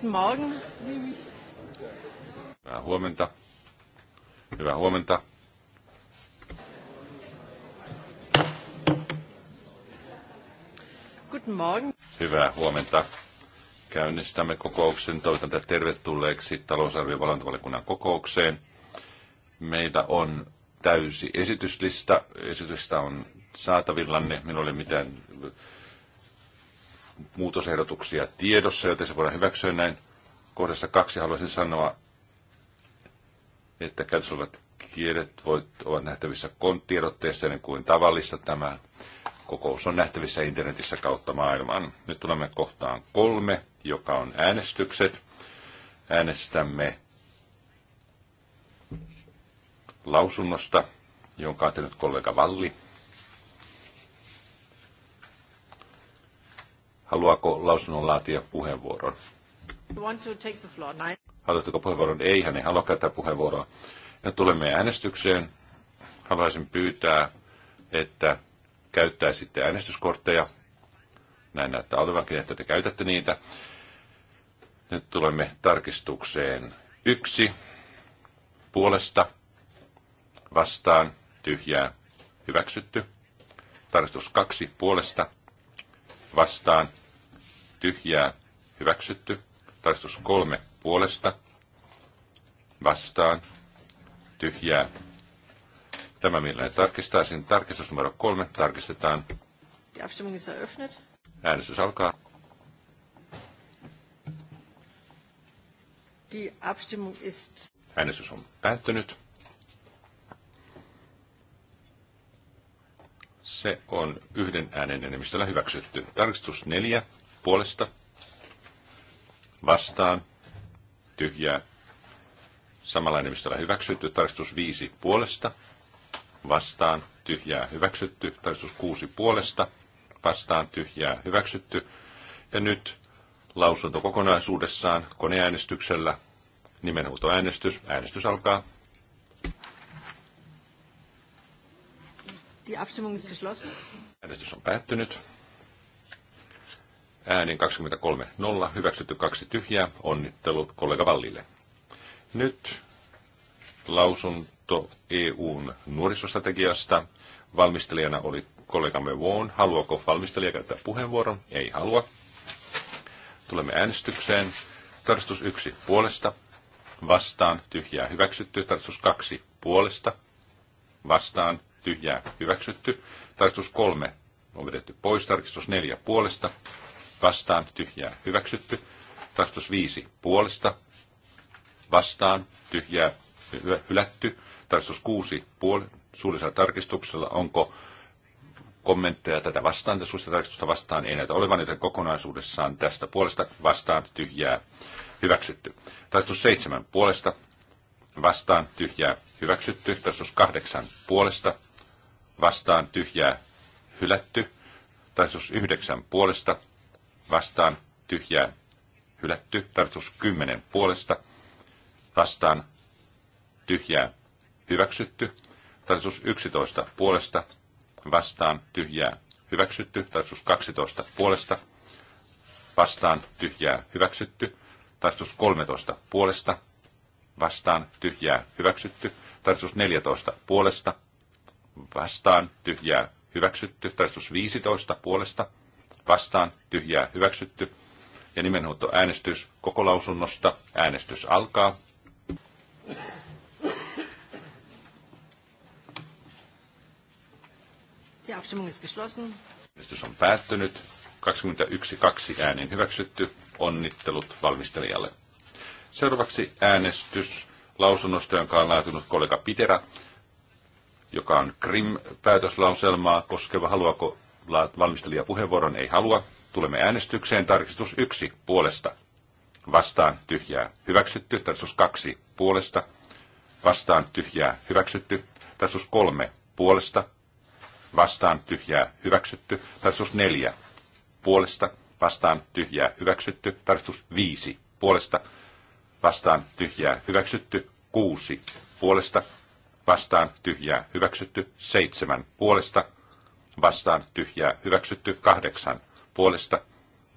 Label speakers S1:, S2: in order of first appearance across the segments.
S1: Guten Morgen. Hyvää huomenta. Hyvää huomenta.
S2: Guten Morgen.
S1: Hyvää huomenta. Käynnistämme kokouksen. Toivotan teidät tervetulleeksi talousarvion kokoukseen. Meillä on täysi esityslista. Esitystä on saatavillanne. Minulla ei ole mitään muutosehdotuksia tiedossa, joten se voidaan hyväksyä näin. Kohdassa kaksi haluaisin sanoa, että käytössä olevat kielet voit, ovat nähtävissä konttiedotteesta ennen kuin tavallista tämä. Kokous on nähtävissä internetissä kautta maailman. Nyt tulemme kohtaan kolme, joka on äänestykset. Äänestämme lausunnosta, jonka on tehnyt kollega Valli. Haluaako laatia puheenvuoron? Haluatteko puheenvuoron? Ei, hän ei halua käyttää puheenvuoroa. Ja tulemme äänestykseen. Haluaisin pyytää, että käyttäisitte äänestyskortteja. Näin näyttää olevankin, että te käytätte niitä. Nyt tulemme tarkistukseen yksi puolesta vastaan tyhjää hyväksytty. Tarkistus kaksi puolesta vastaan tyhjää, hyväksytty. Tarkistus kolme puolesta, vastaan, tyhjää. Tämä mielelläni tarkistaisin. Tarkistus numero kolme tarkistetaan. Die Abstimmung ist eröffnet. Äänestys alkaa. Die Abstimmung ist... Äänestys on päättynyt. Se on yhden äänen enemmistöllä hyväksytty. Tarkistus neljä puolesta vastaan tyhjää samalla enemmistöllä hyväksytty. Tarkistus 5 puolesta vastaan tyhjää hyväksytty. Tarkistus 6 puolesta vastaan tyhjää hyväksytty. Ja nyt lausunto kokonaisuudessaan koneäänestyksellä. Nimenhuutoäänestys. Äänestys alkaa.
S3: Die Abstimmung ist geschlossen.
S1: Äänestys on päättynyt äänin 23.0, hyväksytty kaksi tyhjää, onnittelut kollega Vallille. Nyt lausunto EUn nuorisostrategiasta. Valmistelijana oli kollegamme Vaughan. Haluaako valmistelija käyttää puheenvuoron? Ei halua. Tulemme äänestykseen. Tarkastus 1 puolesta, vastaan, tyhjää hyväksytty. Tarkastus 2 puolesta, vastaan, tyhjää hyväksytty. Tarkastus 3 on vedetty pois. Tarkistus 4 puolesta, vastaan, tyhjää, hyväksytty. 25 puolesta, vastaan, tyhjää, hylätty. 26 puoli, puol- suullisella tarkistuksella, onko kommentteja tätä vastaan, tätä suullista tarkistusta vastaan, ei näitä olevan, joten kokonaisuudessaan tästä puolesta vastaan, tyhjää, hyväksytty. 27 puolesta, vastaan, tyhjää, hyväksytty. 28 puolesta, vastaan, tyhjää, hylätty. Tarkistus yhdeksän puolesta, vastaan tyhjää hylätty. Tartus 10 puolesta vastaan tyhjää hyväksytty. Tartus 11 puolesta vastaan tyhjää hyväksytty. Tartus 12 puolesta vastaan tyhjää hyväksytty. Tartus 13 puolesta vastaan tyhjää hyväksytty. Tartus 14 puolesta vastaan tyhjää hyväksytty. Tartus 15 puolesta vastaan, tyhjää hyväksytty. Ja nimenhuuto äänestys koko lausunnosta. Äänestys alkaa.
S2: Die Abstimmung ist geschlossen.
S1: Äänestys on päättynyt. 21.2 äänin hyväksytty. Onnittelut valmistelijalle. Seuraavaksi äänestys lausunnosta, jonka on laatunut kollega Pitera, joka on Krim-päätöslauselmaa koskeva. Haluaako valmistelija puheenvuoron ei halua. Tulemme äänestykseen. Tarkistus yksi puolesta. Vastaan tyhjää hyväksytty. Tarkistus kaksi puolesta. Vastaan tyhjää hyväksytty. Tarkistus kolme puolesta. Vastaan tyhjää hyväksytty. Tarkistus neljä puolesta. Vastaan tyhjää hyväksytty. Tarkistus viisi puolesta. Vastaan tyhjää hyväksytty. Kuusi puolesta. Vastaan tyhjää hyväksytty. Seitsemän puolesta vastaan tyhjää hyväksytty kahdeksan puolesta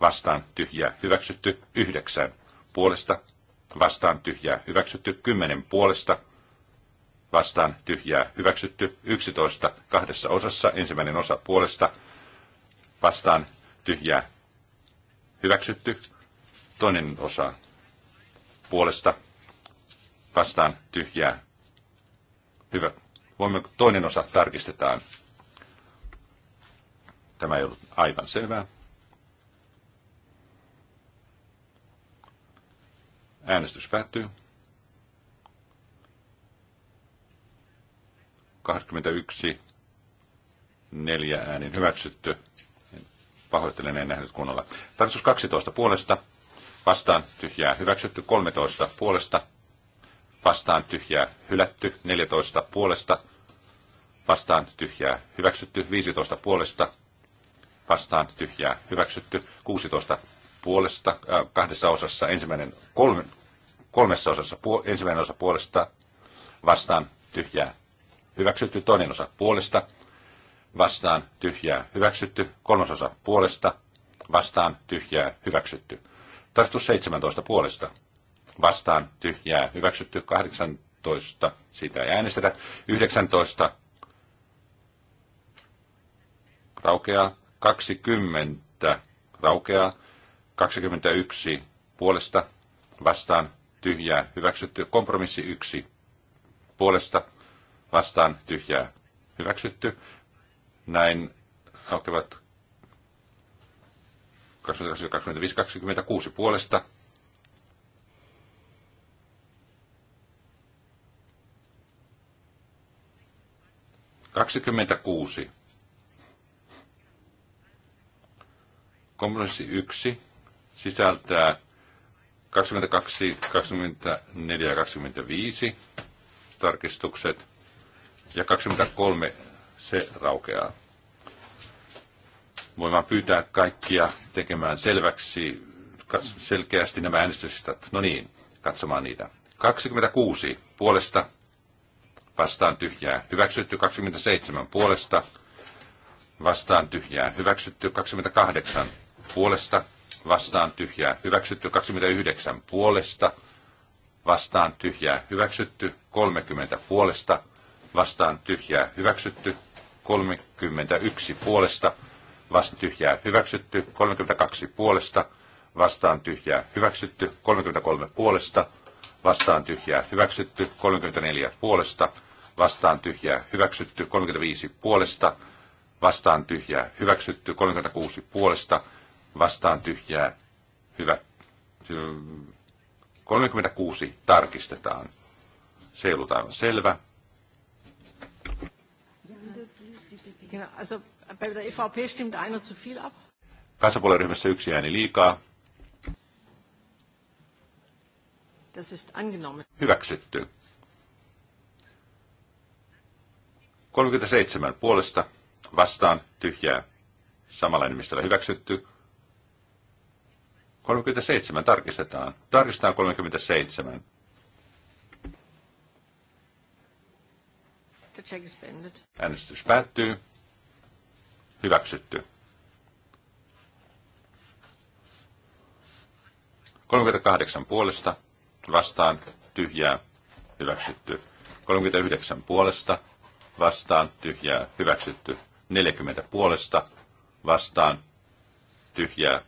S1: vastaan tyhjää hyväksytty yhdeksän puolesta vastaan tyhjää hyväksytty kymmenen puolesta vastaan tyhjää hyväksytty yksitoista kahdessa osassa ensimmäinen osa puolesta vastaan tyhjää hyväksytty toinen osa puolesta vastaan tyhjää hyvä. Voimme, toinen osa tarkistetaan Tämä ei ollut aivan selvää. Äänestys päättyy. 21, neljä äänin hyväksytty. Pahoittelen, en nähnyt kunnolla. Tarkistus 12 puolesta, vastaan tyhjää hyväksytty, 13 puolesta, vastaan tyhjää hylätty, 14 puolesta, vastaan tyhjää hyväksytty, 15 puolesta, vastaan tyhjää hyväksytty. 16 puolesta äh, kahdessa osassa ensimmäinen kolme, kolmessa osassa puol, ensimmäinen osa puolesta vastaan tyhjää hyväksytty. Toinen osa puolesta vastaan tyhjää hyväksytty. Kolmas osa puolesta vastaan tyhjää hyväksytty. Tarkoitus 17 puolesta vastaan tyhjää hyväksytty. 18 siitä ei äänestetä. 19 raukeaa. 20 raukeaa, 21 puolesta vastaan tyhjää hyväksytty, kompromissi 1 puolesta vastaan tyhjää hyväksytty. Näin aukevat 25-26 puolesta Kaksikymmentäkuusi Kompromissi 1 sisältää 22, 24 ja 25 tarkistukset ja 23 se raukeaa. Voimme pyytää kaikkia tekemään selväksi selkeästi nämä äänestyslistat. No niin, katsomaan niitä. 26 puolesta vastaan tyhjää hyväksytty, 27 puolesta vastaan tyhjää hyväksytty, 28 puolesta, vastaan tyhjää, hyväksytty 29 puolesta, vastaan tyhjää, hyväksytty 30 puolesta, vastaan tyhjää, hyväksytty 31 puolesta, vastaan tyhjää, hyväksytty 32 puolesta, vastaan tyhjää, hyväksytty 33 puolesta, vastaan tyhjää, hyväksytty 34 puolesta, vastaan tyhjää, hyväksytty 35 puolesta, vastaan tyhjää, hyväksytty 36 puolesta, vastaan tyhjää hyvä. 36 tarkistetaan. Se ei ollut aivan selvä. E Kansapuolen ryhmässä yksi ääni liikaa. Das ist angenommen. Hyväksytty. 37 puolesta vastaan tyhjää. Samalla nimistöllä hyväksytty. 37 tarkistetaan. Tarkistetaan 37. The check is Äänestys päättyy. Hyväksytty. 38 puolesta vastaan tyhjää hyväksytty. 39 puolesta vastaan tyhjää hyväksytty. 40 puolesta vastaan tyhjää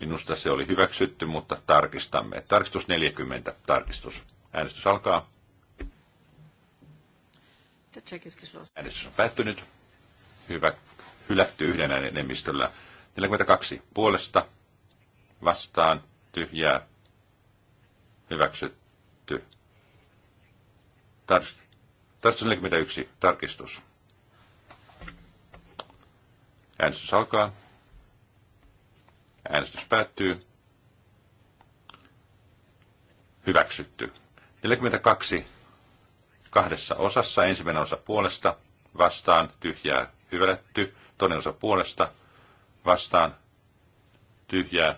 S1: Minusta se oli hyväksytty, mutta tarkistamme. Tarkistus 40. Tarkistus. Äänestys alkaa. Äänestys on päättynyt. Hyvä. Hylätty yhden äänen enemmistöllä. 42. Puolesta. Vastaan. Tyhjää. Hyväksytty. Tarkistus. Tarkistus 41. Tarkistus. Äänestys alkaa. Äänestys päättyy. Hyväksytty. 42 kahdessa osassa. Ensimmäinen osa puolesta, vastaan, tyhjää, hylätty. Toinen osa puolesta, vastaan, tyhjää.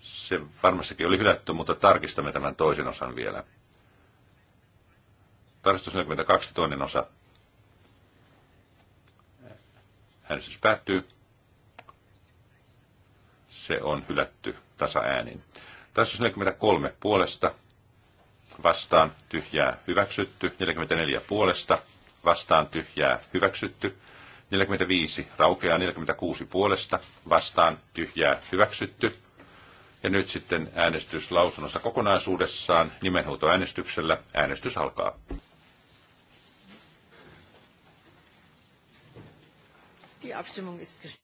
S1: Se varmastikin oli hylätty, mutta tarkistamme tämän toisen osan vielä. Tarkistus 42, toinen osa. Äänestys päättyy. Se on hylätty tasaäänin. Tässä 43 puolesta vastaan tyhjää hyväksytty, 44 puolesta vastaan tyhjää hyväksytty, 45 raukeaa 46 puolesta vastaan tyhjää hyväksytty. Ja nyt sitten äänestys lausunnossa kokonaisuudessaan nimenhuutoäänestyksellä. Äänestys alkaa.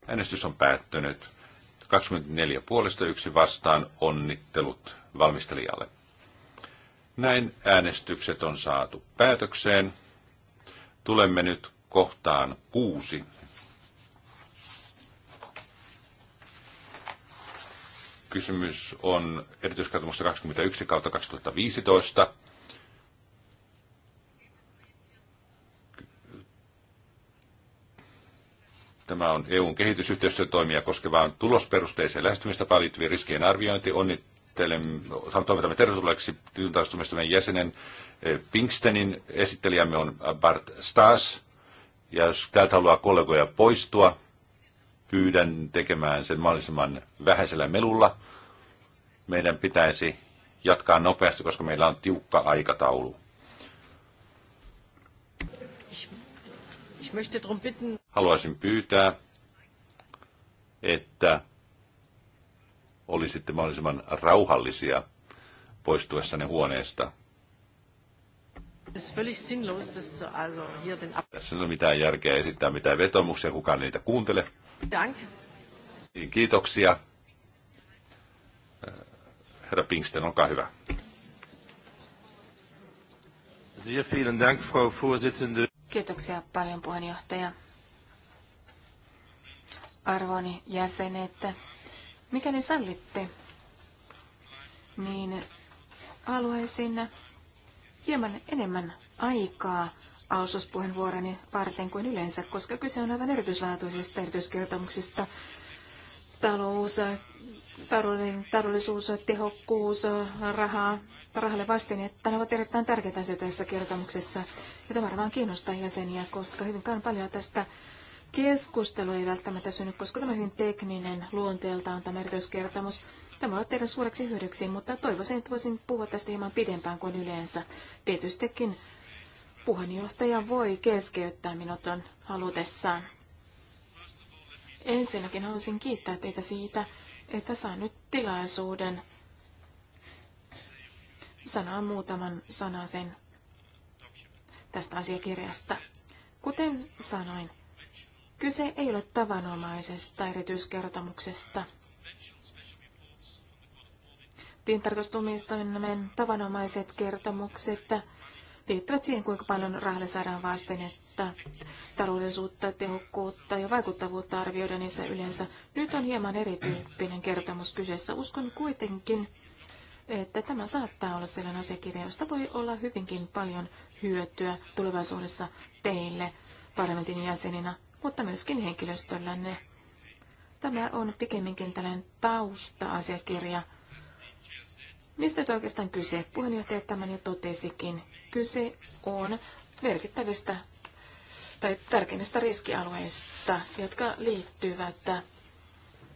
S1: Äänestys on päättynyt. 24 puolesta yksi vastaan onnittelut valmistelijalle. Näin äänestykset on saatu päätökseen. Tulemme nyt kohtaan kuusi. Kysymys on erityiskertomuksesta 21 kautta 2015. Tämä on EUn kehitysyhteistyötoimia koskevaan tulosperusteiseen lähestymistapaan liittyvien riskien arviointi. Onnittelen, toivotamme tervetulleeksi tilintarkastumistamme jäsenen eh, Pinkstenin. Esittelijämme on Bart Stas. Ja jos täältä haluaa kollegoja poistua, pyydän tekemään sen mahdollisimman vähäisellä melulla. Meidän pitäisi jatkaa nopeasti, koska meillä on tiukka aikataulu. Ich möchte drum bitten. Haluaisin pyytää, että olisitte mahdollisimman rauhallisia poistuessanne huoneesta. Tässä ei ole mitään järkeä esittää mitään vetomuksia, kukaan niitä kuuntele. Dank. Niin, kiitoksia. Äh, herra Pinksten, olkaa hyvä. Sehr vielen Dank, Frau Vorsitzende.
S2: Kiitoksia paljon puheenjohtaja. Arvoni jäsenet, mikäli sallitte, niin haluaisin hieman enemmän aikaa aususpuheenvuoroni varten kuin yleensä, koska kyse on aivan erityislaatuisista erityiskertomuksista. Talous, talouden, taloudellisuus, tehokkuus, raha, rahalle vasten, että ne ovat erittäin tärkeitä asioita tässä kertomuksessa. Ja tämä varmaan kiinnostaa jäseniä, koska hyvinkään paljon tästä keskustelu ei välttämättä synny, koska tämä on hyvin tekninen luonteeltaan tämä erityiskertomus. Tämä on teidän suureksi hyödyksi, mutta toivoisin, että voisin puhua tästä hieman pidempään kuin yleensä. Tietystikin puheenjohtaja voi keskeyttää minut on halutessaan. Ensinnäkin haluaisin kiittää teitä siitä, että saan nyt tilaisuuden sanoa muutaman sanasen tästä asiakirjasta. Kuten sanoin, kyse ei ole tavanomaisesta erityiskertomuksesta. Tintarkastumistoimen tavanomaiset kertomukset liittyvät siihen, kuinka paljon rahalle saadaan että taloudellisuutta, tehokkuutta ja vaikuttavuutta arvioidaan niissä yleensä. Nyt on hieman erityyppinen kertomus kyseessä. Uskon kuitenkin, että tämä saattaa olla sellainen asiakirja, josta voi olla hyvinkin paljon hyötyä tulevaisuudessa teille parlamentin jäseninä, mutta myöskin henkilöstöllänne. Tämä on pikemminkin tällainen tausta-asiakirja. Mistä nyt oikeastaan kyse? Puheenjohtaja tämän jo totesikin. Kyse on merkittävistä tai tärkeimmistä riskialueista, jotka liittyvät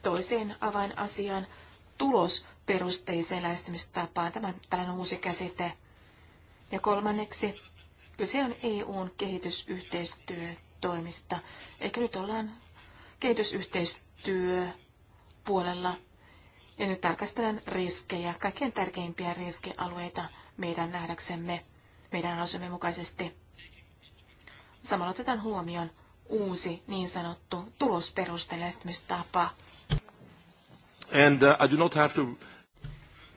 S2: toiseen avainasiaan tulos perusteiseen lähestymistapaan. Tämä on tällainen uusi käsite. Ja kolmanneksi, kyse on EUn kehitysyhteistyötoimista. eikö nyt ollaan kehitysyhteistyöpuolella. Ja nyt tarkastellaan riskejä, kaikkein tärkeimpiä riskialueita meidän nähdäksemme, meidän asumme mukaisesti. Samalla otetaan huomioon uusi niin sanottu tulosperusteellistymistapa.
S1: And uh, I do not have to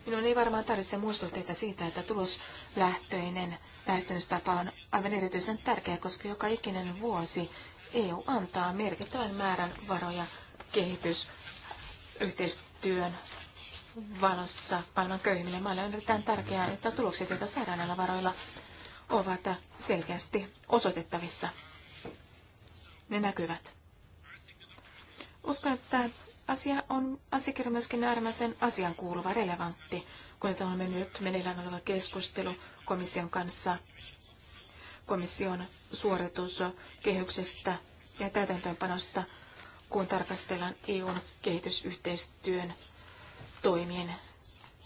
S2: Minun ei varmaan tarvitse muistuttaa siitä, että tuloslähtöinen lähestymistapa on aivan erityisen tärkeä, koska joka ikinen vuosi EU antaa merkittävän määrän varoja kehitysyhteistyön valossa maailman köyhimmille maille. On erittäin tärkeää, että tulokset, joita saadaan näillä varoilla, ovat selkeästi osoitettavissa. Ne näkyvät. Uskon, että asia on asiakirja myöskin äärimmäisen asian kuuluva, relevantti, kun tämä on mennyt meneillään oleva keskustelu komission kanssa komission suorituskehyksestä ja täytäntöönpanosta, kun tarkastellaan EUn kehitysyhteistyön toimien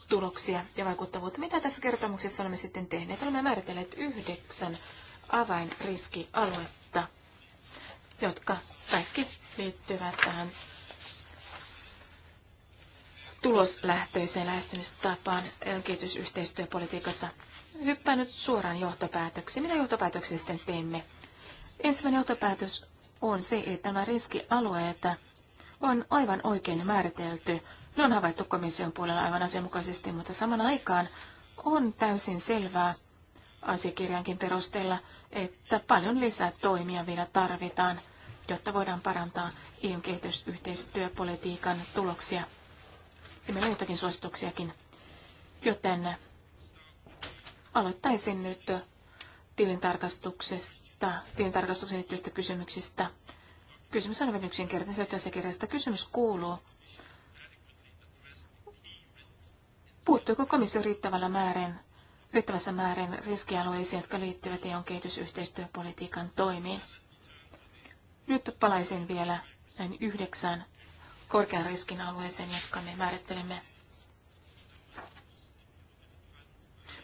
S2: tuloksia ja vaikuttavuutta. Mitä tässä kertomuksessa olemme sitten tehneet? Olemme määritelleet yhdeksän avainriskialuetta, jotka kaikki liittyvät tähän tuloslähtöiseen lähestymistapaan kehitysyhteistyöpolitiikassa. Hyppään nyt suoraan johtopäätöksiin. Mitä johtopäätöksiä sitten teemme? Ensimmäinen johtopäätös on se, että nämä riskialueet on aivan oikein määritelty. Ne on havaittu komission puolella aivan asianmukaisesti, mutta saman aikaan on täysin selvää asiakirjankin perusteella, että paljon lisää toimia vielä tarvitaan, jotta voidaan parantaa eu kehitysyhteistyöpolitiikan tuloksia ja meillä on jotakin suosituksiakin. Joten aloittaisin nyt tilintarkastuksesta, tilintarkastuksen liittyvistä kysymyksistä. Kysymys on hyvin yksinkertaisesta kirjasta. Kysymys kuuluu, puuttuuko komissio riittävällä määrin, riittävässä määrin riskialueisiin, jotka liittyvät EUn kehitysyhteistyöpolitiikan toimiin. Nyt palaisin vielä näin yhdeksään korkean riskin alueeseen, jotka me määrittelemme.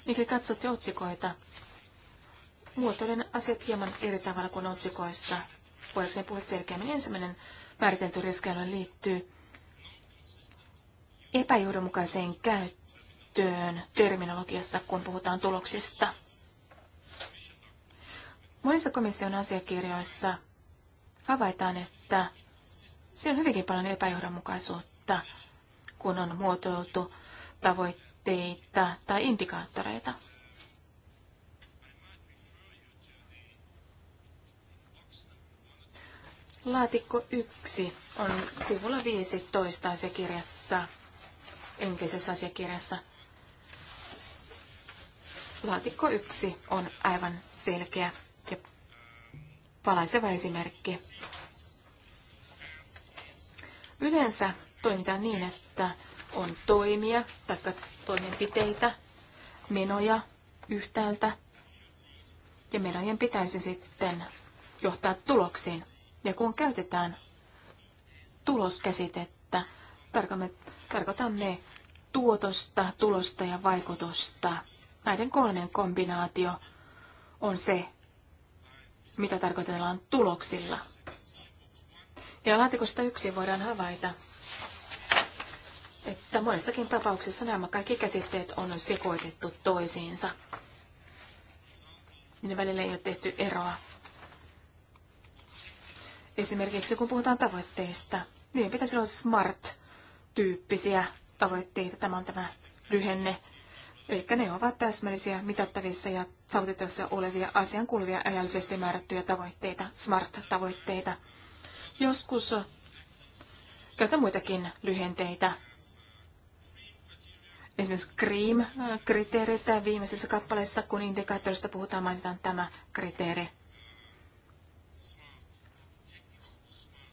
S2: Mikäli katsotte otsikoita, muotoilen asiat hieman eri tavalla kuin otsikoissa. Voidaanko puhua selkeämmin. Ensimmäinen määritelty riskialue liittyy epäjohdonmukaiseen käyttöön terminologiassa, kun puhutaan tuloksista. Monissa komission asiakirjoissa havaitaan, että Siinä on hyvinkin paljon epäjohdonmukaisuutta, kun on muotoiltu tavoitteita tai indikaattoreita. Laatikko 1 on sivulla 15 asiakirjassa, enkisessä asiakirjassa. Laatikko 1 on aivan selkeä ja palaiseva esimerkki Yleensä toimitaan niin, että on toimia tai toimenpiteitä, menoja yhtäältä, ja menojen pitäisi sitten johtaa tuloksiin. Ja kun käytetään tuloskäsitettä, tarkoitamme tuotosta, tulosta ja vaikutusta. Näiden kolmen kombinaatio on se, mitä tarkoitellaan tuloksilla. Ja laatikosta yksi voidaan havaita, että monessakin tapauksessa nämä kaikki käsitteet on sekoitettu toisiinsa. Niiden välillä ei ole tehty eroa. Esimerkiksi kun puhutaan tavoitteista, niin pitäisi olla smart-tyyppisiä tavoitteita. Tämä on tämä lyhenne. Eli ne ovat täsmällisiä, mitattavissa ja saavutettavissa olevia asian ajallisesti määrättyjä tavoitteita, smart-tavoitteita. Joskus käytän muitakin lyhenteitä. Esimerkiksi CREAM-kriteeri tai viimeisessä kappaleessa, kun indikaattorista puhutaan, mainitaan tämä kriteeri.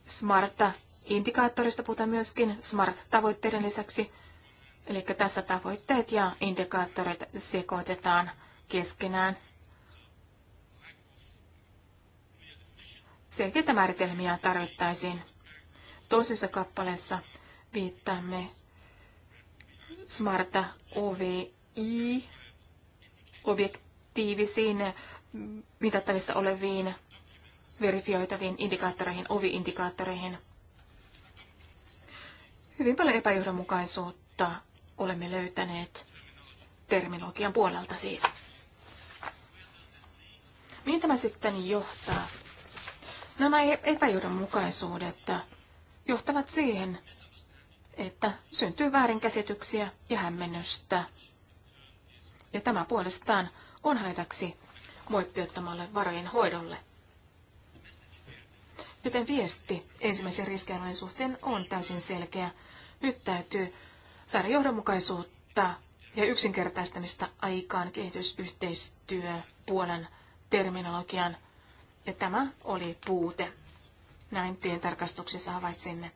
S2: SMART-indikaattorista puhutaan myöskin SMART-tavoitteiden lisäksi. Eli tässä tavoitteet ja indikaattorit sekoitetaan keskenään. Selkeitä määritelmiä tarvittaisiin. Toisessa kappaleessa viittaamme smarta OVI objektiivisiin mitattavissa oleviin verifioitaviin indikaattoreihin, ovi-indikaattoreihin. Hyvin paljon epäjohdonmukaisuutta olemme löytäneet terminologian puolelta siis. Mihin tämä sitten johtaa? Nämä epäjohdonmukaisuudet johtavat siihen, että syntyy väärinkäsityksiä ja hämmennystä. Ja tämä puolestaan on haitaksi moitteettomalle varojen hoidolle. Joten viesti ensimmäisen riskialueen suhteen on täysin selkeä. Nyt täytyy saada johdonmukaisuutta ja yksinkertaistamista aikaan puolen terminologian ja tämä oli puute. Näin tien tarkastuksessa havaitsimme.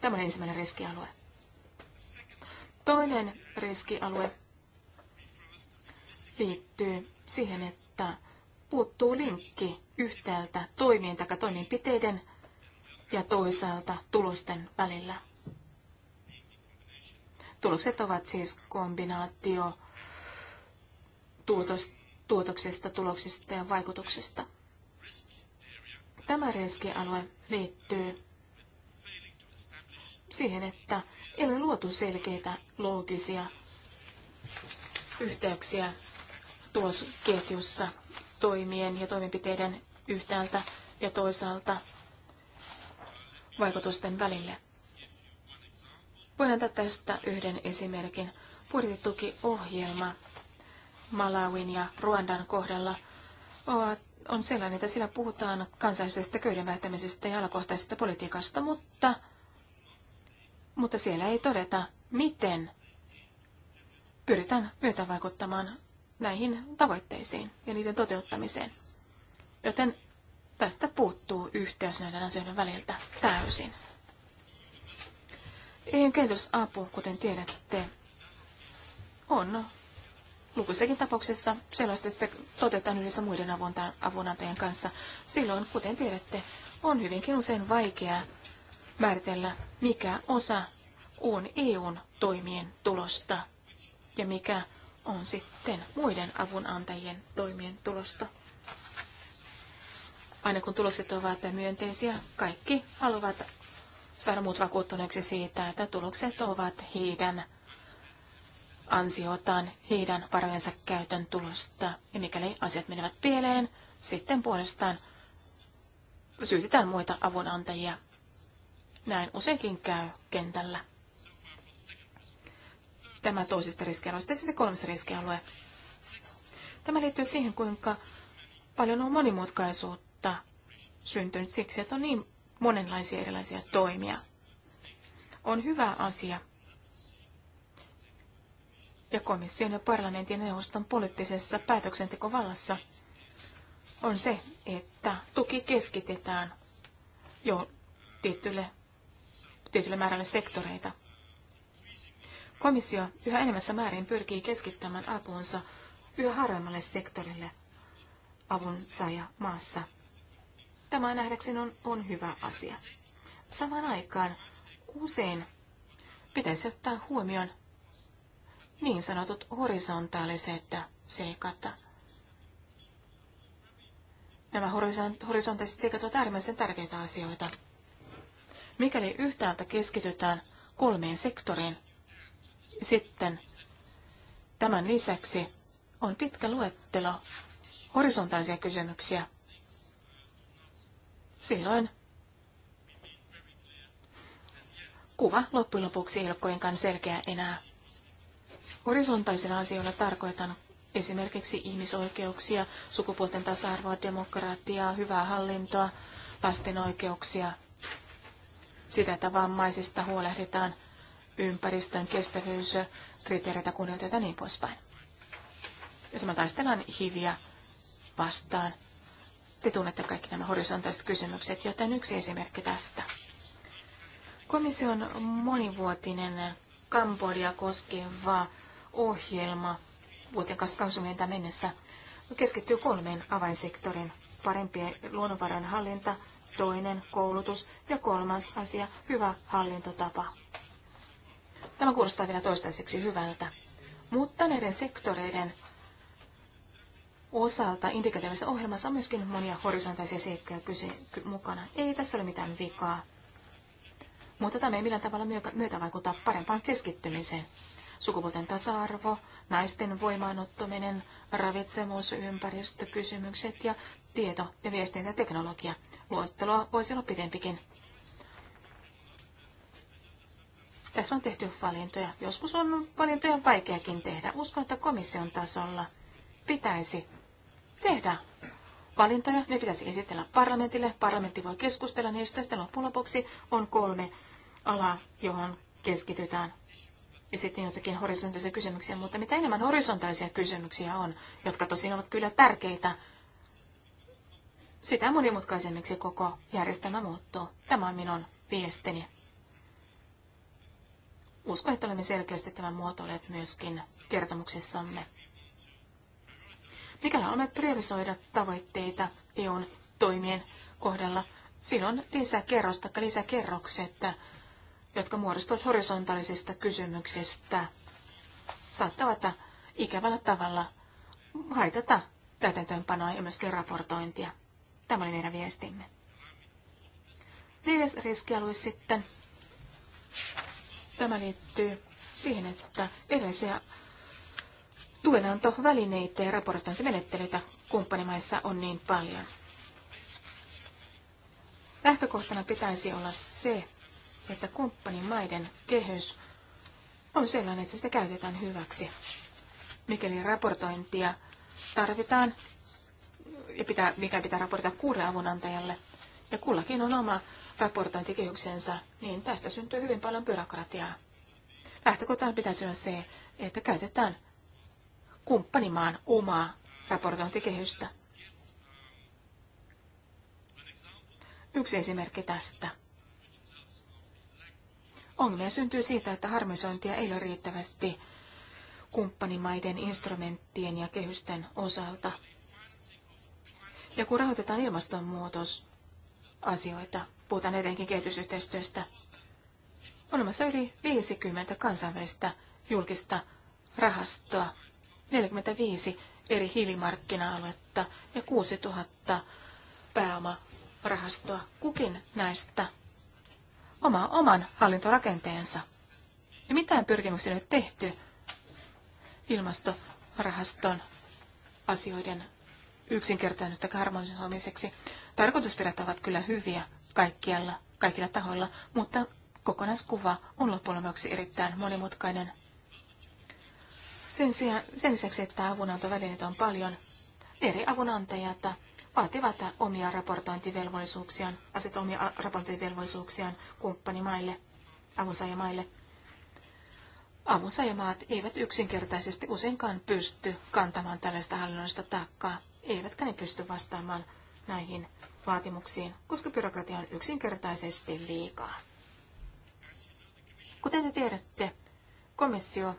S2: Tämä on ensimmäinen riskialue. Toinen riskialue liittyy siihen, että puuttuu linkki yhtäältä toimien tai toimenpiteiden ja toisaalta tulosten välillä. Tulokset ovat siis kombinaatio tuotos, tuotoksesta, tuloksista ja vaikutuksista. Tämä riskialue liittyy siihen, että ei ole luotu selkeitä loogisia yhteyksiä tuossa ketjussa toimien ja toimenpiteiden yhtäältä ja toisaalta vaikutusten välille. Voin antaa tästä yhden esimerkin. Budjettitukiohjelma Malawin ja Ruandan kohdalla ovat on sellainen, että sillä puhutaan kansallisesta köydenvähtämisestä ja alakohtaisesta politiikasta, mutta, mutta siellä ei todeta, miten pyritään myötävaikuttamaan näihin tavoitteisiin ja niiden toteuttamiseen. Joten tästä puuttuu yhteys näiden asioiden väliltä täysin. EUn kehitysapu, kuten tiedätte, on lukuissakin tapauksessa sellaista että toteutetaan yhdessä muiden avunantajien kanssa. Silloin, kuten tiedätte, on hyvinkin usein vaikea määritellä, mikä osa on EUn toimien tulosta ja mikä on sitten muiden avunantajien toimien tulosta. Aina kun tulokset ovat myönteisiä, kaikki haluavat saada muut vakuuttuneeksi siitä, että tulokset ovat heidän ansiotaan heidän varojensa käytön tulosta. Ja mikäli asiat menevät pieleen, sitten puolestaan syytetään muita avunantajia. Näin useinkin käy kentällä. Tämä toisesta riskialueista ja sitten kolmas riskialue. Tämä liittyy siihen, kuinka paljon on monimutkaisuutta syntynyt siksi, että on niin monenlaisia erilaisia toimia. On hyvä asia, ja komission ja parlamentin neuvoston poliittisessa päätöksentekovallassa on se, että tuki keskitetään jo tietylle, tietylle määrälle sektoreita. Komissio yhä enemmässä määrin pyrkii keskittämään apunsa yhä harvemmalle sektorille avun saaja maassa. Tämä nähdäkseni on, on hyvä asia. Samaan aikaan usein pitäisi ottaa huomioon niin sanotut horisontaaliset seikat. Nämä horisontaaliset seikat ovat äärimmäisen tärkeitä asioita. Mikäli yhtäältä keskitytään kolmeen sektoriin, sitten tämän lisäksi on pitkä luettelo horisontaalisia kysymyksiä. Silloin kuva loppujen lopuksi ei ole selkeä enää. Horisontaisilla asioilla tarkoitan esimerkiksi ihmisoikeuksia, sukupuolten tasa-arvoa, demokratiaa, hyvää hallintoa, lasten oikeuksia, sitä, että vammaisista huolehditaan, ympäristön kestävyys, kriteereitä kunnioitetaan ja niin poispäin. Ja sama taistellaan hiviä vastaan. Te tunnette kaikki nämä horisontaiset kysymykset, joten yksi esimerkki tästä. Komission monivuotinen Kambodia koskeva ohjelma vuoteen 2020 mennessä keskittyy kolmeen avainsektorin. Parempi luonnonvaran hallinta, toinen koulutus ja kolmas asia hyvä hallintotapa. Tämä kuulostaa vielä toistaiseksi hyvältä, mutta näiden sektoreiden osalta indikatiivisessa ohjelmassa on myöskin monia horisontaisia seikkoja kyse, mukana. Ei tässä ole mitään vikaa, mutta tämä ei millään tavalla myötä vaikuttaa parempaan keskittymiseen sukupuolten tasa-arvo, naisten voimaanottaminen, ravitsemus, ympäristökysymykset ja tieto- ja viestintäteknologia. Luettelua voisi olla pitempikin. Tässä on tehty valintoja. Joskus on valintoja vaikeakin tehdä. Uskon, että komission tasolla pitäisi tehdä valintoja. Ne pitäisi esitellä parlamentille. Parlamentti voi keskustella niistä. Sitten loppujen lopuksi on kolme alaa, johon keskitytään esitin jotakin horisontaisia kysymyksiä, mutta mitä enemmän horisontaisia kysymyksiä on, jotka tosin ovat kyllä tärkeitä, sitä monimutkaisemmiksi koko järjestelmä muuttuu. Tämä on minun viestini. Uskon, että olemme selkeästi tämän muotoilleet myöskin kertomuksessamme. Mikäli olemme priorisoida tavoitteita EUn toimien kohdalla, silloin lisäkerros tai lisäkerrokset jotka muodostuvat horisontaalisista kysymyksistä, saattavat ikävällä tavalla haitata täytäntöönpanoa ja myöskin raportointia. Tämä oli meidän viestimme. Neljäs riskialue sitten. Tämä liittyy siihen, että erilaisia tuenantovälineitä ja raportointimenettelyitä kumppanimaissa on niin paljon. Lähtökohtana pitäisi olla se, että kumppanimaiden kehys on sellainen, että sitä käytetään hyväksi. Mikäli raportointia tarvitaan, ja pitää, mikä pitää raportoida kuuden avunantajalle, ja kullakin on oma raportointikehyksensä, niin tästä syntyy hyvin paljon byrokratiaa. Lähtökohtana pitäisi olla se, että käytetään kumppanimaan omaa raportointikehystä. Yksi esimerkki tästä. Ongelmia syntyy siitä, että harmisointia ei ole riittävästi kumppanimaiden instrumenttien ja kehysten osalta. Ja kun rahoitetaan ilmastonmuutosasioita, puhutaan edelleenkin kehitysyhteistyöstä, olemassa yli 50 kansainvälistä julkista rahastoa, 45 eri hiilimarkkina-aluetta ja 6000 pääomarahastoa. Kukin näistä oma, oman hallintorakenteensa. Ja mitään pyrkimyksiä ei ole tehty ilmastorahaston asioiden yksinkertaisesti harmonisoimiseksi. Tarkoitusperät ovat kyllä hyviä kaikkialla, kaikilla tahoilla, mutta kokonaiskuva on loppujen lopuksi erittäin monimutkainen. Sen, sijaan, sen lisäksi, että avunantovälineitä on paljon, eri avunantajat vaativat omia raportointivelvollisuuksiaan, aset omia raportointivelvollisuuksiaan kumppanimaille, avunsaajamaille. Avunsaajamaat eivät yksinkertaisesti useinkaan pysty kantamaan tällaista hallinnollista taakkaa, eivätkä ne pysty vastaamaan näihin vaatimuksiin, koska byrokratia on yksinkertaisesti liikaa. Kuten te tiedätte, komissio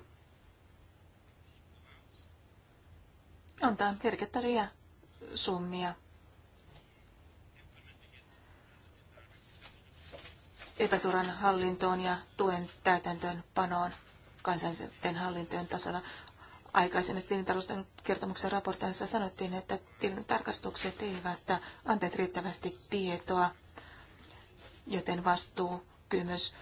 S2: antaa merkittäviä summia epäsuoran hallintoon ja tuen täytäntöönpanoon kansallisten hallintojen tasolla. Aikaisemmin tilintarkastuksen kertomuksen raportissa sanottiin, että tilintarkastukset eivät anteet riittävästi tietoa, joten vastuukymys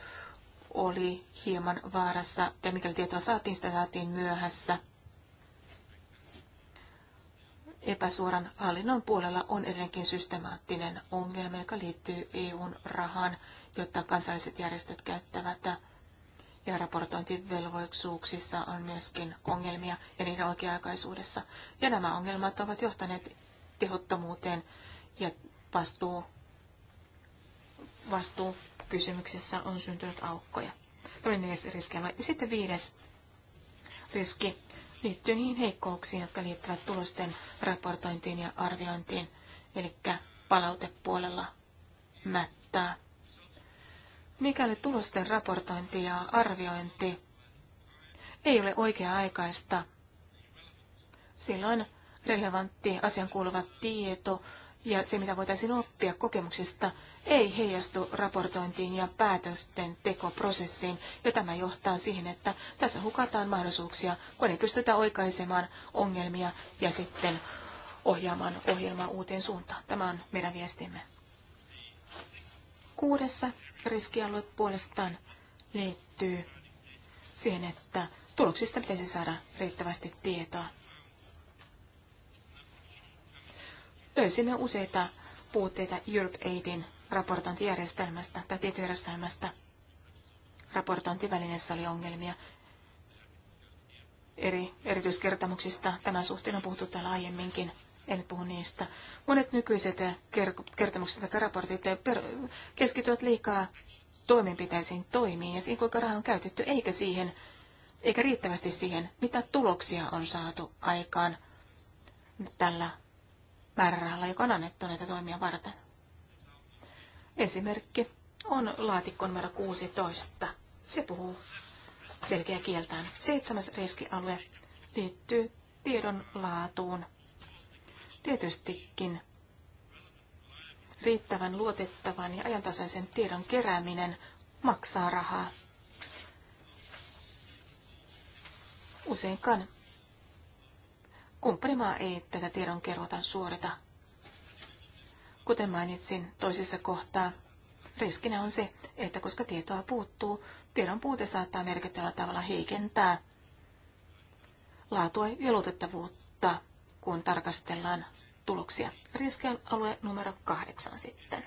S2: oli hieman vaarassa, ja mikäli tietoa saatiin, sitä saatiin myöhässä – epäsuoran hallinnon puolella on edelleenkin systemaattinen ongelma, joka liittyy EUn rahaan, jotta kansalliset järjestöt käyttävät ja raportointivelvollisuuksissa on myöskin ongelmia ja niiden oikea-aikaisuudessa. Ja nämä ongelmat ovat johtaneet tehottomuuteen ja vastuu, vastuu kysymyksessä on syntynyt aukkoja. Toinen riski on. Sitten viides riski liittyy niihin heikkouksiin, jotka liittyvät tulosten raportointiin ja arviointiin, eli palautepuolella mättää. Mikäli tulosten raportointi ja arviointi ei ole oikea-aikaista, silloin relevantti asian kuuluva tieto ja se, mitä voitaisiin oppia kokemuksista, ei heijastu raportointiin ja päätösten tekoprosessiin, ja tämä johtaa siihen, että tässä hukataan mahdollisuuksia, kun ei pystytä oikaisemaan ongelmia ja sitten ohjaamaan ohjelmaa uuteen suuntaan. Tämä on meidän viestimme. Kuudessa riskialue puolestaan liittyy siihen, että tuloksista pitäisi saada riittävästi tietoa. löysimme useita puutteita Europe Aidin raportointijärjestelmästä tai tietojärjestelmästä. Raportointivälineessä oli ongelmia. Eri erityiskertomuksista tämän suhteen on puhuttu täällä aiemminkin. En puhu niistä. Monet nykyiset kertomukset ja raportit keskittyvät liikaa toimenpiteisiin toimiin ja siihen, kuinka raha on käytetty, eikä siihen, eikä riittävästi siihen, mitä tuloksia on saatu aikaan tällä määrärahalla, joka on annettu näitä toimia varten. Esimerkki on laatikko numero 16. Se puhuu selkeä kieltään. Seitsemäs riskialue liittyy tiedon laatuun. Tietystikin riittävän luotettavan ja ajantasaisen tiedon kerääminen maksaa rahaa. Useinkaan Kumppanimaa ei tätä tiedonkeruuta suorita. Kuten mainitsin toisessa kohtaa, riskinä on se, että koska tietoa puuttuu, tiedon puute saattaa merkittävällä tavalla heikentää laatua ja luotettavuutta, kun tarkastellaan tuloksia. Riskien alue numero kahdeksan sitten.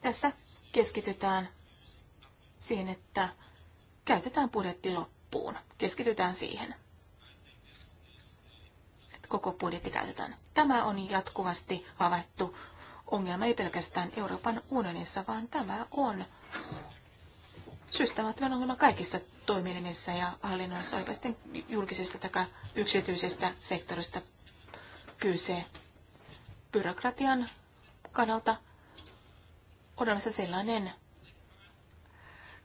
S2: Tässä keskitytään siihen, että käytetään budjetti loppuun loppuun. Keskitytään siihen. Koko budjetti käytetään. Tämä on jatkuvasti havaittu ongelma ei pelkästään Euroopan unionissa, vaan tämä on systemaattinen ongelma kaikissa toimielimissä ja hallinnoissa, olipa sitten julkisesta tai yksityisestä sektorista kyse. Byrokratian kannalta on sellainen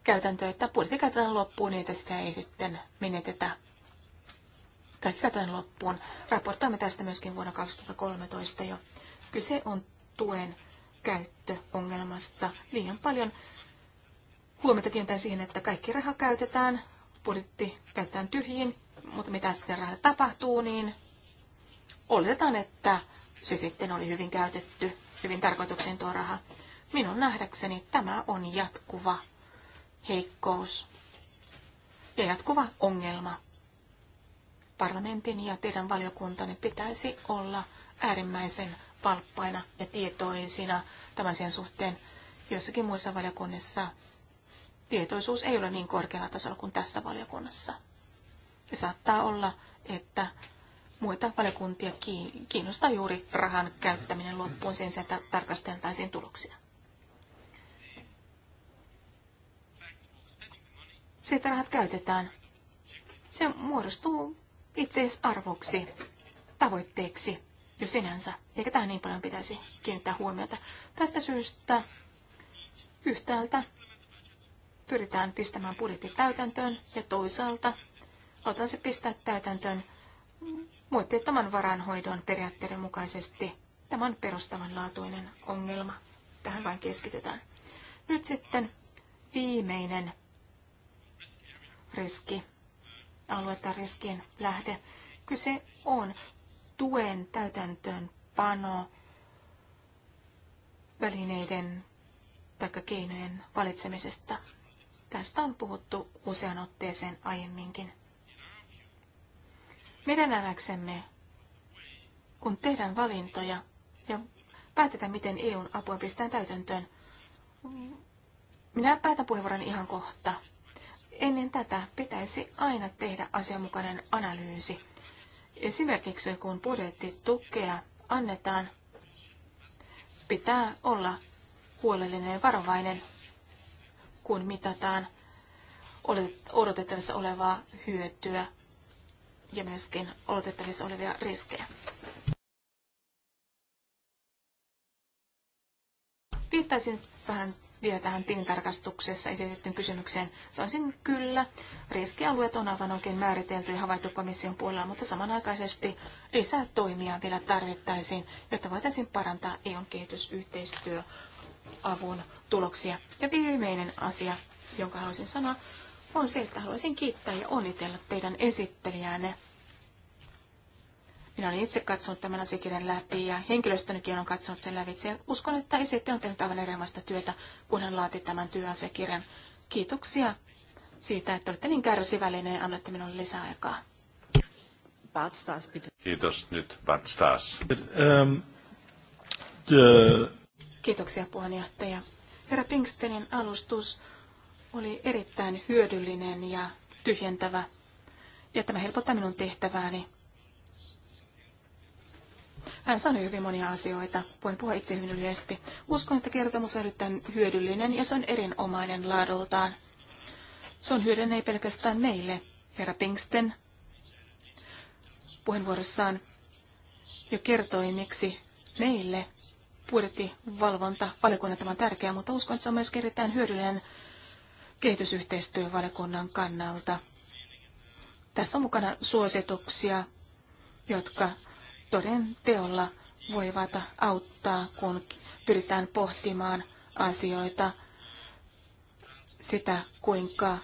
S2: käytäntö, että budjetti käytetään loppuun, niin että sitä ei sitten menetetä. Kaikki käytetään loppuun. Raportoimme tästä myöskin vuonna 2013 jo. Kyse on tuen käyttöongelmasta. Liian paljon huomiota kiinnitetään siihen, että kaikki raha käytetään, budjetti käytetään tyhjiin, mutta mitä sitten rahalle tapahtuu, niin oletetaan, että se sitten oli hyvin käytetty, hyvin tarkoituksen tuo raha. Minun nähdäkseni tämä on jatkuva heikkous ja jatkuva ongelma. Parlamentin ja teidän valiokuntanne pitäisi olla äärimmäisen valppaina ja tietoisina tämän sen suhteen. Joissakin muissa valiokunnissa tietoisuus ei ole niin korkealla tasolla kuin tässä valiokunnassa. Ja saattaa olla, että muita valiokuntia kiinnostaa juuri rahan käyttäminen loppuun sen, että tarkasteltaisiin tuloksia. se, rahat käytetään, se muodostuu itseisarvoksi, tavoitteeksi jo sinänsä, eikä tähän niin paljon pitäisi kiinnittää huomiota. Tästä syystä yhtäältä pyritään pistämään budjetti täytäntöön ja toisaalta otan se pistää täytäntöön muotteettoman varanhoidon periaatteiden mukaisesti. Tämä on perustavanlaatuinen ongelma. Tähän vain keskitytään. Nyt sitten viimeinen riski, aluetta riskin lähde. Kyse on tuen täytäntöön pano välineiden tai keinojen valitsemisesta. Tästä on puhuttu usean otteeseen aiemminkin. Meidän nähdäksemme, kun tehdään valintoja ja päätetään, miten EUn apua pistetään täytäntöön, minä päätän puheenvuoron ihan kohta. Ennen tätä pitäisi aina tehdä asianmukainen analyysi. Esimerkiksi kun budjettitukea annetaan, pitää olla huolellinen ja varovainen, kun mitataan odotettavissa olevaa hyötyä ja myöskin odotettavissa olevia riskejä. Viittaisin vähän vielä tähän tilintarkastuksessa esitettyyn kysymykseen. Sanoisin kyllä. Riskialueet on aivan oikein määritelty ja havaittu komission puolella, mutta samanaikaisesti lisää toimia vielä tarvittaisiin, jotta voitaisiin parantaa EUn kehitysyhteistyöavun tuloksia. Ja viimeinen asia, jonka haluaisin sanoa, on se, että haluaisin kiittää ja onnitella teidän esittelijäänne minä olen itse katsonut tämän asiakirjan läpi ja henkilöstönykin on katsonut sen lävitse. uskon, että ICT on tehnyt aivan erilaista työtä, kun hän laati tämän työasiakirjan. Kiitoksia siitä, että olette niin kärsivällinen ja annatte minulle lisää aikaa.
S1: Kiitos nyt, Bart Stas. Ähm,
S2: Kiitoksia puheenjohtaja. Herra Pinkstenin alustus oli erittäin hyödyllinen ja tyhjentävä. Ja tämä helpottaa minun tehtävääni hän sanoi hyvin monia asioita. Voin puhua itse hyvin lyhyesti. Uskon, että kertomus on erittäin hyödyllinen ja se on erinomainen laadultaan. Se on hyödyllinen ei pelkästään meille. Herra Pinksten puheenvuorossaan jo kertoi, miksi meille budjettivalvonta valiokunnan tämä on tärkeää, mutta uskon, että se on myös erittäin hyödyllinen kehitysyhteistyövaliokunnan kannalta. Tässä on mukana suosituksia, jotka toden teolla voivat auttaa, kun pyritään pohtimaan asioita, sitä kuinka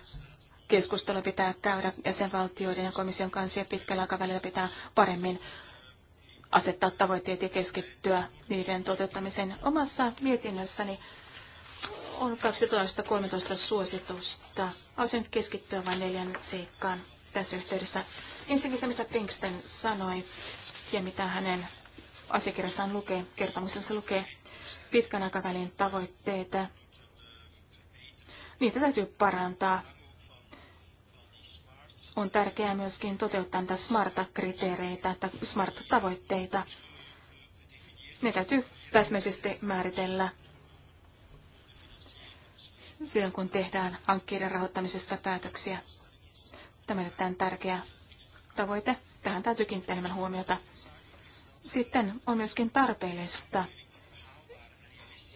S2: keskustelu pitää käydä jäsenvaltioiden ja komission kanssa ja pitkällä aikavälillä pitää paremmin asettaa tavoitteet ja keskittyä niiden toteuttamiseen. Omassa mietinnössäni on 12-13 suositusta. Olisin keskittyä vain neljän seikkaan tässä yhteydessä. Ensinnäkin se, mitä Pinksten sanoi ja mitä hänen asiakirjassaan lukee, kertomuksessa lukee pitkän aikavälin tavoitteita. Niitä täytyy parantaa. On tärkeää myöskin toteuttaa näitä SMART-kriteereitä tai SMART-tavoitteita. Ne täytyy täsmäisesti määritellä silloin, kun tehdään hankkeiden rahoittamisesta päätöksiä. Tämä on tärkeä tavoite. Tähän täytyy kiinnittää enemmän huomiota. Sitten on myöskin tarpeellista,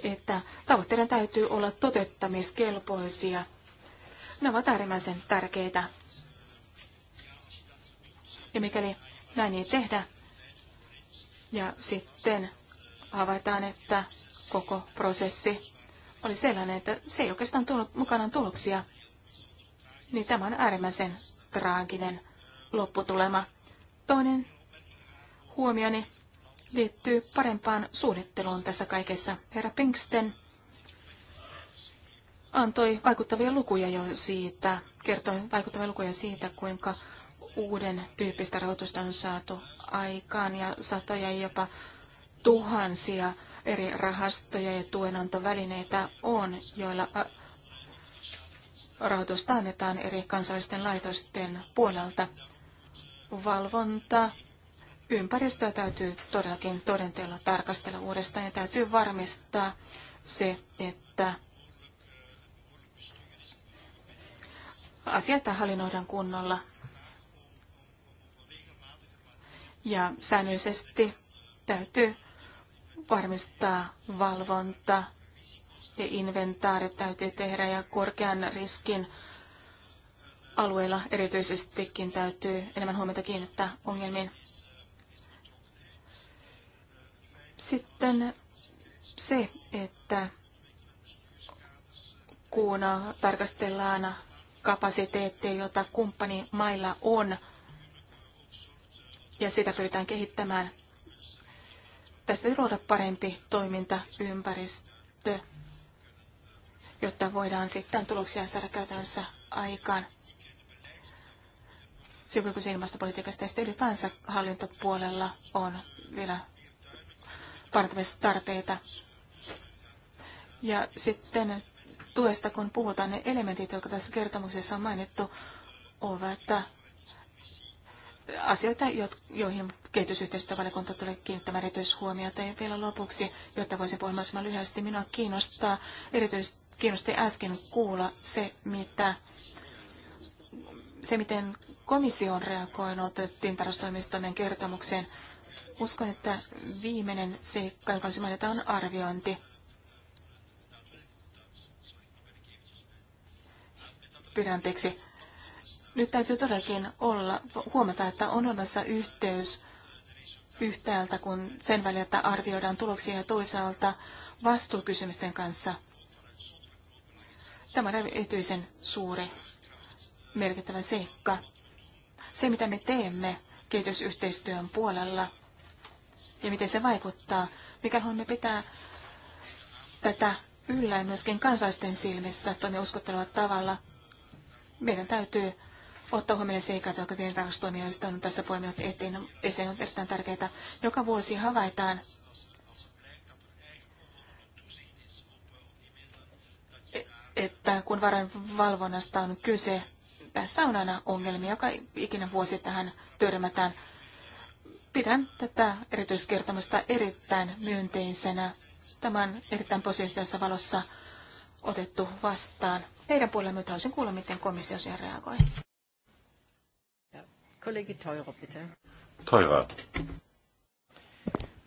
S2: että tavoitteiden täytyy olla toteuttamiskelpoisia. Ne ovat äärimmäisen tärkeitä. Ja mikäli näin ei tehdä, ja sitten havaitaan, että koko prosessi oli sellainen, että se ei oikeastaan tullut mukanaan tuloksia, niin tämä on äärimmäisen traaginen lopputulema. Toinen huomioni liittyy parempaan suunnitteluun tässä kaikessa. Herra Pinksten antoi vaikuttavia lukuja jo siitä, kertoi vaikuttavia lukuja siitä, kuinka uuden tyyppistä rahoitusta on saatu aikaan ja satoja jopa tuhansia eri rahastoja ja tuenantovälineitä on, joilla äh, rahoitusta annetaan eri kansallisten laitosten puolelta valvonta ympäristöä täytyy todellakin todenteella tarkastella uudestaan ja täytyy varmistaa se, että asiat hallinnoidaan kunnolla ja säännöllisesti täytyy varmistaa valvonta ja inventaari täytyy tehdä ja korkean riskin alueilla erityisestikin täytyy enemmän huomiota kiinnittää ongelmiin. Sitten se, että kun tarkastellaan kapasiteettia, jota kumppanimailla on, ja sitä pyritään kehittämään. Tästä luoda parempi toimintaympäristö, jotta voidaan sitten tuloksia saada käytännössä aikaan silloin kun se ilmastopolitiikasta ja sitten ylipäänsä hallintopuolella on vielä parantamistarpeita. Ja sitten tuesta, kun puhutaan, ne elementit, jotka tässä kertomuksessa on mainittu, ovat asioita, joihin kehitysyhteistyövaliokunta tulee kiinnittämään erityishuomiota. Ja vielä lopuksi, jotta voisin puhua mahdollisimman lyhyesti, minua kiinnostaa erityisesti kiinnosti äsken kuulla se, mitä, se miten Komissio on reagoinut tintarustoimistoimen kertomukseen. Uskon, että viimeinen seikka, joka olisi on arviointi. Pyydän Nyt täytyy todellakin olla, huomata, että on olemassa yhteys yhtäältä, kun sen välillä, että arvioidaan tuloksia ja toisaalta vastuukysymysten kanssa. Tämä on erityisen suuri merkittävä seikka. Se, mitä me teemme kehitysyhteistyön puolella ja miten se vaikuttaa, mikä haluamme pitää tätä yllä myöskin kansalaisten silmissä toimia uskottavalla tavalla. Meidän täytyy ottaa huomioon seikat, jotka tarkastustoimijoista on tässä poiminut eteen. Se on erittäin tärkeää. Joka vuosi havaitaan e- että kun valvonnasta on kyse, tässä on aina ongelmia, joka ikinä vuosi tähän törmätään. Pidän tätä erityiskertomusta erittäin myönteisenä. Tämän erittäin positiivisessa valossa otettu vastaan. Meidän puolella nyt haluaisin kuulla, miten komissio siihen reagoi.
S3: Kollegi bitte.
S1: Toiro.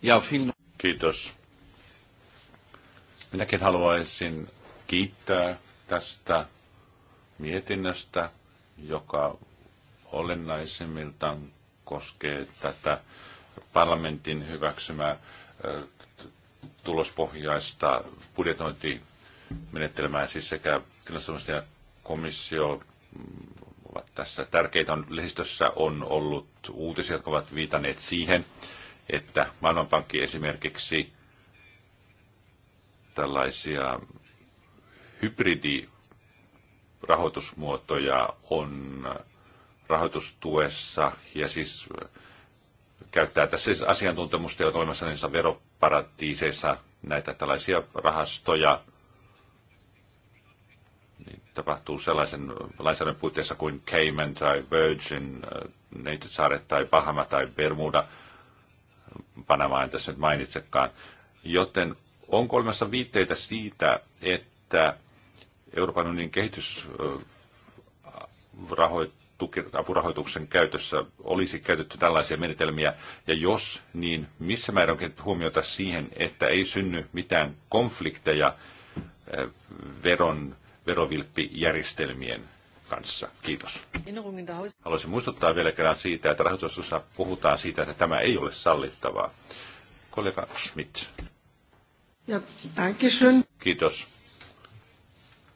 S1: Ja, vielen... Kiitos. Minäkin haluaisin kiittää tästä mietinnöstä joka olennaisimmiltaan koskee tätä parlamentin hyväksymää tulospohjaista budjetointimenetelmää, siis sekä tilastollisesti ja komissio mm, ovat tässä tärkeitä. On, lehdistössä on ollut uutisia, jotka ovat viitanneet siihen, että Maailmanpankki esimerkiksi tällaisia hybridi rahoitusmuotoja on rahoitustuessa ja siis käyttää tässä siis asiantuntemusta ja olemassa niissä veroparatiiseissa näitä tällaisia rahastoja. Niin tapahtuu sellaisen lainsäädännön puitteissa kuin Cayman tai Virgin, äh, saaret tai Bahama tai Bermuda. Panama en tässä nyt mainitsekaan. Joten onko olemassa viitteitä siitä, että Euroopan unionin kehitysapurahoituksen käytössä olisi käytetty tällaisia menetelmiä, ja jos, niin missä määrin on huomiota siihen, että ei synny mitään konflikteja eh, veron, verovilppijärjestelmien kanssa. Kiitos. Haluaisin muistuttaa vielä kerran siitä, että rahoitusosassa puhutaan siitä, että tämä ei ole sallittavaa. Kollega Schmidt. Ja, Kiitos.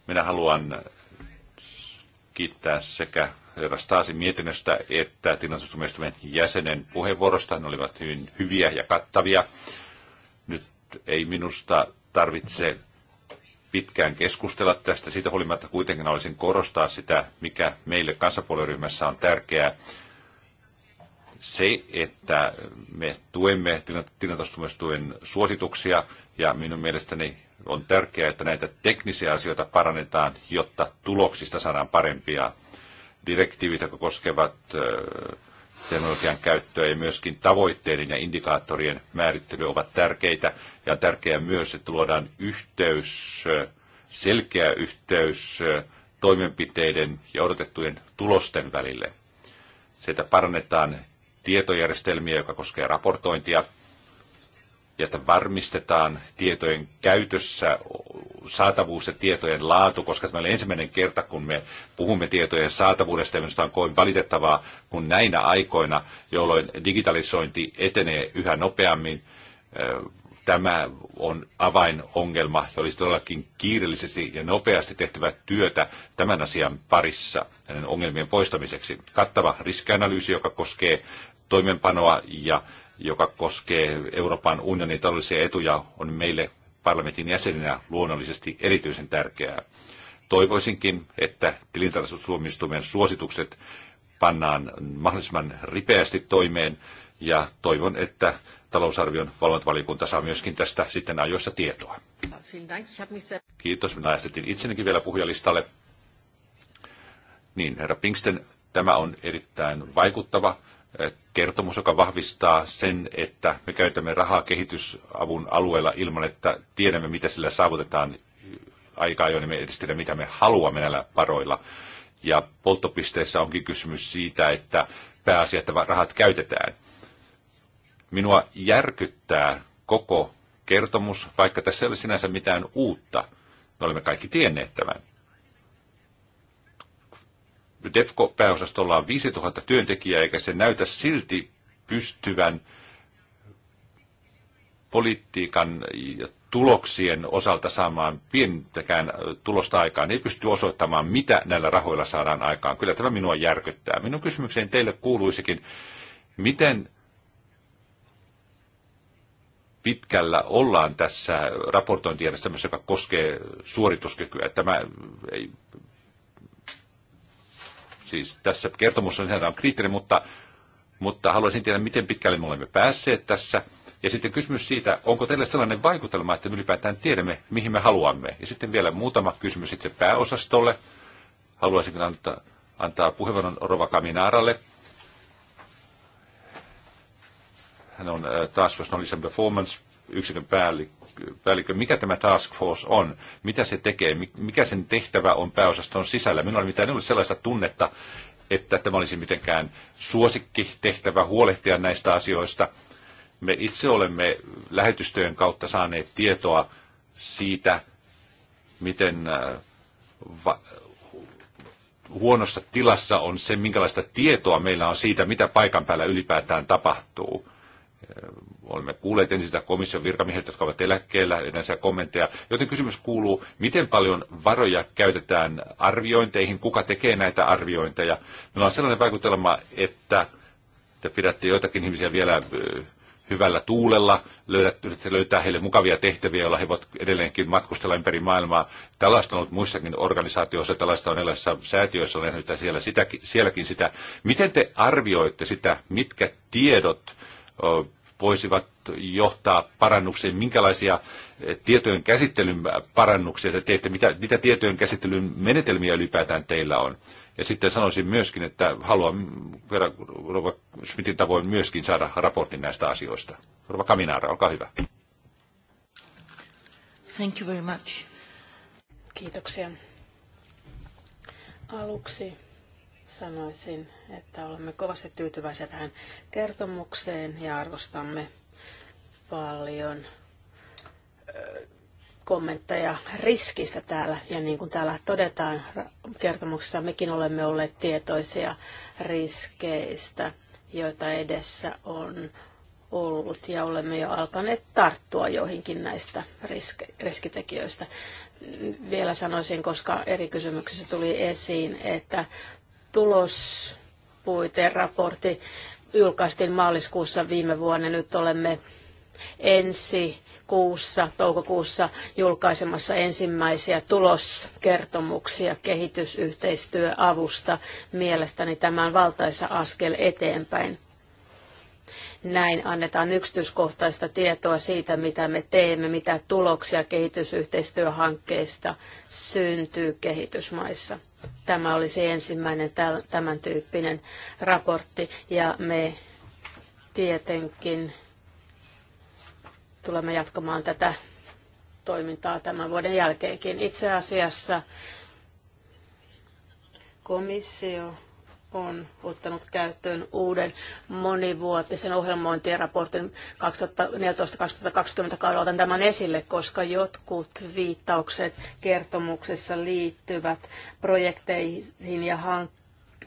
S1: Minä haluan kiittää sekä herra Staasin mietinnöstä että tilastustumistumien jäsenen puheenvuorosta. Ne olivat hyvin hyviä ja kattavia. Nyt ei minusta tarvitse pitkään keskustella tästä. Siitä huolimatta kuitenkin olisin korostaa sitä, mikä meille kansanpuolueryhmässä on tärkeää. Se, että me tuemme tilintarkastusmistuen suosituksia, ja minun mielestäni on tärkeää, että näitä teknisiä asioita parannetaan, jotta tuloksista saadaan parempia. Direktiivit, jotka koskevat teknologian käyttöä ja myöskin tavoitteiden ja indikaattorien määrittely ovat tärkeitä. Ja on tärkeää myös, että luodaan yhteys, selkeä yhteys toimenpiteiden ja odotettujen tulosten välille. Se, että parannetaan tietojärjestelmiä, joka koskee raportointia, ja että varmistetaan tietojen käytössä saatavuus ja tietojen laatu, koska tämä oli ensimmäinen kerta, kun me puhumme tietojen saatavuudesta, ja minusta on kovin valitettavaa, kun näinä aikoina, jolloin digitalisointi etenee yhä nopeammin, tämä on avainongelma, ja olisi todellakin kiireellisesti ja nopeasti tehtävä työtä tämän asian parissa, näiden ongelmien poistamiseksi. Kattava riskianalyysi, joka koskee toimenpanoa ja joka koskee Euroopan unionin taloudellisia etuja, on meille parlamentin jäseninä luonnollisesti erityisen tärkeää. Toivoisinkin, että tilintarkastustuomioistuimen suositukset pannaan mahdollisimman ripeästi toimeen ja toivon, että talousarvion valvontavaliokunta saa myöskin tästä sitten ajoissa tietoa. Kiitos. Minä ajattelin itsenikin vielä puhujalistalle. Niin, herra Pinksten, tämä on erittäin vaikuttava kertomus, joka vahvistaa sen, että me käytämme rahaa kehitysavun alueella ilman, että tiedämme, mitä sillä saavutetaan aika ajoin, niin me edes tiedä, mitä me haluamme näillä varoilla. Ja polttopisteessä onkin kysymys siitä, että pääasia, että rahat käytetään. Minua järkyttää koko kertomus, vaikka tässä ei ole sinänsä mitään uutta. Me olemme kaikki tienneet tämän. DEFCO-pääosastolla on 5000 työntekijää, eikä se näytä silti pystyvän politiikan ja tuloksien osalta saamaan pientäkään tulosta aikaan. Ei pysty osoittamaan, mitä näillä rahoilla saadaan aikaan. Kyllä tämä minua järkyttää. Minun kysymykseni teille kuuluisikin, miten pitkällä ollaan tässä raportointijärjestelmässä, joka koskee suorituskykyä. Tämä ei Siis tässä kertomus on sinänsä kriittinen, mutta, mutta haluaisin tietää, miten pitkälle me olemme päässeet tässä. Ja sitten kysymys siitä, onko teillä sellainen vaikutelma, että me ylipäätään tiedämme, mihin me haluamme. Ja sitten vielä muutama kysymys itse pääosastolle. Haluaisin antaa, antaa puheenvuoron Rova Kaminaaralle. Hän on Task Force Knowledge and Performance yksikön päällikkö, mikä tämä task force on, mitä se tekee, mikä sen tehtävä on pääosaston sisällä. Minulla ei mitään ollut sellaista tunnetta, että tämä olisi mitenkään suosikki tehtävä huolehtia näistä asioista. Me itse olemme lähetystöjen kautta saaneet tietoa siitä, miten äh, huonossa tilassa on se, minkälaista tietoa meillä on siitä, mitä paikan päällä ylipäätään tapahtuu. Olemme kuulleet ensin sitä komission virkamiehet, jotka ovat eläkkeellä, näitä kommentteja. Joten kysymys kuuluu, miten paljon varoja käytetään arviointeihin, kuka tekee näitä arviointeja. Meillä on sellainen vaikutelma, että te pidätte joitakin ihmisiä vielä hyvällä tuulella, löydät, löytää heille mukavia tehtäviä, joilla he voivat edelleenkin matkustella ympäri maailmaa. Tällaista on ollut muissakin organisaatioissa, tällaista on erilaisissa säätiöissä, on nähnyt siellä sitäkin, sielläkin sitä. Miten te arvioitte sitä, mitkä tiedot voisivat johtaa parannukseen? Minkälaisia eh, tietojen käsittelyn parannuksia te teette? Mitä, mitä tietojen käsittelyn menetelmiä ylipäätään teillä on? Ja sitten sanoisin myöskin, että haluan Rova Schmidtin tavoin myöskin saada raportin näistä asioista. Rova Kaminaara, olkaa hyvä.
S3: Thank you very much. Kiitoksia. Aluksi Sanoisin, että olemme kovasti tyytyväisiä tähän kertomukseen ja arvostamme paljon kommentteja riskistä täällä. Ja niin kuin täällä todetaan kertomuksessa, mekin olemme olleet tietoisia riskeistä, joita edessä on ollut ja olemme jo alkaneet tarttua joihinkin näistä riske- riskitekijöistä. Vielä sanoisin, koska eri kysymyksissä tuli esiin, että tulospuiteraportti julkaistiin maaliskuussa viime vuonna. Nyt olemme ensi kuussa, toukokuussa julkaisemassa ensimmäisiä tuloskertomuksia kehitysyhteistyöavusta. Mielestäni tämä on valtaisa askel eteenpäin. Näin annetaan yksityiskohtaista tietoa siitä, mitä me teemme, mitä tuloksia kehitysyhteistyöhankkeista syntyy kehitysmaissa. Tämä se ensimmäinen tämän tyyppinen raportti ja me tietenkin tulemme jatkamaan tätä toimintaa tämän vuoden jälkeenkin. Itse asiassa komissio on ottanut käyttöön uuden monivuotisen ohjelmointi- ja raportin 2014-2020 kaudella. Otan tämän esille, koska jotkut viittaukset kertomuksessa liittyvät projekteihin ja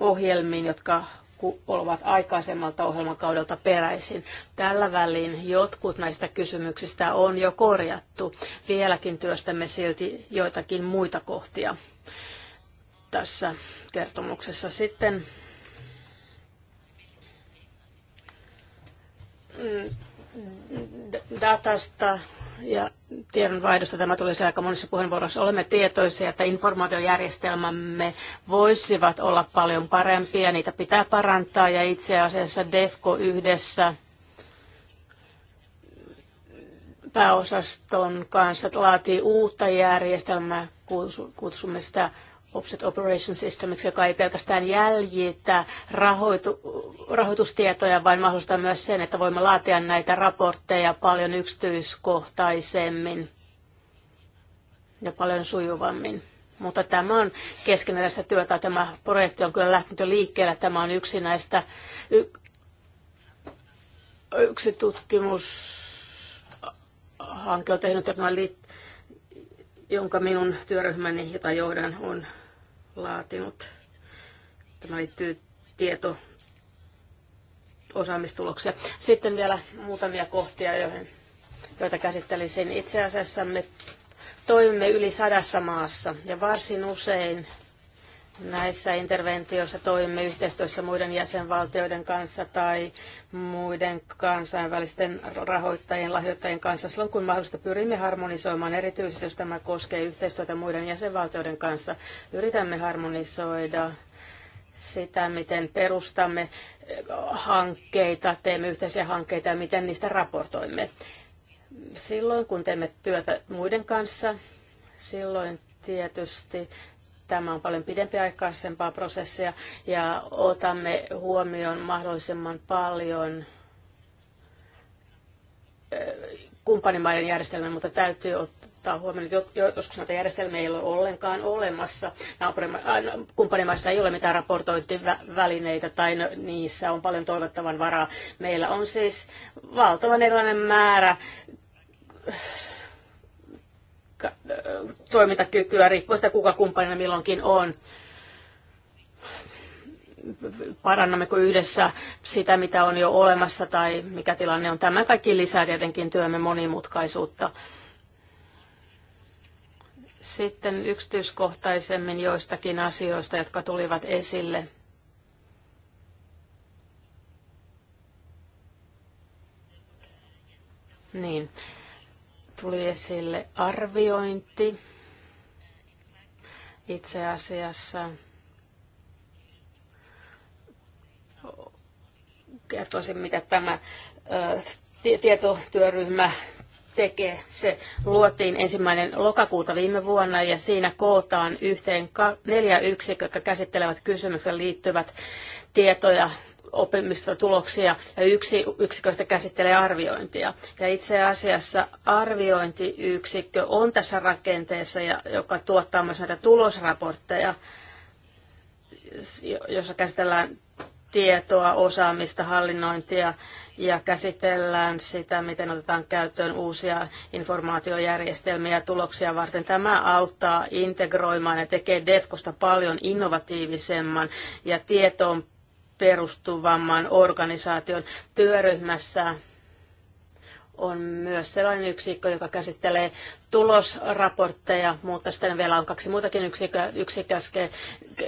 S3: ohjelmiin, jotka ovat aikaisemmalta ohjelmakaudelta peräisin. Tällä välin jotkut näistä kysymyksistä on jo korjattu. Vieläkin työstämme silti joitakin muita kohtia tässä kertomuksessa. Sitten mm, datasta ja tiedonvaihdosta tämä tuli aika monessa puheenvuorossa. Olemme tietoisia, että informaatiojärjestelmämme voisivat olla paljon parempia, niitä pitää parantaa ja itse asiassa DEFCO yhdessä pääosaston kanssa laatii uutta järjestelmää, kutsumme sitä Offset Operation Systemiksi, joka ei pelkästään jäljitä rahoitu, rahoitustietoja, vaan mahdollistaa myös sen, että voimme laatia näitä raportteja paljon yksityiskohtaisemmin ja paljon sujuvammin. Mutta tämä on keskeneräistä työtä. Tämä projekti on kyllä lähtenyt jo liikkeelle. Tämä on yksi näistä y, yksi tutkimushanke on tehnyt, jonka minun työryhmäni, jota johdan, on laatinut. Tämä liittyy tieto osaamistuloksia. Sitten vielä muutamia kohtia, joihin, joita käsittelisin. Itse asiassa me toimimme yli sadassa maassa ja varsin usein Näissä interventioissa toimimme yhteistyössä muiden jäsenvaltioiden kanssa tai muiden kansainvälisten rahoittajien, lahjoittajien kanssa. Silloin kun mahdollista pyrimme harmonisoimaan, erityisesti jos tämä koskee yhteistyötä muiden jäsenvaltioiden kanssa, yritämme harmonisoida sitä, miten perustamme hankkeita, teemme yhteisiä hankkeita ja miten niistä raportoimme. Silloin kun teemme työtä muiden kanssa, silloin tietysti Tämä on paljon pidempiaikaisempaa prosessia ja otamme huomioon mahdollisimman paljon eh, kumppanimaiden järjestelmän, mutta täytyy ottaa huomioon, että joskus näitä järjestelmiä ei ole ollenkaan olemassa. Kumppanimaissa ei ole mitään raportointivälineitä tai no, niissä on paljon toivottavan varaa. Meillä on siis valtavan erilainen määrä toimintakykyä, riippuen sitä kuka kumppanina milloinkin on. Parannammeko yhdessä sitä, mitä on jo olemassa tai mikä tilanne on. Tämä kaikki lisää tietenkin työmme monimutkaisuutta. Sitten yksityiskohtaisemmin joistakin asioista, jotka tulivat esille. Niin tuli esille arviointi. Itse asiassa kertoisin, mitä tämä tietotyöryhmä tekee. Se luotiin ensimmäinen lokakuuta viime vuonna ja siinä kootaan yhteen neljä yksikköä, jotka käsittelevät kysymykset liittyvät tietoja oppimista tuloksia ja yksi yksiköstä käsittelee arviointia. Ja itse asiassa arviointiyksikkö on tässä rakenteessa, ja, joka tuottaa myös näitä tulosraportteja, jossa käsitellään tietoa, osaamista, hallinnointia ja käsitellään sitä, miten otetaan käyttöön uusia informaatiojärjestelmiä tuloksia varten. Tämä auttaa integroimaan ja tekee DEFKosta paljon innovatiivisemman ja tietoon perustuvamman organisaation työryhmässä on myös sellainen yksikkö, joka käsittelee tulosraportteja, mutta sitten vielä on kaksi muutakin yksikköä. Yksi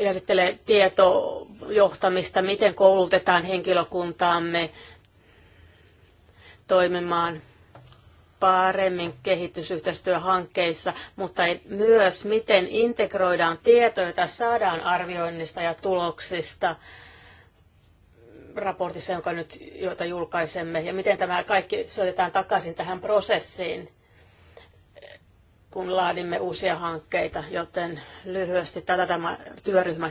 S3: käsittelee tietojohtamista, miten koulutetaan henkilökuntaamme toimimaan paremmin kehitysyhteistyöhankkeissa, mutta myös miten integroidaan tietoja, joita saadaan arvioinnista ja tuloksista – raportissa, jonka nyt, jota julkaisemme, ja miten tämä kaikki syötetään takaisin tähän prosessiin, kun laadimme uusia hankkeita, joten lyhyesti tätä tämä työryhmä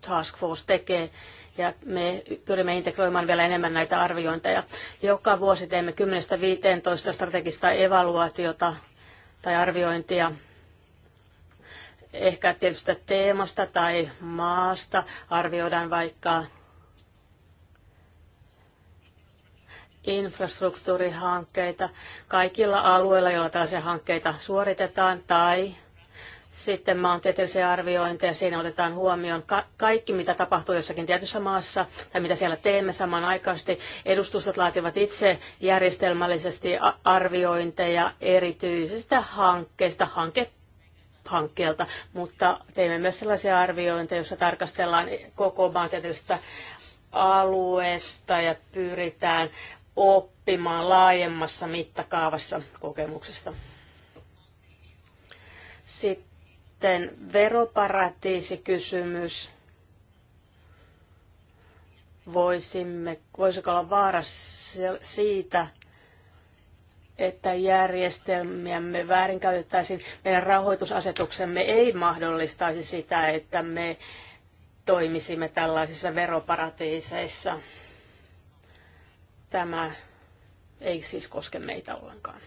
S3: Task Force tekee, ja me pyrimme integroimaan vielä enemmän näitä arviointeja. Joka vuosi teemme 10-15 strategista evaluaatiota tai arviointia ehkä tietystä teemasta tai maasta arvioidaan vaikka infrastruktuurihankkeita kaikilla alueilla, joilla tällaisia hankkeita suoritetaan, tai sitten maantieteellisiä arviointeja. Siinä otetaan huomioon ka- kaikki, mitä tapahtuu jossakin tietyssä maassa tai mitä siellä teemme samanaikaisesti. Edustustot laativat itse järjestelmällisesti arviointeja erityisistä hankkeista, hanke hankkeelta, mutta teemme myös sellaisia arviointeja, joissa tarkastellaan koko maantieteellistä aluetta ja pyritään oppimaan laajemmassa mittakaavassa kokemuksesta. Sitten veroparatiisikysymys. Voisimme, voisiko olla vaara siitä, että järjestelmiämme väärinkäytettäisiin. Meidän rahoitusasetuksemme ei mahdollistaisi sitä, että me toimisimme tällaisissa veroparatiiseissa. Tämä ei siis koske meitä ollenkaan.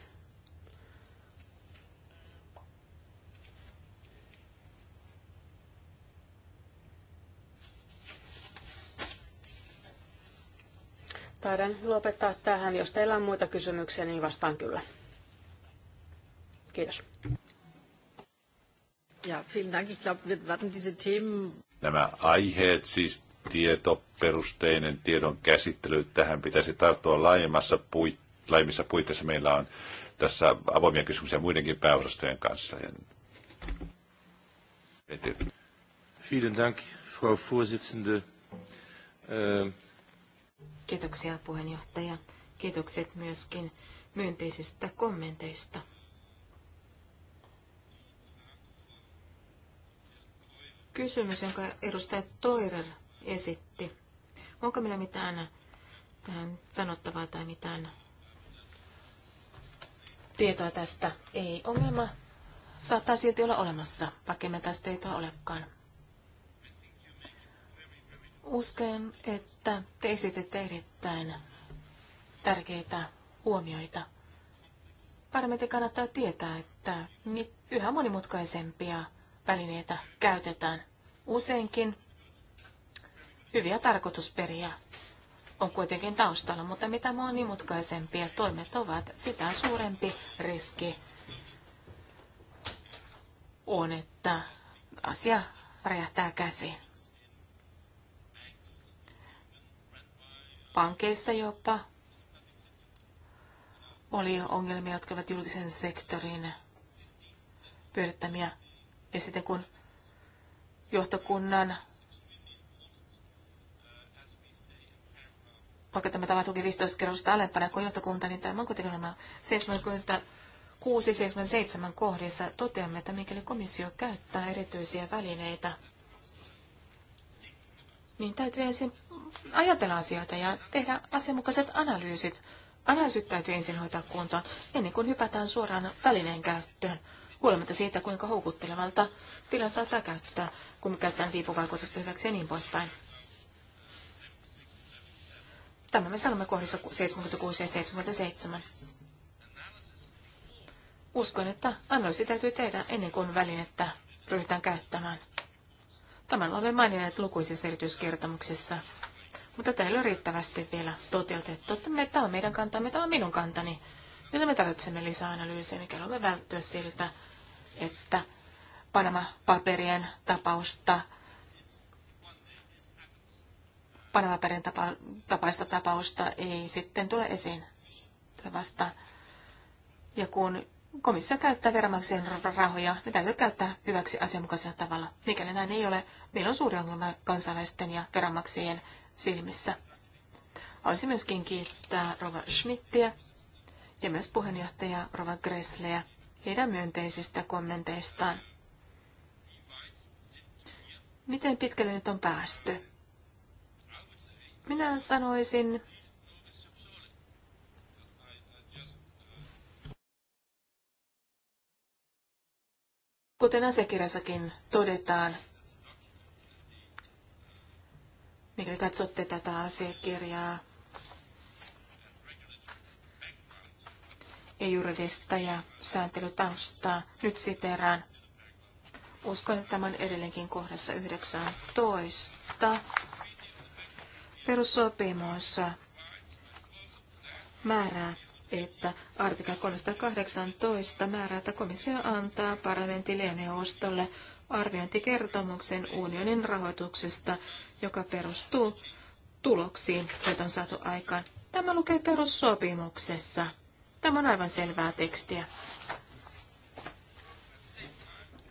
S3: Taidan lopettaa tähän. Jos teillä on muita kysymyksiä, niin vastaan kyllä. Kiitos. Ja, vielen Dank. Ich glaube, wir werden diese Themen...
S1: Nämä aiheet siis tietoperusteinen tiedon käsittely. Tähän pitäisi tarttua laajemmassa puit, laajemmissa puitteissa. Meillä on tässä avoimia kysymyksiä muidenkin pääosastojen kanssa. Vielen Dank, Frau Vorsitzende. Ähm,
S2: Kiitoksia puheenjohtaja. Kiitokset myöskin myönteisistä kommenteista. Kysymys, jonka edustaja Toirer esitti. Onko meillä mitään tähän sanottavaa tai mitään tietoa tästä? Ei. Ongelma saattaa silti olla olemassa, vaikka me tästä tietoa olekaan. Uskon, että te esitette erittäin tärkeitä huomioita. Parlamentti kannattaa tietää, että yhä monimutkaisempia välineitä käytetään. Useinkin Hyviä tarkoitusperiä on kuitenkin taustalla, mutta mitä monimutkaisempia toimet ovat, sitä suurempi riski on, että asia räjähtää käsiin. Pankeissa jopa oli ongelmia, jotka ovat julkisen sektorin pyörittämiä. Ja sitten kun johtokunnan vaikka tämä tapahtuukin 15 kerrosta alempana kuin johtokunta, niin tämä on kuitenkin nämä 76-77 kohdissa toteamme, että mikäli komissio käyttää erityisiä välineitä, niin täytyy ensin ajatella asioita ja tehdä asianmukaiset analyysit. Analyysit täytyy ensin hoitaa kuntoon, ennen kuin hypätään suoraan välineen käyttöön, huolimatta siitä, kuinka houkuttelevalta tilan saattaa käyttää, kun käytetään viipuvaikutusta hyväksi ja niin poispäin. Tämä me sanomme kohdissa 76 ja 77. Uskon, että analyysi täytyy tehdä ennen kuin välinettä ryhdytään käyttämään. Tämän olemme maininneet lukuisissa erityiskertomuksissa, mutta täällä on riittävästi vielä toteutettu. Tämä on meidän kantamme, tämä on minun kantani. Joten me tarvitsemme lisää analyysiä, mikä olemme välttyä siltä, että Panama-paperien tapausta Panamaperin tapa, tapaista tapausta ei sitten tule esiin vasta. Ja kun komissio käyttää veronmaksajien rahoja, ne täytyy käyttää hyväksi asianmukaisella tavalla. Mikäli näin ei ole, meillä on suuri ongelma kansalaisten ja veronmaksajien silmissä. Haluaisin myöskin kiittää Rova Schmidtia ja myös puheenjohtaja Rova Gressleä heidän myönteisistä kommenteistaan. Miten pitkälle nyt on päästy? Minä sanoisin, kuten asiakirjassakin todetaan, mikäli katsotte tätä asiakirjaa, ei juridista ja sääntelytaustaa. Nyt siteraan. Uskon, että on edelleenkin kohdassa 19. Perussopimus määrää, että artikla 318 määrää, että komissio antaa parlamentille ja neuvostolle arviointikertomuksen unionin rahoituksesta, joka perustuu tuloksiin, joita on saatu aikaan. Tämä lukee perussopimuksessa. Tämä on aivan selvää tekstiä.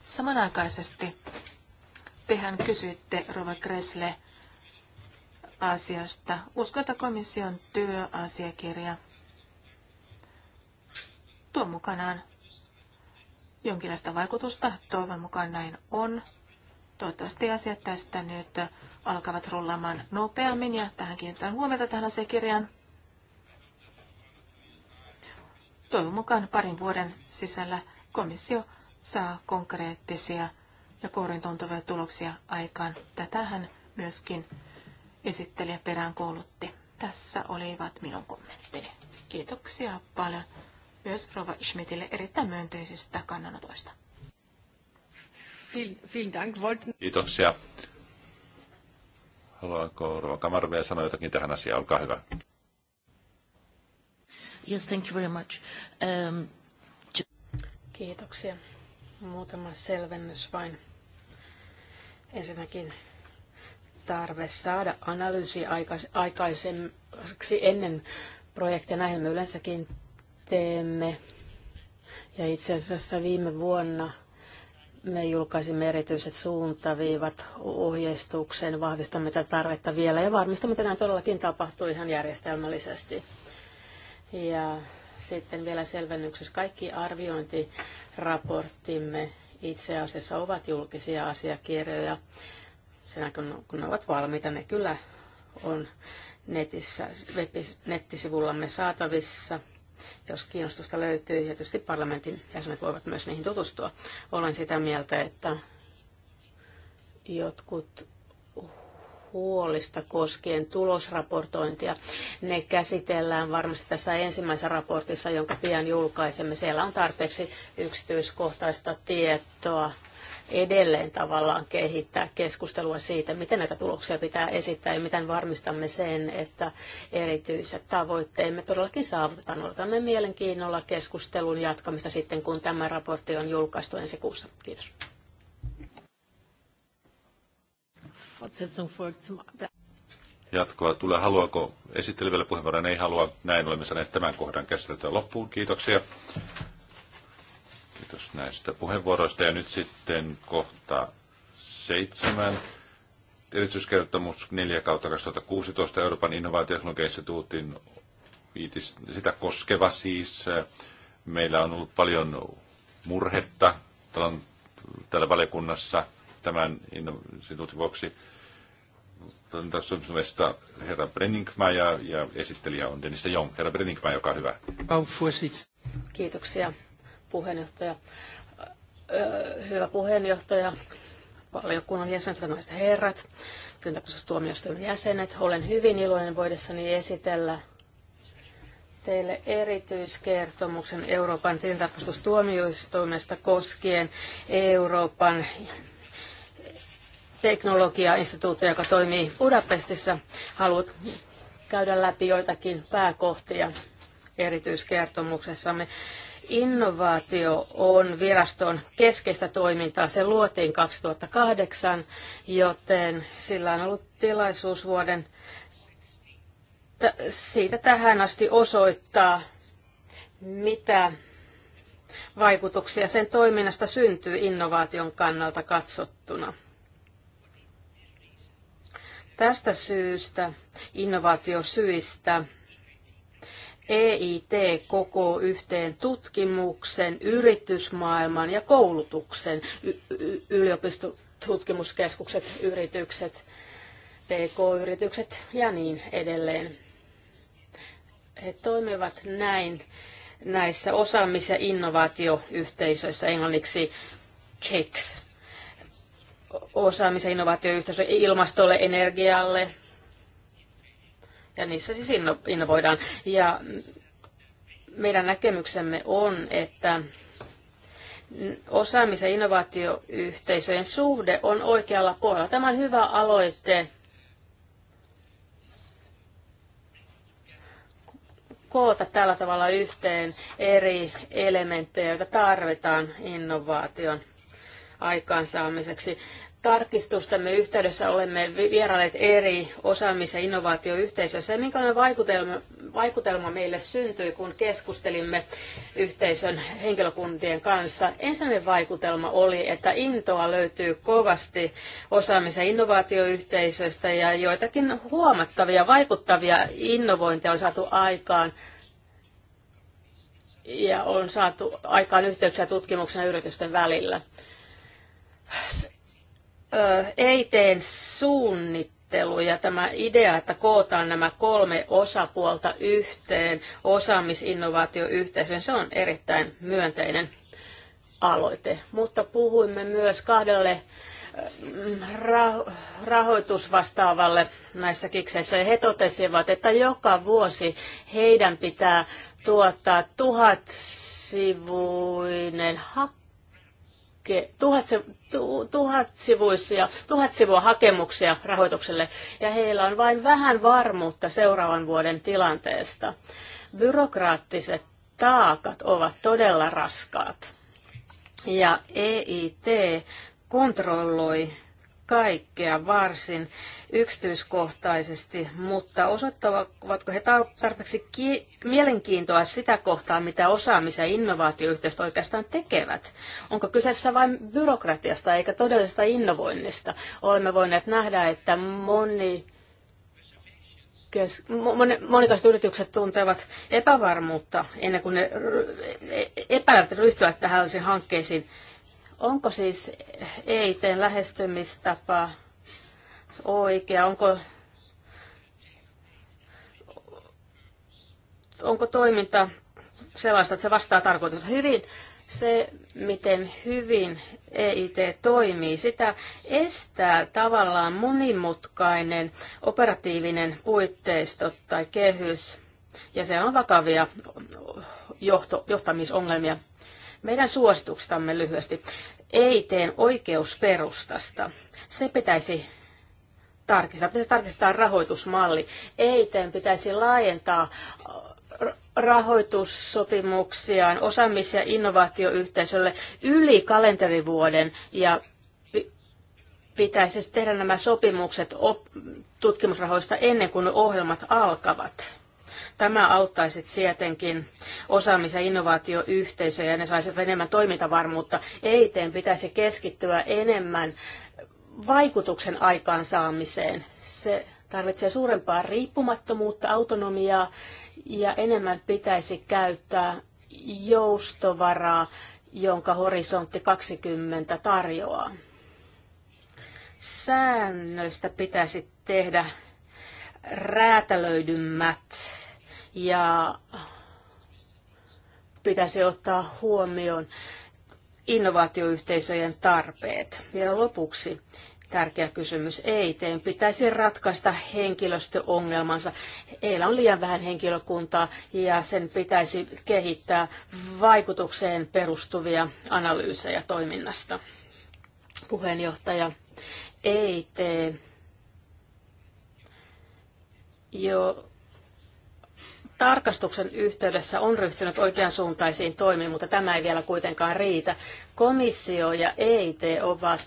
S2: Samanaikaisesti tehän kysytte, Rova Kresle, asiasta. Uskota komission työasiakirja tuo mukanaan jonkinlaista vaikutusta. Toivon mukaan näin on. Toivottavasti asiat tästä nyt alkavat rullaamaan nopeammin ja tähän kiinnitetään huomiota tähän asiakirjaan. Toivon mukaan parin vuoden sisällä komissio saa konkreettisia ja kourin tuntuvia tuloksia aikaan. Tätähän myöskin esittelijä peräänkoulutti. Tässä olivat minun kommenttini. Kiitoksia paljon myös Rova Schmidtille erittäin myönteisistä kannanotoista.
S1: Kiitoksia. Haluaako Rova Kamar sanoa jotakin tähän asiaan? Olkaa hyvä.
S3: Yes, thank you very much. Um, Kiitoksia. Muutama selvennys vain. Ensinnäkin tarve saada analyysi aikaiseksi ennen projektia. Näin me yleensäkin teemme. Ja itse asiassa viime vuonna me julkaisimme erityiset suuntaviivat ohjeistukseen, vahvistamme tätä tarvetta vielä ja varmistamme, että näin todellakin tapahtuu ihan järjestelmällisesti. Ja sitten vielä selvennyksessä kaikki arviointiraporttimme itse asiassa ovat julkisia asiakirjoja sen kun, kun ne ovat valmiita, ne kyllä on netissä, nettisivullamme saatavissa, jos kiinnostusta löytyy. Ja tietysti parlamentin jäsenet voivat myös niihin tutustua. Olen sitä mieltä, että jotkut huolista koskien tulosraportointia. Ne käsitellään varmasti tässä ensimmäisessä raportissa, jonka pian julkaisemme. Siellä on tarpeeksi yksityiskohtaista tietoa edelleen tavallaan kehittää keskustelua siitä, miten näitä tuloksia pitää esittää ja miten varmistamme sen, että erityiset tavoitteemme todellakin saavutetaan. Odotamme mielenkiinnolla keskustelun jatkamista sitten, kun tämä raportti on julkaistu ensi kuussa. Kiitos.
S1: Jatkoa tulee. Haluaako esittely vielä puheenvuoron? Ei halua. Näin olemme saaneet tämän kohdan käsiteltyä loppuun. Kiitoksia. Kiitos näistä puheenvuoroista. Ja nyt sitten kohta seitsemän. Erityiskertomus 4 kautta 2016 Euroopan innovaatioteknologiainstituutin sitä koskeva siis. Äh, meillä on ollut paljon murhetta täällä valiokunnassa tämän instituutin vuoksi. Toimintasopimista herra Brenningma ja, ja esittelijä on Dennis Jong. Herra Brenningma, joka on hyvä.
S3: Kiitoksia puheenjohtaja. Hyvä puheenjohtaja, valiokunnan jäsenet, ja naiset herrat, tuomioistuimen jäsenet. Olen hyvin iloinen voidessani esitellä teille erityiskertomuksen Euroopan tilintarkastustuomioistuimesta koskien Euroopan teknologiainstituutti, joka toimii Budapestissa. Haluat käydä läpi joitakin pääkohtia erityiskertomuksessamme. Innovaatio on viraston keskeistä toimintaa. Se luotiin 2008, joten sillä on ollut tilaisuus vuoden siitä tähän asti osoittaa, mitä vaikutuksia sen toiminnasta syntyy innovaation kannalta katsottuna. Tästä syystä, innovaatiosyistä, EIT koko yhteen tutkimuksen, yritysmaailman ja koulutuksen, y- y- yliopistotutkimuskeskukset, yritykset, PK-yritykset ja niin edelleen. He toimivat näin näissä osaamis- ja innovaatioyhteisöissä, englanniksi e osaamis- ja innovaatioyhteisö ilmastolle, energialle, ja niissä siis innovoidaan. Ja meidän näkemyksemme on, että osaamis- ja innovaatioyhteisöjen suhde on oikealla puolella. Tämä on hyvä aloite. koota tällä tavalla yhteen eri elementtejä, joita tarvitaan innovaation aikaansaamiseksi tarkistustamme yhteydessä olemme vierailleet eri osaamis- ja innovaatioyhteisöissä. Ja minkälainen vaikutelma, vaikutelma meille syntyi, kun keskustelimme yhteisön henkilökuntien kanssa? Ensimmäinen vaikutelma oli, että intoa löytyy kovasti osaamis- ja innovaatioyhteisöistä ja joitakin huomattavia, vaikuttavia innovointeja on saatu aikaan ja on saatu aikaan yhteyksiä tutkimuksen ja yritysten välillä EITn suunnittelu ja tämä idea, että kootaan nämä kolme osapuolta yhteen osaamisinnovaatioyhteisön, se on erittäin myönteinen aloite. Mutta puhuimme myös kahdelle mm, rahoitusvastaavalle näissä kikseissä ja he totesivat, että joka vuosi heidän pitää tuottaa tuhat sivuinen hak hake, tuhat, tu, tuhat, sivuisia, tuhat sivua hakemuksia rahoitukselle, ja heillä on vain vähän varmuutta seuraavan vuoden tilanteesta. Byrokraattiset taakat ovat todella raskaat. Ja EIT kontrolloi kaikkea varsin yksityiskohtaisesti, mutta osoittavatko he tarpeeksi ki- mielenkiintoa sitä kohtaa, mitä osaamis- ja innovaatioyhteistyö oikeastaan tekevät? Onko kyseessä vain byrokratiasta eikä todellisesta innovoinnista? Olemme voineet nähdä, että moni kes- monikaiset yritykset tuntevat epävarmuutta ennen kuin ne e- e- epäilevät ryhtyä tähän hankkeisiin Onko siis EITn lähestymistapa oikea? Onko, onko toiminta sellaista, että se vastaa tarkoitusta hyvin? Se, miten hyvin EIT toimii, sitä estää tavallaan monimutkainen operatiivinen puitteisto tai kehys, ja se on vakavia johto, johtamisongelmia. Meidän suosituksestamme lyhyesti. Ei teen oikeusperustasta. Se pitäisi tarkistaa. Pitäisi tarkistaa rahoitusmalli. Ei teen pitäisi laajentaa äh, rahoitussopimuksiaan osaamis- ja innovaatioyhteisölle yli kalenterivuoden ja pitäisi tehdä nämä sopimukset tutkimusrahoista ennen kuin ohjelmat alkavat. Tämä auttaisi tietenkin osaamis- ja innovaatioyhteisöjä ja ne saisivat enemmän toimintavarmuutta. EITen pitäisi keskittyä enemmän vaikutuksen aikaansaamiseen. Se tarvitsee suurempaa riippumattomuutta, autonomiaa ja enemmän pitäisi käyttää joustovaraa, jonka horisontti 20 tarjoaa. Säännöistä pitäisi tehdä räätälöidymmät ja pitäisi ottaa huomioon innovaatioyhteisöjen tarpeet. Vielä lopuksi tärkeä kysymys. EITn pitäisi ratkaista henkilöstöongelmansa. Heillä on liian vähän henkilökuntaa ja sen pitäisi kehittää vaikutukseen perustuvia analyysejä toiminnasta. Puheenjohtaja EIT jo tarkastuksen yhteydessä on ryhtynyt oikeansuuntaisiin toimiin, mutta tämä ei vielä kuitenkaan riitä. Komissio ja EIT ovat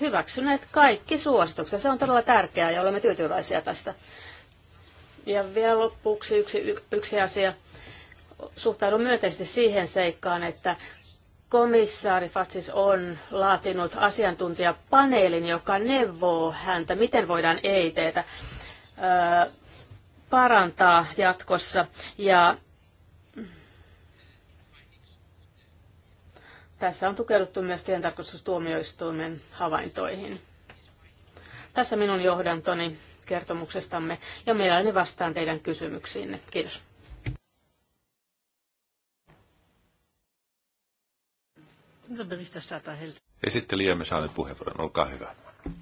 S3: hyväksyneet kaikki suositukset. Se on todella tärkeää ja olemme tyytyväisiä tästä. Ja vielä lopuksi yksi, yksi asia. Suhtaudun myönteisesti siihen seikkaan, että komissaari Fatsis on laatinut asiantuntijapaneelin, joka neuvoo häntä, miten voidaan EITtä öö, parantaa jatkossa. Ja tässä on tukeuduttu myös tientarkastustuomioistuimen havaintoihin. Tässä minun johdantoni kertomuksestamme ja mielelläni vastaan teidän kysymyksiinne. Kiitos.
S1: Esittelijämme saa nyt puheenvuoron. Olkaa hyvä. Eh,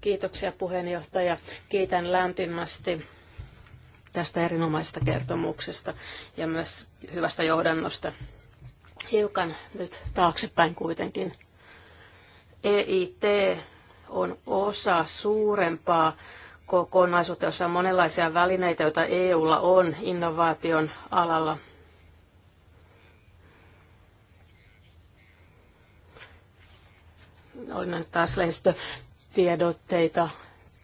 S3: Kiitoksia puheenjohtaja. Kiitän lämpimästi tästä erinomaisesta kertomuksesta ja myös hyvästä johdannosta. Hiukan nyt taaksepäin kuitenkin. EIT on osa suurempaa kokonaisuutta, jossa on monenlaisia välineitä, joita EUlla on innovaation alalla Olin nähnyt taas lehdistötiedotteita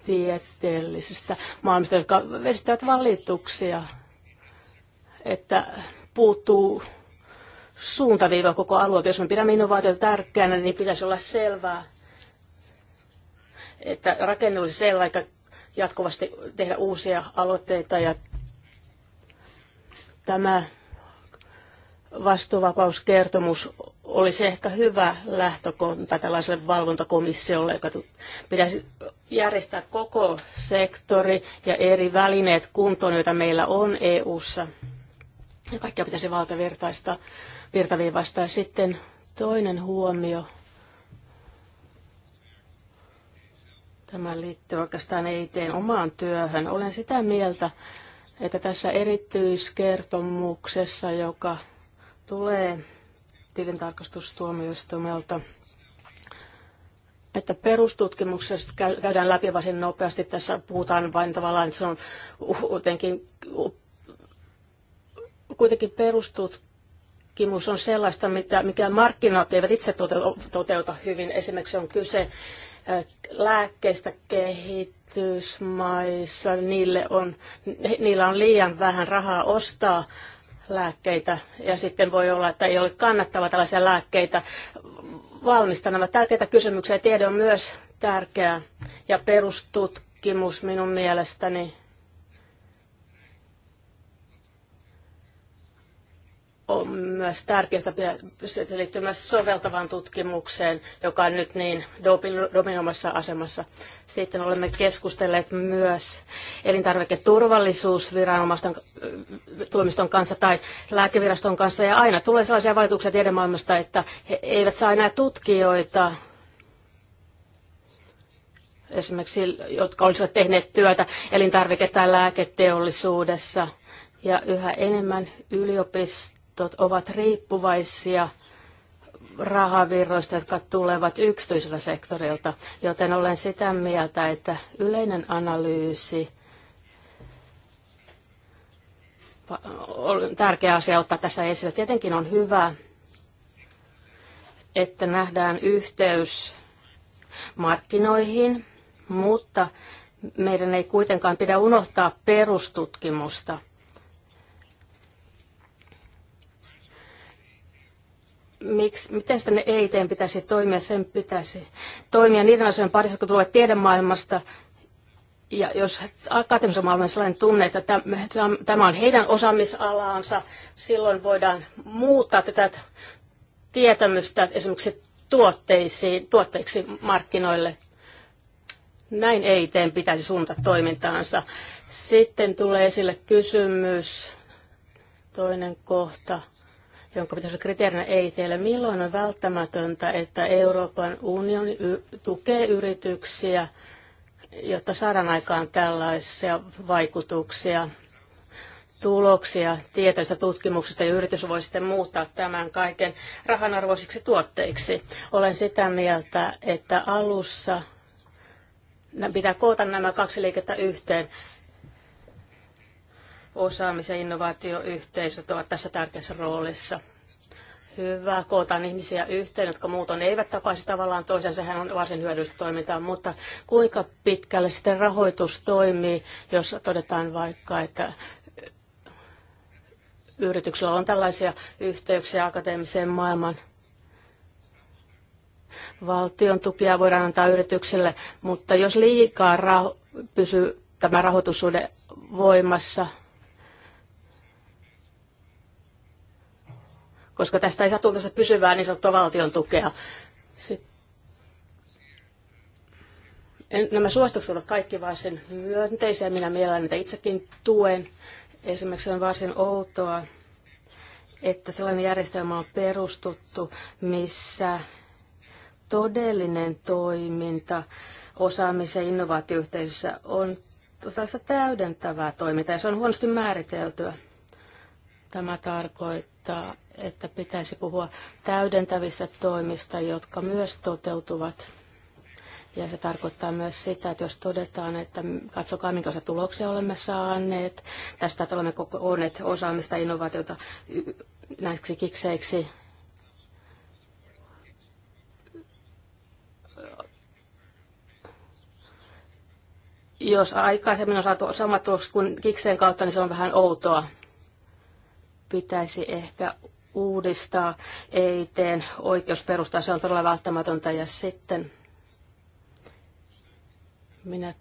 S3: tieteellisistä maailmista, jotka vesittävät valituksia, että puuttuu suuntaviiva koko alueelta. Jos me pidämme innovaatiota tärkeänä, niin pitäisi olla selvää, että rakenne olisi selvä, eikä jatkuvasti tehdä uusia aloitteita. Ja tämä vastuuvapauskertomus olisi ehkä hyvä lähtökohta tällaiselle valvontakomissiolle, joka pitäisi järjestää koko sektori ja eri välineet kuntoon, joita meillä on EU-ssa. Ja kaikkia pitäisi valtavirtaista virtaviivasta. sitten toinen huomio. Tämä liittyy oikeastaan teen omaan työhön. Olen sitä mieltä, että tässä erityiskertomuksessa, joka tulee tilintarkastustuomioistuimelta, että perustutkimuksessa käydään läpi varsin nopeasti. Tässä puhutaan vain tavallaan, että se on uh, jotenkin, uh, kuitenkin perustutkimus on sellaista, mitä, mikä markkinat eivät itse toteuta hyvin. Esimerkiksi on kyse eh, lääkkeistä kehitysmaissa, niille on, niillä on liian vähän rahaa ostaa lääkkeitä ja sitten voi olla, että ei ole kannattava tällaisia lääkkeitä valmistaa. Nämä tärkeitä kysymyksiä tiede on myös tärkeää ja perustutkimus minun mielestäni on myös tärkeää, se liittyy myös soveltavaan tutkimukseen, joka on nyt niin dominoimassa asemassa. Sitten olemme keskustelleet myös elintarviketurvallisuusviranomaisten tuomiston kanssa tai lääkeviraston kanssa, ja aina tulee sellaisia valituksia tiedemaailmasta, että he eivät saa enää tutkijoita, esimerkiksi jotka olisivat tehneet työtä elintarvike- tai lääketeollisuudessa, ja yhä enemmän yliopistoja liitot ovat riippuvaisia rahavirroista, jotka tulevat yksityisellä sektorilta, joten olen sitä mieltä, että yleinen analyysi on tärkeä asia ottaa tässä esille. Tietenkin on hyvä, että nähdään yhteys markkinoihin, mutta meidän ei kuitenkaan pidä unohtaa perustutkimusta – miksi, miten sitten ne EITn pitäisi toimia, sen pitäisi toimia niiden asioiden parissa, kun tulee tiedemaailmasta, ja jos akateemisen maailman sellainen tunne, että tämä on heidän osaamisalaansa, silloin voidaan muuttaa tätä tietämystä esimerkiksi tuotteisiin, tuotteiksi markkinoille. Näin ei pitäisi suunta toimintaansa. Sitten tulee esille kysymys, toinen kohta jonka pitäisi olla kriteerinä teille Milloin on välttämätöntä, että Euroopan unioni tukee yrityksiä, jotta saadaan aikaan tällaisia vaikutuksia, tuloksia tietoista tutkimuksista ja yritys voi sitten muuttaa tämän kaiken rahanarvoisiksi tuotteiksi. Olen sitä mieltä, että alussa pitää koota nämä kaksi liikettä yhteen osaamis- ja innovaatioyhteisöt ovat tässä tärkeässä roolissa. Hyvä, kootaan ihmisiä yhteen, jotka muuten eivät tapaisi tavallaan toisensa, sehän on varsin hyödyllistä toimintaa, mutta kuinka pitkälle sitten rahoitus toimii, jos todetaan vaikka, että yrityksellä on tällaisia yhteyksiä akateemiseen maailmaan? Valtion tukia voidaan antaa yritykselle, mutta jos liikaa raho- pysyy tämä rahoitussuhde voimassa – koska tästä ei saa tuntua pysyvää niin sanottua valtion tukea. Sitten nämä suositukset ovat kaikki varsin myönteisiä. Minä mielelläni niitä itsekin tuen. Esimerkiksi on varsin outoa, että sellainen järjestelmä on perustuttu, missä todellinen toiminta osaamisen ja innovaatioyhteisössä on tällaista täydentävää toimintaa ja se on huonosti määriteltyä. Tämä tarkoittaa, että pitäisi puhua täydentävistä toimista, jotka myös toteutuvat. Ja se tarkoittaa myös sitä, että jos todetaan, että katsokaa minkälaisia tuloksia olemme saaneet, tästä, että olemme kokoneet osaamista, innovaatiota näiksi kikseiksi, jos aikaisemmin on saatu samat tulokset kuin kikseen kautta, niin se on vähän outoa. Pitäisi ehkä uudistaa EITn oikeusperustaa. Se on todella välttämätöntä. Ja sitten minä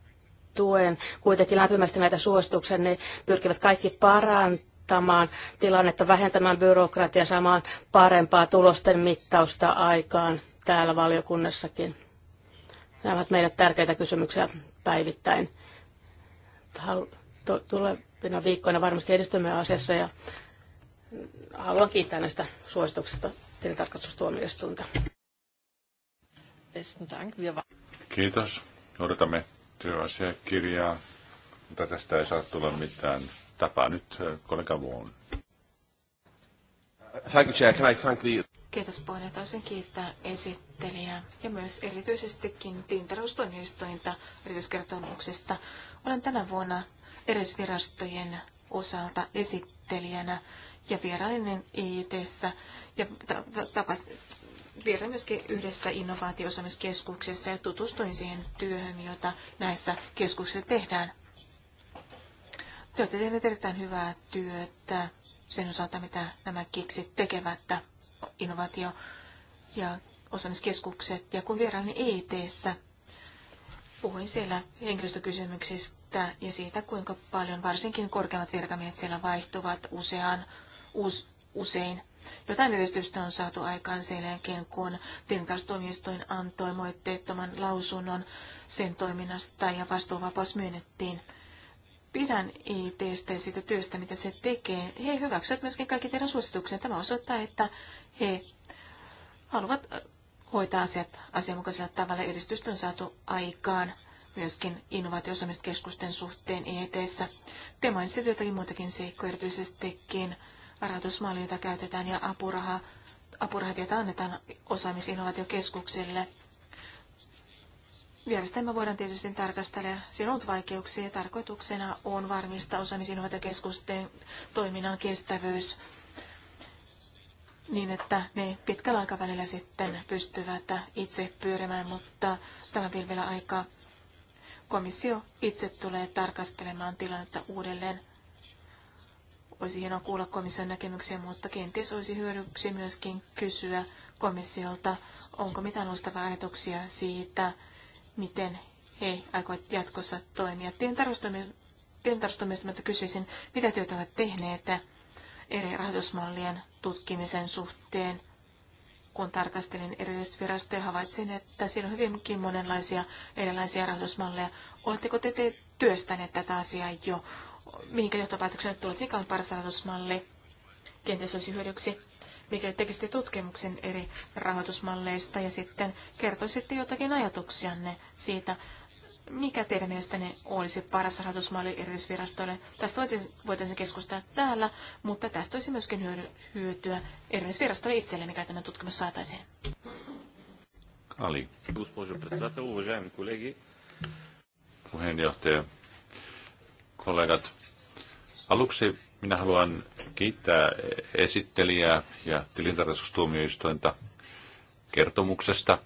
S3: tuen kuitenkin lämpimästi näitä suosituksia. Ne pyrkivät kaikki parantamaan tilannetta, vähentämään byrokratiaa, saamaan parempaa tulosten mittausta aikaan täällä valiokunnassakin. Nämä ovat meidän tärkeitä kysymyksiä päivittäin. Tulevina viikkoina varmasti edistymme asiassa ja haluan kiittää näistä suosituksista tilintarkastustuomioistuinta.
S1: Kiitos. Odotamme työasiakirjaa, mutta tästä ei saa tulla mitään tapaa nyt äh, kollega Vuon. Thank you, Chair. Can I thank the...
S2: Kiitos puheenjohtaja. Haluaisin kiittää esittelijää ja myös erityisestikin tilintarkastustoimistointa erityiskertomuksesta. Olen tänä vuonna erisvirastojen osalta esittelijänä ja vierailin EITssä ja tapas, vierailin myöskin yhdessä innovaatiosaamiskeskuksessa ja tutustuin siihen työhön, jota näissä keskuksissa tehdään. Te olette tehneet erittäin hyvää työtä sen osalta, mitä nämä kiksit tekevät, innovaatio- ja osaamiskeskukset. Ja kun vierailin EITssä, puhuin siellä henkilöstökysymyksistä ja siitä, kuinka paljon varsinkin korkeammat virkamiehet siellä vaihtuvat useaan usein. Jotain edistystä on saatu aikaan sen jälkeen, kun tilintarkastustuomioistuin antoi moitteettoman lausunnon sen toiminnasta ja vastuuvapaus myönnettiin. Pidän ITstä ja siitä työstä, mitä se tekee. He hyväksyvät myöskin kaikki teidän suosituksen. Tämä osoittaa, että he haluavat hoitaa asiat asianmukaisella tavalla. Edistystä on saatu aikaan myöskin innovaatiosaamiskeskusten suhteen EETssä. Te mainitsitte jotakin muitakin seikkoja erityisestikin rahoitusmalli, jota käytetään, ja apuraha, apurahat, joita annetaan osaamisinnovaatiokeskukselle. Järjestelmä voidaan tietysti tarkastella. Siinä on vaikeuksia. Tarkoituksena on varmistaa osaamisinnovaatiokeskusten toiminnan kestävyys niin, että ne pitkällä aikavälillä sitten pystyvät itse pyörimään, mutta tämä vielä aikaa. Komissio itse tulee tarkastelemaan tilannetta uudelleen olisi hienoa kuulla komission näkemyksiä, mutta kenties olisi hyödyksi myöskin kysyä komissiolta, onko mitään nostavaa ajatuksia siitä, miten he aikovat jatkossa toimia. Tilintarkastustoimistosta kysyisin, mitä työtä ovat tehneet eri rahoitusmallien tutkimisen suhteen. Kun tarkastelin erillisvirastoja, havaitsin, että siinä on hyvinkin monenlaisia erilaisia rahoitusmalleja. Oletteko te, te työstäneet tätä asiaa jo? mihinkä johtopäätöksen tulee mikä on paras rahoitusmalli, kenties olisi hyödyksi, mikä tekisitte tutkimuksen eri rahoitusmalleista ja sitten kertoisitte jotakin ajatuksianne siitä, mikä teidän mielestänne olisi paras rahoitusmalli erillisvirastoille? Tästä voitaisiin keskustella täällä, mutta tästä olisi myöskin hyötyä erillisvirastoille itselle, mikä tämä tutkimus saataisiin.
S1: Ali. Puheenjohtaja, kollegat, Aluksi minä haluan kiittää esittelijää ja tilintarkastustuomioistointa kertomuksesta.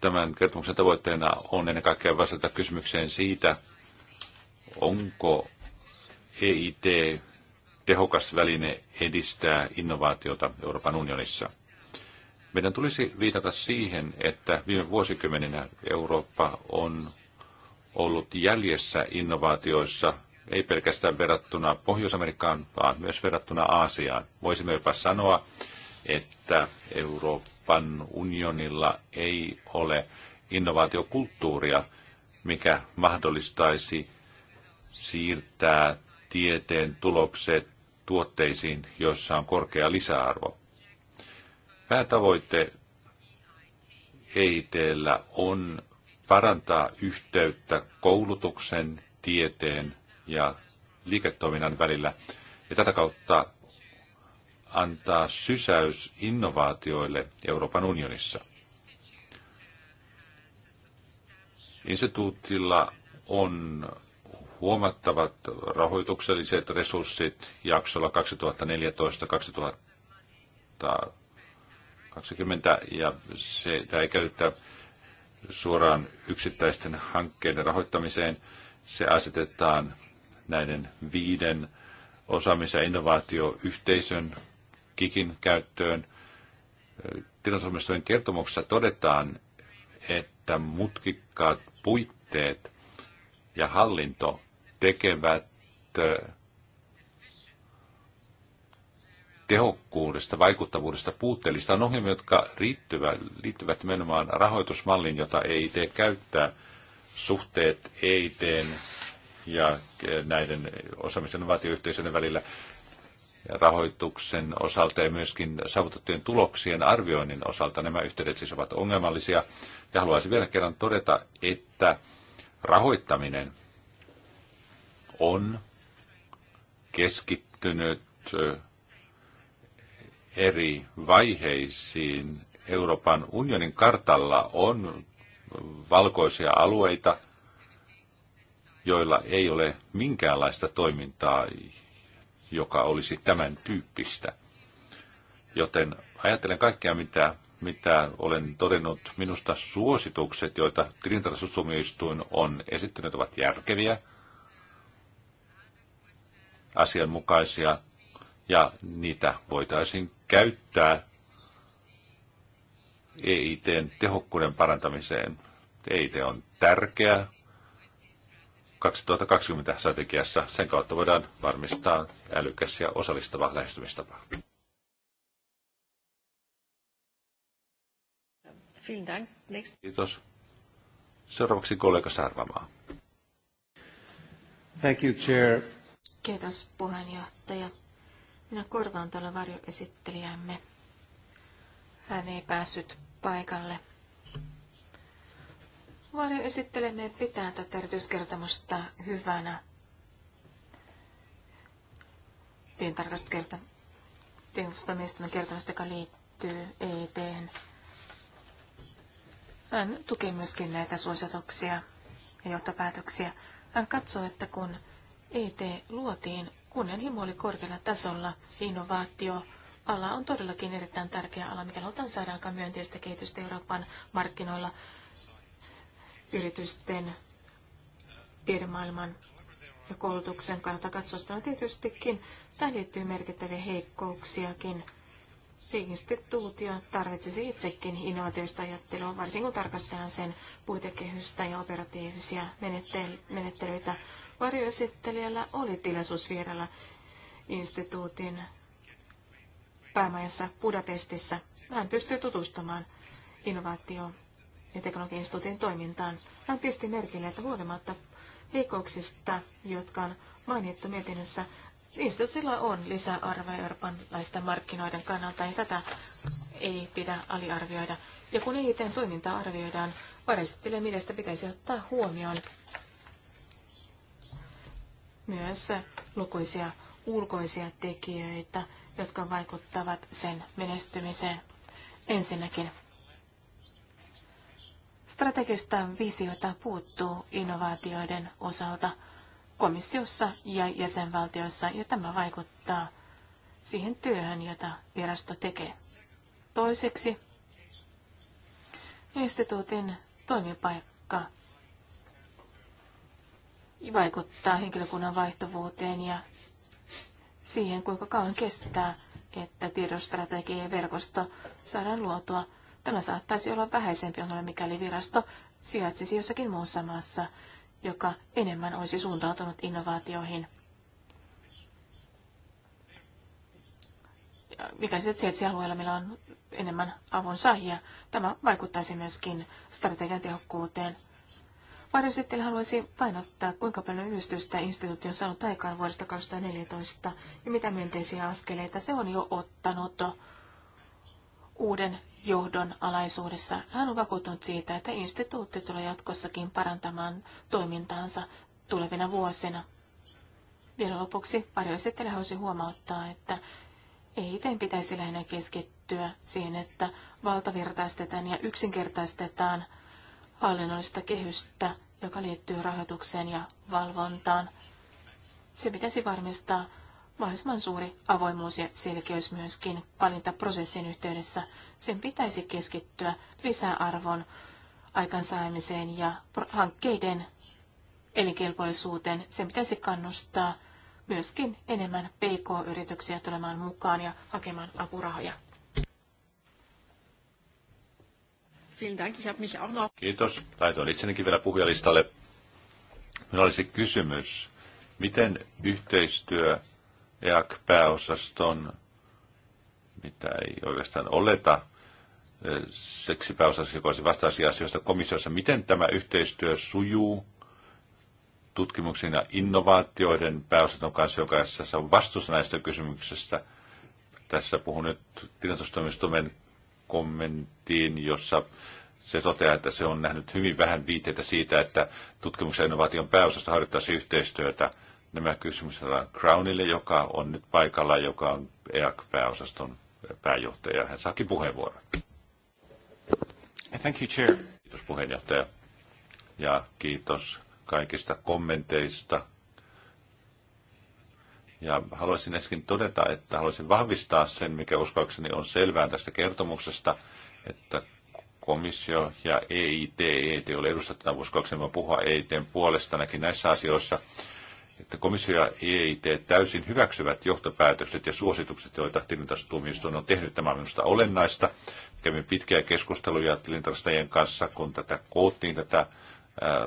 S1: Tämän kertomuksen tavoitteena on ennen kaikkea vastata kysymykseen siitä, onko EIT tehokas väline edistää innovaatiota Euroopan unionissa. Meidän tulisi viitata siihen, että viime vuosikymmeninä Eurooppa on ollut jäljessä innovaatioissa, ei pelkästään verrattuna Pohjois-Amerikkaan, vaan myös verrattuna Aasiaan. Voisimme jopa sanoa, että Euroopan unionilla ei ole innovaatiokulttuuria, mikä mahdollistaisi siirtää tieteen tulokset tuotteisiin, joissa on korkea lisäarvo. Päätavoite EITllä on parantaa yhteyttä koulutuksen, tieteen ja liiketoiminnan välillä ja tätä kautta antaa sysäys innovaatioille Euroopan unionissa. Instituutilla on huomattavat rahoitukselliset resurssit jaksolla 2014-2020 ja se ei käytä suoraan yksittäisten hankkeiden rahoittamiseen. Se asetetaan näiden viiden osaamis- ja innovaatioyhteisön kikin käyttöön. Tilastoimistojen kertomuksessa todetaan, että mutkikkaat puitteet ja hallinto tekevät tehokkuudesta, vaikuttavuudesta puutteellista. On ohjelmia, jotka riittyvät, liittyvät nimenomaan rahoitusmallin, jota EIT käyttää, suhteet EIT ja näiden osaamisen innovaatioyhteisöiden välillä ja rahoituksen osalta ja myöskin saavutettujen tuloksien arvioinnin osalta. Nämä yhteydet siis ovat ongelmallisia. Ja haluaisin vielä kerran todeta, että rahoittaminen on keskittynyt eri vaiheisiin Euroopan unionin kartalla on valkoisia alueita, joilla ei ole minkäänlaista toimintaa, joka olisi tämän tyyppistä. Joten ajattelen kaikkea, mitä, mitä olen todennut. Minusta suositukset, joita tilintarkastustuomioistuin on esittänyt, ovat järkeviä, asianmukaisia ja niitä voitaisiin käyttää EITn tehokkuuden parantamiseen. EIT on tärkeä 2020 strategiassa. Sen kautta voidaan varmistaa älykäs ja osallistava lähestymistapa. Kiitos. Seuraavaksi kollega Sarvamaa. Thank you, Chair.
S2: Kiitos puheenjohtaja. Minä korvaan tuolla varjoesittelijämme. Hän ei päässyt paikalle. Varjoesittelijämme pitää tätä erityiskertomusta hyvänä. Tilintarkastuskertomusten kertomusta, joka liittyy EIT. Hän tukee myöskin näitä suosituksia ja johtopäätöksiä. Hän katsoo, että kun ET luotiin, Kunnianhimo oli korkealla tasolla. Innovaatio ala on todellakin erittäin tärkeä ala, mikä halutaan saada aika myönteistä kehitystä Euroopan markkinoilla yritysten tiedemaailman ja koulutuksen kannalta katsottuna tietystikin. Tähän liittyy merkittäviä heikkouksiakin instituutio tarvitsisi itsekin innovatiivista ajattelua, varsinkin kun tarkastellaan sen puitekehystä ja operatiivisia menettelyitä. Varjoesittelijällä oli tilaisuus vierellä instituutin päämajassa Budapestissa. Hän pystyy tutustumaan innovaatio- ja teknologiinstituutin toimintaan. Hän pisti merkille, että huolimatta heikouksista, jotka on mainittu mietinnössä, Instituutilla on lisäarvo laista markkinoiden kannalta ja tätä ei pidä aliarvioida. Ja kun eniten toimintaa arvioidaan, varjostettelee mielestä pitäisi ottaa huomioon myös lukuisia ulkoisia tekijöitä, jotka vaikuttavat sen menestymiseen. Ensinnäkin strategista visiota puuttuu innovaatioiden osalta – komissiossa ja jäsenvaltioissa, ja tämä vaikuttaa siihen työhön, jota virasto tekee. Toiseksi instituutin toimipaikka vaikuttaa henkilökunnan vaihtuvuuteen ja siihen, kuinka kauan kestää, että tiedostrategia ja verkosto saadaan luotua. Tämä saattaisi olla vähäisempi ongelma, mikäli virasto sijaitsisi jossakin muussa maassa joka enemmän olisi suuntautunut innovaatioihin. Mikä sitten sijaitsee alueella, millä on enemmän avun saajia, tämä vaikuttaisi myöskin strategian tehokkuuteen. sitten haluaisi painottaa, kuinka paljon yhdistystä instituutti on saanut aikaan vuodesta 2014 ja mitä myönteisiä askeleita se on jo ottanut uuden johdon alaisuudessa. Hän on vakuuttunut siitä, että instituutti tulee jatkossakin parantamaan toimintaansa tulevina vuosina. Vielä lopuksi varjoesittelijä halusi huomauttaa, että ei EITen pitäisi lähinnä keskittyä siihen, että valtavirtaistetaan ja yksinkertaistetaan hallinnollista kehystä, joka liittyy rahoitukseen ja valvontaan. Se pitäisi varmistaa mahdollisimman suuri avoimuus ja selkeys myöskin valintaprosessin yhteydessä. Sen pitäisi keskittyä lisäarvon aikansaamiseen ja hankkeiden elinkelpoisuuteen. Sen pitäisi kannustaa myöskin enemmän PK-yrityksiä tulemaan mukaan ja hakemaan apurahoja.
S1: Kiitos. Taitoin itsenikin vielä puhujalistalle. Minulla olisi kysymys. Miten yhteistyö EAC-pääosaston, mitä ei oikeastaan oleta, e, seksi pääosassa, joka olisi vastaisia asioista komissiossa. Miten tämä yhteistyö sujuu tutkimuksen ja innovaatioiden pääosaston kanssa, joka tässä on vastuussa näistä kysymyksistä? Tässä puhun nyt tilintostoimistomen kommenttiin, jossa se toteaa, että se on nähnyt hyvin vähän viitteitä siitä, että tutkimuksen ja innovaation pääosasta harjoittaisi yhteistyötä – nämä kysymykset Crownille, joka on nyt paikalla, joka on EAC-pääosaston pääjohtaja. Hän saakin puheenvuoron. Thank you, Chair. Kiitos puheenjohtaja ja kiitos kaikista kommenteista. Ja haluaisin ensin todeta, että haluaisin vahvistaa sen, mikä uskoakseni on selvää tästä kertomuksesta, että komissio ja EIT, EIT oli edustettuna uskoakseni, puhua EITn puolesta näkin näissä asioissa että komissio ja EIT täysin hyväksyvät johtopäätökset ja suositukset, joita tilintarkastustuomioistuin on tehnyt. Tämä on minusta olennaista. Kävin pitkiä keskusteluja tilintarkastajien kanssa, kun tätä koottiin tätä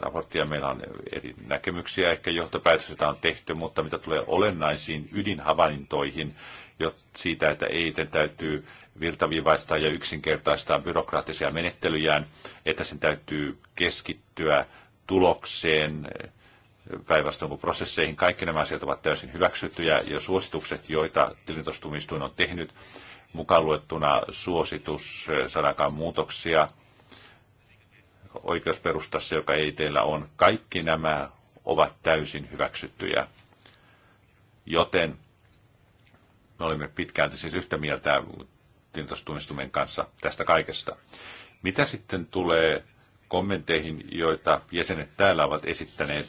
S1: raporttia. Meillä on eri näkemyksiä, ehkä johtopäätöksiä on tehty, mutta mitä tulee olennaisiin ydinhavaintoihin, jo siitä, että EIT täytyy virtaviivaistaa ja yksinkertaistaa byrokraattisia menettelyjään, että sen täytyy keskittyä tulokseen, päinvastoin Kaikki nämä asiat ovat täysin hyväksyttyjä ja suositukset, joita tilintostumistuin on tehnyt, mukaan luettuna suositus, eh, sanakaan muutoksia, oikeusperustassa, joka ei teillä on, kaikki nämä ovat täysin hyväksyttyjä. Joten me olimme pitkälti siis yhtä mieltä tilintostumistumien kanssa tästä kaikesta. Mitä sitten tulee kommenteihin, joita jäsenet täällä ovat esittäneet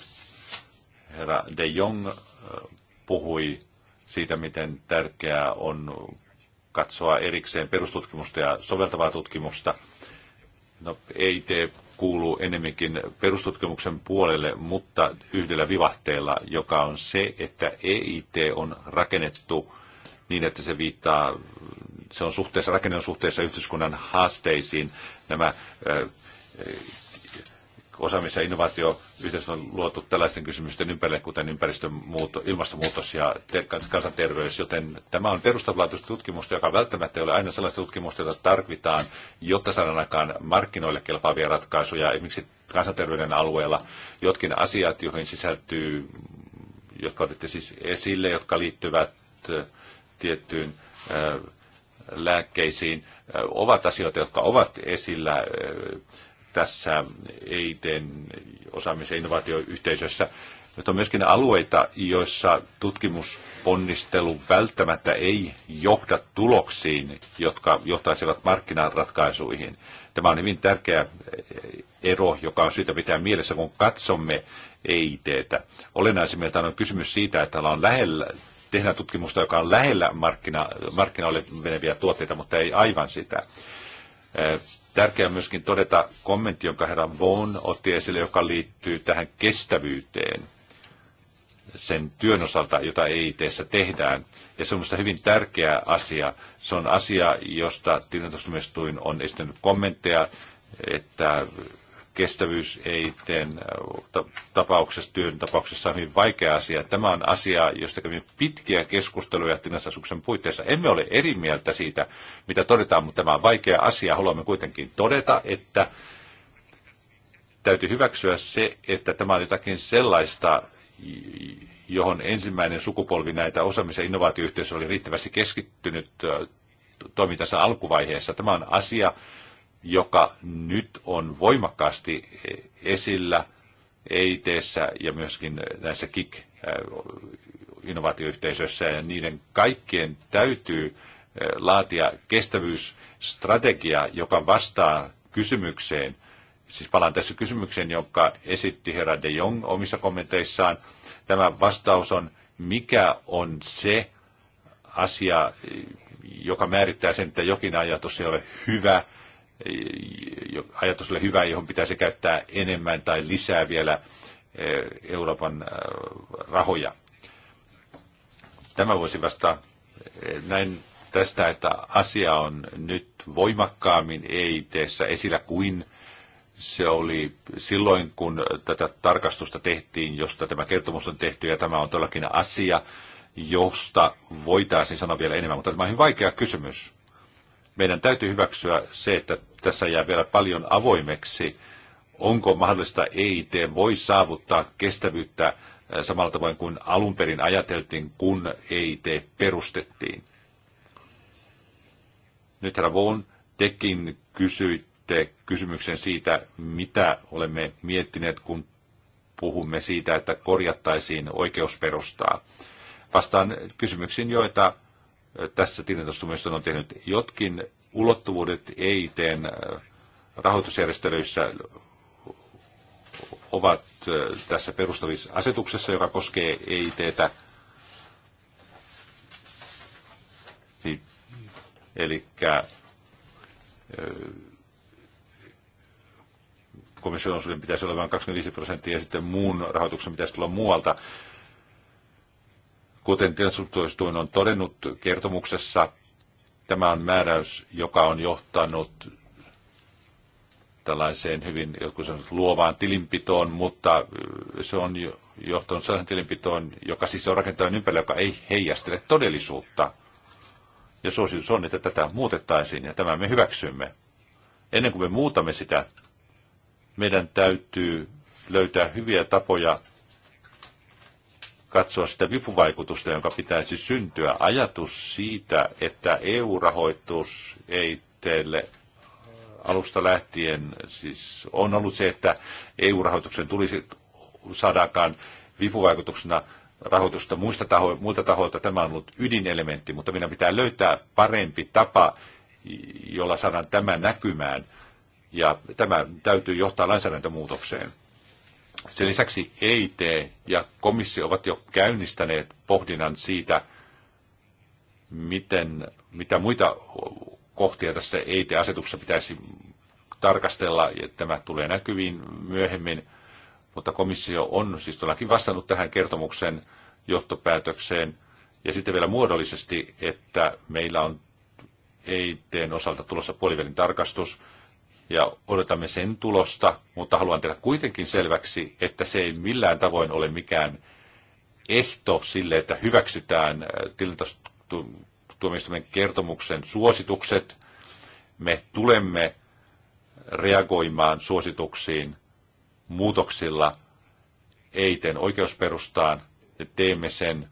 S1: herra De Jong äh, puhui siitä, miten tärkeää on katsoa erikseen perustutkimusta ja soveltavaa tutkimusta. No, EIT kuuluu enemmänkin perustutkimuksen puolelle, mutta yhdellä vivahteella, joka on se, että EIT on rakennettu niin, että se viittaa, se on suhteessa, rakenne on suhteessa yhteiskunnan haasteisiin. Nämä äh, osaamis- ja innovaatioyhteisöt on luotu tällaisten kysymysten ympärille, kuten ympäristömuutos, ilmastonmuutos ja kansanterveys, joten tämä on perustavanlaatuista tutkimusta, joka välttämättä ei ole aina sellaista tutkimusta, jota tarvitaan, jotta saadaan aikaan markkinoille kelpaavia ratkaisuja. Esimerkiksi kansanterveyden alueella jotkin asiat, joihin sisältyy, jotka otitte siis esille, jotka liittyvät äh, tiettyyn äh, lääkkeisiin, äh, ovat asioita, jotka ovat esillä tässä EITen osaamisen innovaatioyhteisössä. Mutta on myöskin alueita, joissa tutkimusponnistelu välttämättä ei johda tuloksiin, jotka johtaisivat markkinaratkaisuihin. Tämä on hyvin tärkeä eh, ero, joka on syytä pitää mielessä, kun katsomme EITtä. Olennaisimmilta on kysymys siitä, että on lähellä, tehdään tutkimusta, joka on lähellä markkina, markkinoille meneviä tuotteita, mutta ei aivan sitä. Eh, Tärkeää on myöskin todeta kommentti, jonka herra Vaughan otti esille, joka liittyy tähän kestävyyteen sen työn osalta, jota EIT-ssä tehdään. Ja se on minusta hyvin tärkeä asia. Se on asia, josta tilintarkastustuomioistuin on esittänyt kommentteja, että kestävyys ei tapauksessa, työn tapauksessa on hyvin vaikea asia. Tämä on asia, josta kävimme pitkiä keskusteluja Tinasasuksen puitteissa. Emme ole eri mieltä siitä, mitä todetaan, mutta tämä on vaikea asia. Haluamme kuitenkin todeta, että täytyy hyväksyä se, että tämä on jotakin sellaista, johon ensimmäinen sukupolvi näitä osaamis- ja innovaatioyhteisöjä oli riittävästi keskittynyt toimintansa alkuvaiheessa. Tämä on asia, joka nyt on voimakkaasti esillä eit ja myöskin näissä KIK-innovaatioyhteisöissä, äh, ja niiden kaikkien täytyy äh, laatia kestävyysstrategia, joka vastaa kysymykseen, siis palaan tässä kysymykseen, jonka esitti herra de Jong omissa kommenteissaan. Tämä vastaus on, mikä on se asia, joka määrittää sen, että jokin ajatus ei ole hyvä – ajatus oli hyvä, johon pitäisi käyttää enemmän tai lisää vielä eh, Euroopan eh, rahoja. Tämä voisi vasta eh, näin tästä, että asia on nyt voimakkaammin EITssä esillä kuin se oli silloin, kun tätä tarkastusta tehtiin, josta tämä kertomus on tehty, ja tämä on todellakin asia, josta voitaisiin sanoa vielä enemmän, mutta tämä on hyvin vaikea kysymys meidän täytyy hyväksyä se, että tässä jää vielä paljon avoimeksi, onko mahdollista EIT voi saavuttaa kestävyyttä samalla tavoin kuin alun perin ajateltiin, kun EIT perustettiin. Nyt herra Vaughan, tekin kysyitte kysymyksen siitä, mitä olemme miettineet, kun puhumme siitä, että korjattaisiin oikeusperustaa. Vastaan kysymyksiin, joita tässä tilintarkastustuomioistuin on tehnyt jotkin ulottuvuudet EITn rahoitusjärjestelyissä ovat tässä perustavissa asetuksessa, joka koskee EITtä. Eli komission osuuden pitäisi olla vain 25 prosenttia ja sitten muun rahoituksen pitäisi tulla muualta. Kuten tilastustuistuin on todennut kertomuksessa, tämä on määräys, joka on johtanut tällaiseen hyvin jotkut sanot, luovaan tilinpitoon, mutta se on johtanut sellaisen tilinpitoon, joka siis on rakentanut ympärillä, joka ei heijastele todellisuutta. Ja suositus on, että tätä muutettaisiin ja tämä me hyväksymme. Ennen kuin me muutamme sitä, meidän täytyy löytää hyviä tapoja katsoa sitä vipuvaikutusta, jonka pitäisi syntyä. Ajatus siitä, että EU-rahoitus ei teille alusta lähtien, siis on ollut se, että EU-rahoituksen tulisi saadaakaan vipuvaikutuksena rahoitusta muista taho, muilta tahoilta. Tämä on ollut ydinelementti, mutta meidän pitää löytää parempi tapa, jolla saadaan tämä näkymään. Ja tämä täytyy johtaa lainsäädäntömuutokseen. Sen lisäksi EIT ja komissio ovat jo käynnistäneet pohdinnan siitä, miten, mitä muita kohtia tässä EIT-asetuksessa pitäisi tarkastella, ja tämä tulee näkyviin myöhemmin, mutta komissio on siis todellakin vastannut tähän kertomuksen johtopäätökseen, ja sitten vielä muodollisesti, että meillä on EITn osalta tulossa puolivälin tarkastus, ja odotamme sen tulosta, mutta haluan tehdä kuitenkin selväksi, että se ei millään tavoin ole mikään ehto sille, että hyväksytään äh, tilintuomioistuimen kertomuksen suositukset. Me tulemme reagoimaan suosituksiin muutoksilla EITen oikeusperustaan ja teemme sen,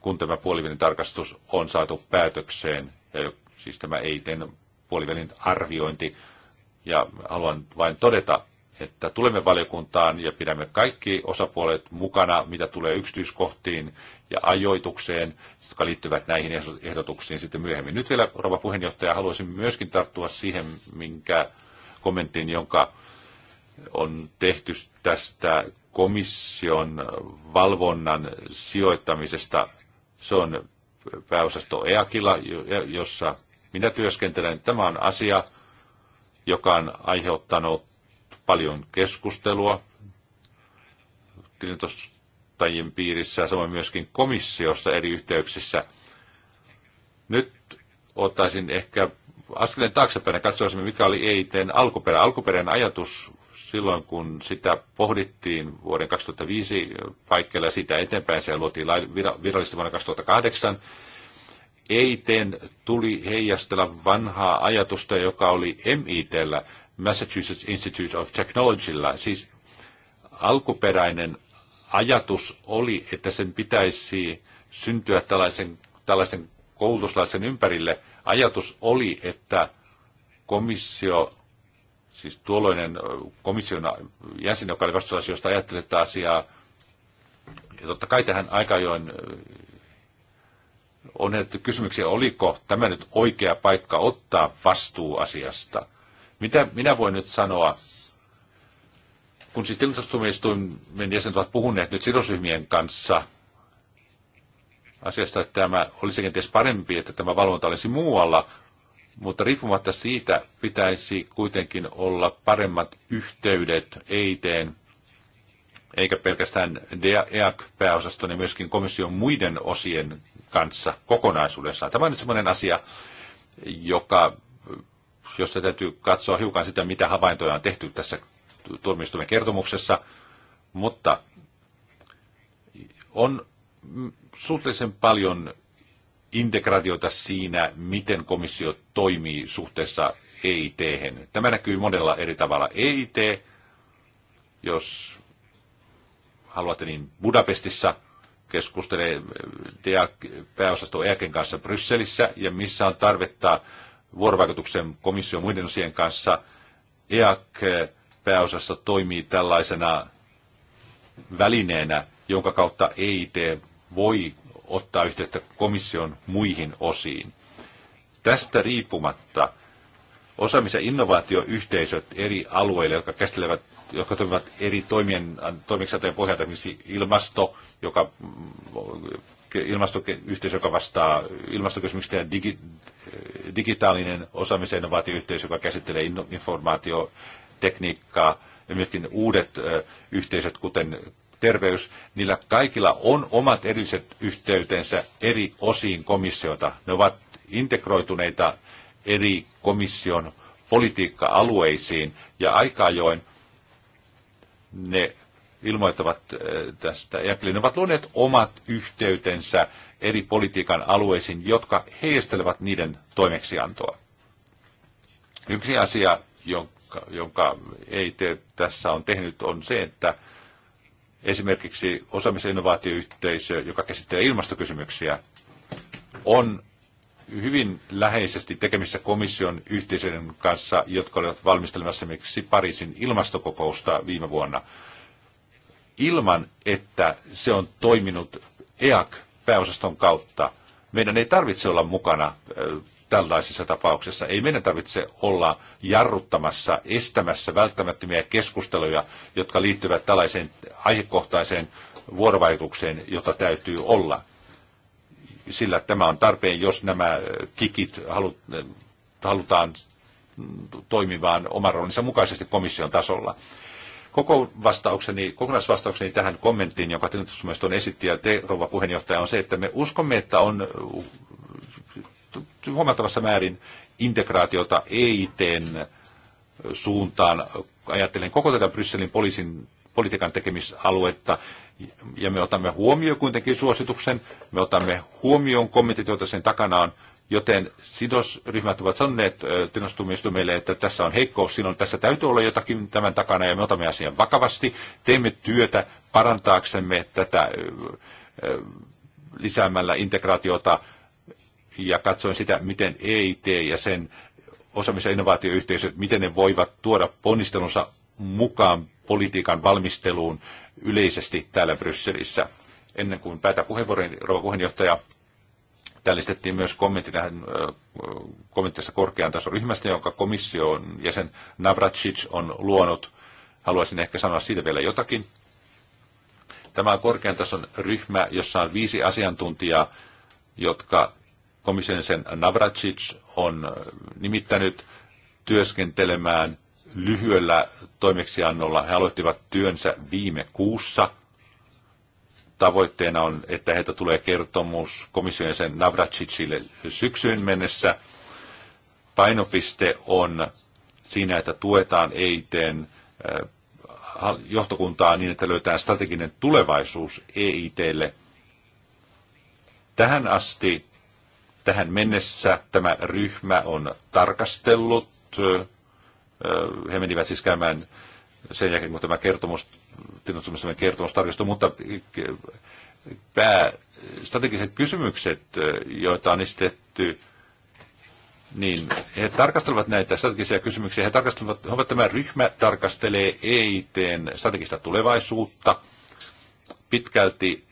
S1: kun tämä puolivälin tarkastus on saatu päätökseen, ja siis tämä EITen puolivälin arviointi. Ja haluan vain todeta, että tulemme valiokuntaan ja pidämme kaikki osapuolet mukana, mitä tulee yksityiskohtiin ja ajoitukseen, jotka liittyvät näihin ehdotuksiin sitten myöhemmin. Nyt vielä, rouva puheenjohtaja, haluaisin myöskin tarttua siihen, minkä kommentin, jonka on tehty tästä komission valvonnan sijoittamisesta. Se on pääosasto EAKilla, jossa minä työskentelen. Tämä on asia, joka on aiheuttanut paljon keskustelua kirjoitustajien piirissä ja samoin myöskin komissiossa eri yhteyksissä. Nyt ottaisin ehkä askeleen taaksepäin ja katsoisimme, mikä oli EITn alkuperä. Alkuperäinen ajatus silloin, kun sitä pohdittiin vuoden 2005 paikkeilla ja siitä eteenpäin, se luotiin virallisesti vuonna 2008, EITn tuli heijastella vanhaa ajatusta, joka oli MITllä, Massachusetts Institute of Technologylla. Siis alkuperäinen ajatus oli, että sen pitäisi syntyä tällaisen, tällaisen koulutuslaisen ympärille. Ajatus oli, että komissio, siis tuolloinen komission jäsen, joka oli vastuullisuus, josta ajatteli tätä asiaa, ja totta kai tähän aika ajoin on herätetty kysymyksiä, oliko tämä nyt oikea paikka ottaa vastuu asiasta. Mitä minä voin nyt sanoa, kun siis tilintastumistuimen jäsenet ovat puhuneet nyt sidosryhmien kanssa asiasta, että tämä olisi kenties parempi, että tämä valvonta olisi muualla, mutta riippumatta siitä pitäisi kuitenkin olla paremmat yhteydet EITen, eikä pelkästään EAC-pääosaston ja myöskin komission muiden osien kanssa kokonaisuudessaan. Tämä on nyt sellainen asia, joka, josta täytyy katsoa hiukan sitä, mitä havaintoja on tehty tässä tuomioistuimen kertomuksessa, mutta on suhteellisen paljon integraatiota siinä, miten komissio toimii suhteessa EIT. -hän. Tämä näkyy monella eri tavalla. EIT, jos haluatte, niin Budapestissa – keskustelee eh, pääosasto EAKen kanssa Brysselissä ja missä on tarvetta vuorovaikutuksen komission muiden osien kanssa. EAK eh, pääosassa toimii tällaisena välineenä, jonka kautta EIT voi ottaa yhteyttä komission muihin osiin. Tästä riippumatta osaamis- ja innovaatioyhteisöt eri alueille, jotka käsittelevät jotka toimivat eri toimien, toimiksiantojen pohjalta, esimerkiksi ilmasto, joka, mm, ilmastoyhteisö, joka vastaa ilmastokysymyksistä ja digi, digitaalinen osaamisen innovaatioyhteisö, joka käsittelee informaatiotekniikkaa ja myöskin uudet yhteisöt, kuten terveys, niillä kaikilla on omat erilliset yhteytensä eri osiin komissiota. Ne ovat integroituneita eri komission politiikka-alueisiin ja aika ajoin ne ilmoittavat äh, tästä ja Ne ovat luoneet omat yhteytensä eri politiikan alueisiin, jotka heijastelevat niiden toimeksiantoa. Yksi asia, jonka, jonka ei te tässä on tehnyt, on se, että esimerkiksi osaamisen innovaatioyhteisö, joka käsittelee ilmastokysymyksiä, on hyvin läheisesti tekemissä komission yhteisöiden kanssa, jotka olivat valmistelemassa esimerkiksi Pariisin ilmastokokousta viime vuonna, ilman että se on toiminut EAC-pääosaston kautta. Meidän ei tarvitse olla mukana tällaisissa tapauksissa. Ei meidän tarvitse olla jarruttamassa, estämässä välttämättömiä keskusteluja, jotka liittyvät tällaiseen aihekohtaiseen vuorovaikutukseen, jota täytyy olla sillä tämä on tarpeen, jos nämä äh, kikit äh, halutaan toimivaan oman roolinsa mukaisesti komission tasolla. Koko vastaukseni, kokonaisvastaukseni tähän kommenttiin, jonka tilintusmieston esitti ja te, rouva puheenjohtaja, on se, että me uskomme, että on äh, huomattavassa määrin integraatiota EITn suuntaan. Ajattelen koko tätä Brysselin poliisin politiikan tekemisaluetta ja me otamme huomioon kuitenkin suosituksen, me otamme huomioon kommentit, joita sen takana on, joten sidosryhmät ovat sanoneet tilastumistumille, että tässä on heikkous, on, tässä täytyy olla jotakin tämän takana ja me otamme asian vakavasti, teemme työtä parantaaksemme tätä lisäämällä integraatiota ja katsoin sitä, miten EIT ja sen osaamis- ja innovaatioyhteisöt, miten ne voivat tuoda ponnistelunsa mukaan politiikan valmisteluun yleisesti täällä Brysselissä. Ennen kuin päätä puheenvuoron, rouva puheenjohtaja, Täällä esitettiin myös kommentti tähän kommentissa korkean tason ryhmästä, jonka komission jäsen Navracic on luonut. Haluaisin ehkä sanoa siitä vielä jotakin. Tämä on korkean tason ryhmä, jossa on viisi asiantuntijaa, jotka komission sen Navracic on nimittänyt työskentelemään lyhyellä toimeksiannolla. He aloittivat työnsä viime kuussa. Tavoitteena on, että heitä tulee kertomus komission sen Navracicille syksyyn mennessä. Painopiste on siinä, että tuetaan EITn äh, johtokuntaa niin, että löytää strateginen tulevaisuus EITlle. Tähän asti, tähän mennessä tämä ryhmä on tarkastellut äh, he menivät siis käymään sen jälkeen, kun tämä kertomus, kertomus tarkistui, mutta pää, strategiset kysymykset, joita on esitetty, niin he tarkastelevat näitä strategisia kysymyksiä. He tarkastelevat, he ovat tämä ryhmä tarkastelee EITn strategista tulevaisuutta pitkälti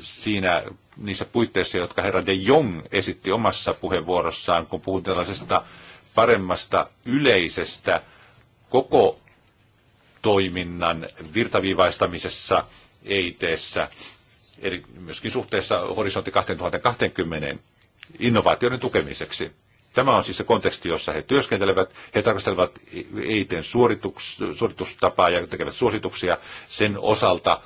S1: siinä niissä puitteissa, jotka herra de Jong esitti omassa puheenvuorossaan, kun puhuttiin tällaisesta äh, paremmasta yleisestä koko toiminnan virtaviivaistamisessa EIT-ssä, eli myöskin suhteessa horisontti 2020 innovaatioiden tukemiseksi. Tämä on siis se konteksti, jossa he työskentelevät. He tarkastelevat EITn suoritustapaa ja tekevät suosituksia sen osalta.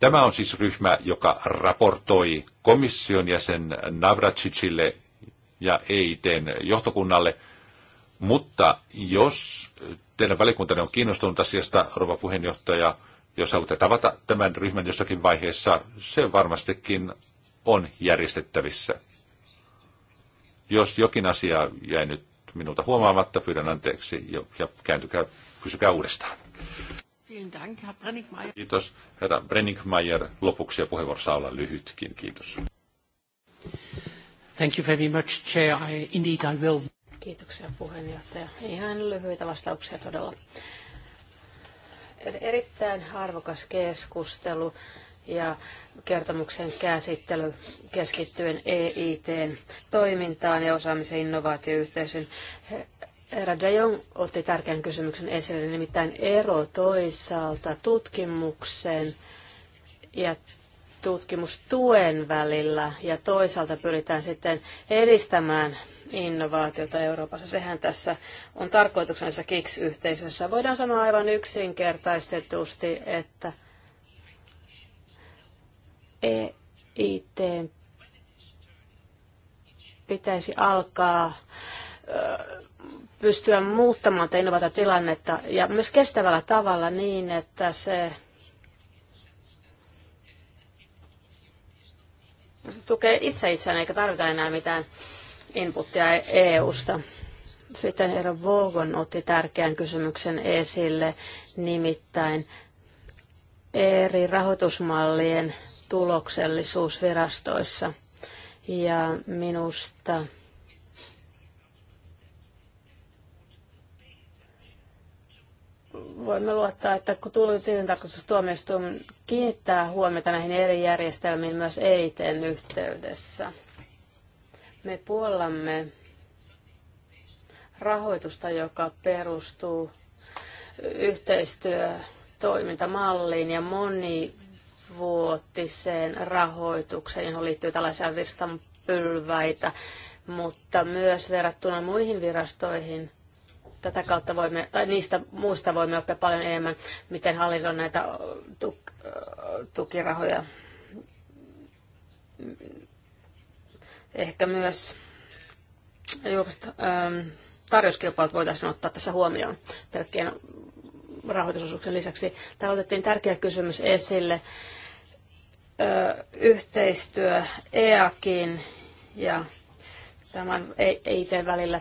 S1: Tämä on siis ryhmä, joka raportoi komission jäsen Navracicille ja EITn johtokunnalle. Mutta jos teidän välikuntanne on kiinnostunut asiasta, rouva puheenjohtaja, jos haluatte tavata tämän ryhmän jossakin vaiheessa, se varmastikin on järjestettävissä. Jos jokin asia jäi nyt minulta huomaamatta, pyydän anteeksi ja, ja kääntykää, kysykää uudestaan. Kiitos. Herra Brenningmeier, lopuksi ja puheenvuoro saa olla lyhytkin. Kiitos. Thank you very much, Chair. I, indeed, I will.
S3: Kiitoksia puheenjohtaja. Ihan lyhyitä vastauksia todella. Erittäin arvokas keskustelu ja kertomuksen käsittely keskittyen EITn toimintaan ja osaamisen innovaatioyhteisön. Herra De Jong otti tärkeän kysymyksen esille, nimittäin ero toisaalta tutkimuksen ja tutkimustuen välillä ja toisaalta pyritään sitten edistämään innovaatiota Euroopassa. Sehän tässä on tarkoituksensa KIKS-yhteisössä. Voidaan sanoa aivan yksinkertaistetusti, että EIT pitäisi alkaa pystyä muuttamaan tätä innovaatiotilannetta ja myös kestävällä tavalla niin, että se tukee itse itseään eikä tarvita enää mitään inputtia EU-sta. Sitten Eero Vogon otti tärkeän kysymyksen esille, nimittäin eri rahoitusmallien tuloksellisuus virastoissa. Ja minusta voimme luottaa, että kun tilintarkastustuomioistuin kiinnittää huomiota näihin eri järjestelmiin myös EITn yhteydessä, me puollamme rahoitusta, joka perustuu yhteistyötoimintamalliin ja monivuotiseen rahoitukseen, johon liittyy tällaisia virstanpylväitä, mutta myös verrattuna muihin virastoihin – tätä kautta voimme, tai niistä muusta voimme oppia paljon enemmän, miten hallinnon näitä tukirahoja. Ehkä myös julkiset tarjouskilpailut voitaisiin ottaa tässä huomioon pelkkien rahoitusosuuksien lisäksi. Täällä otettiin tärkeä kysymys esille. yhteistyö EAKin ja tämän EIT välillä.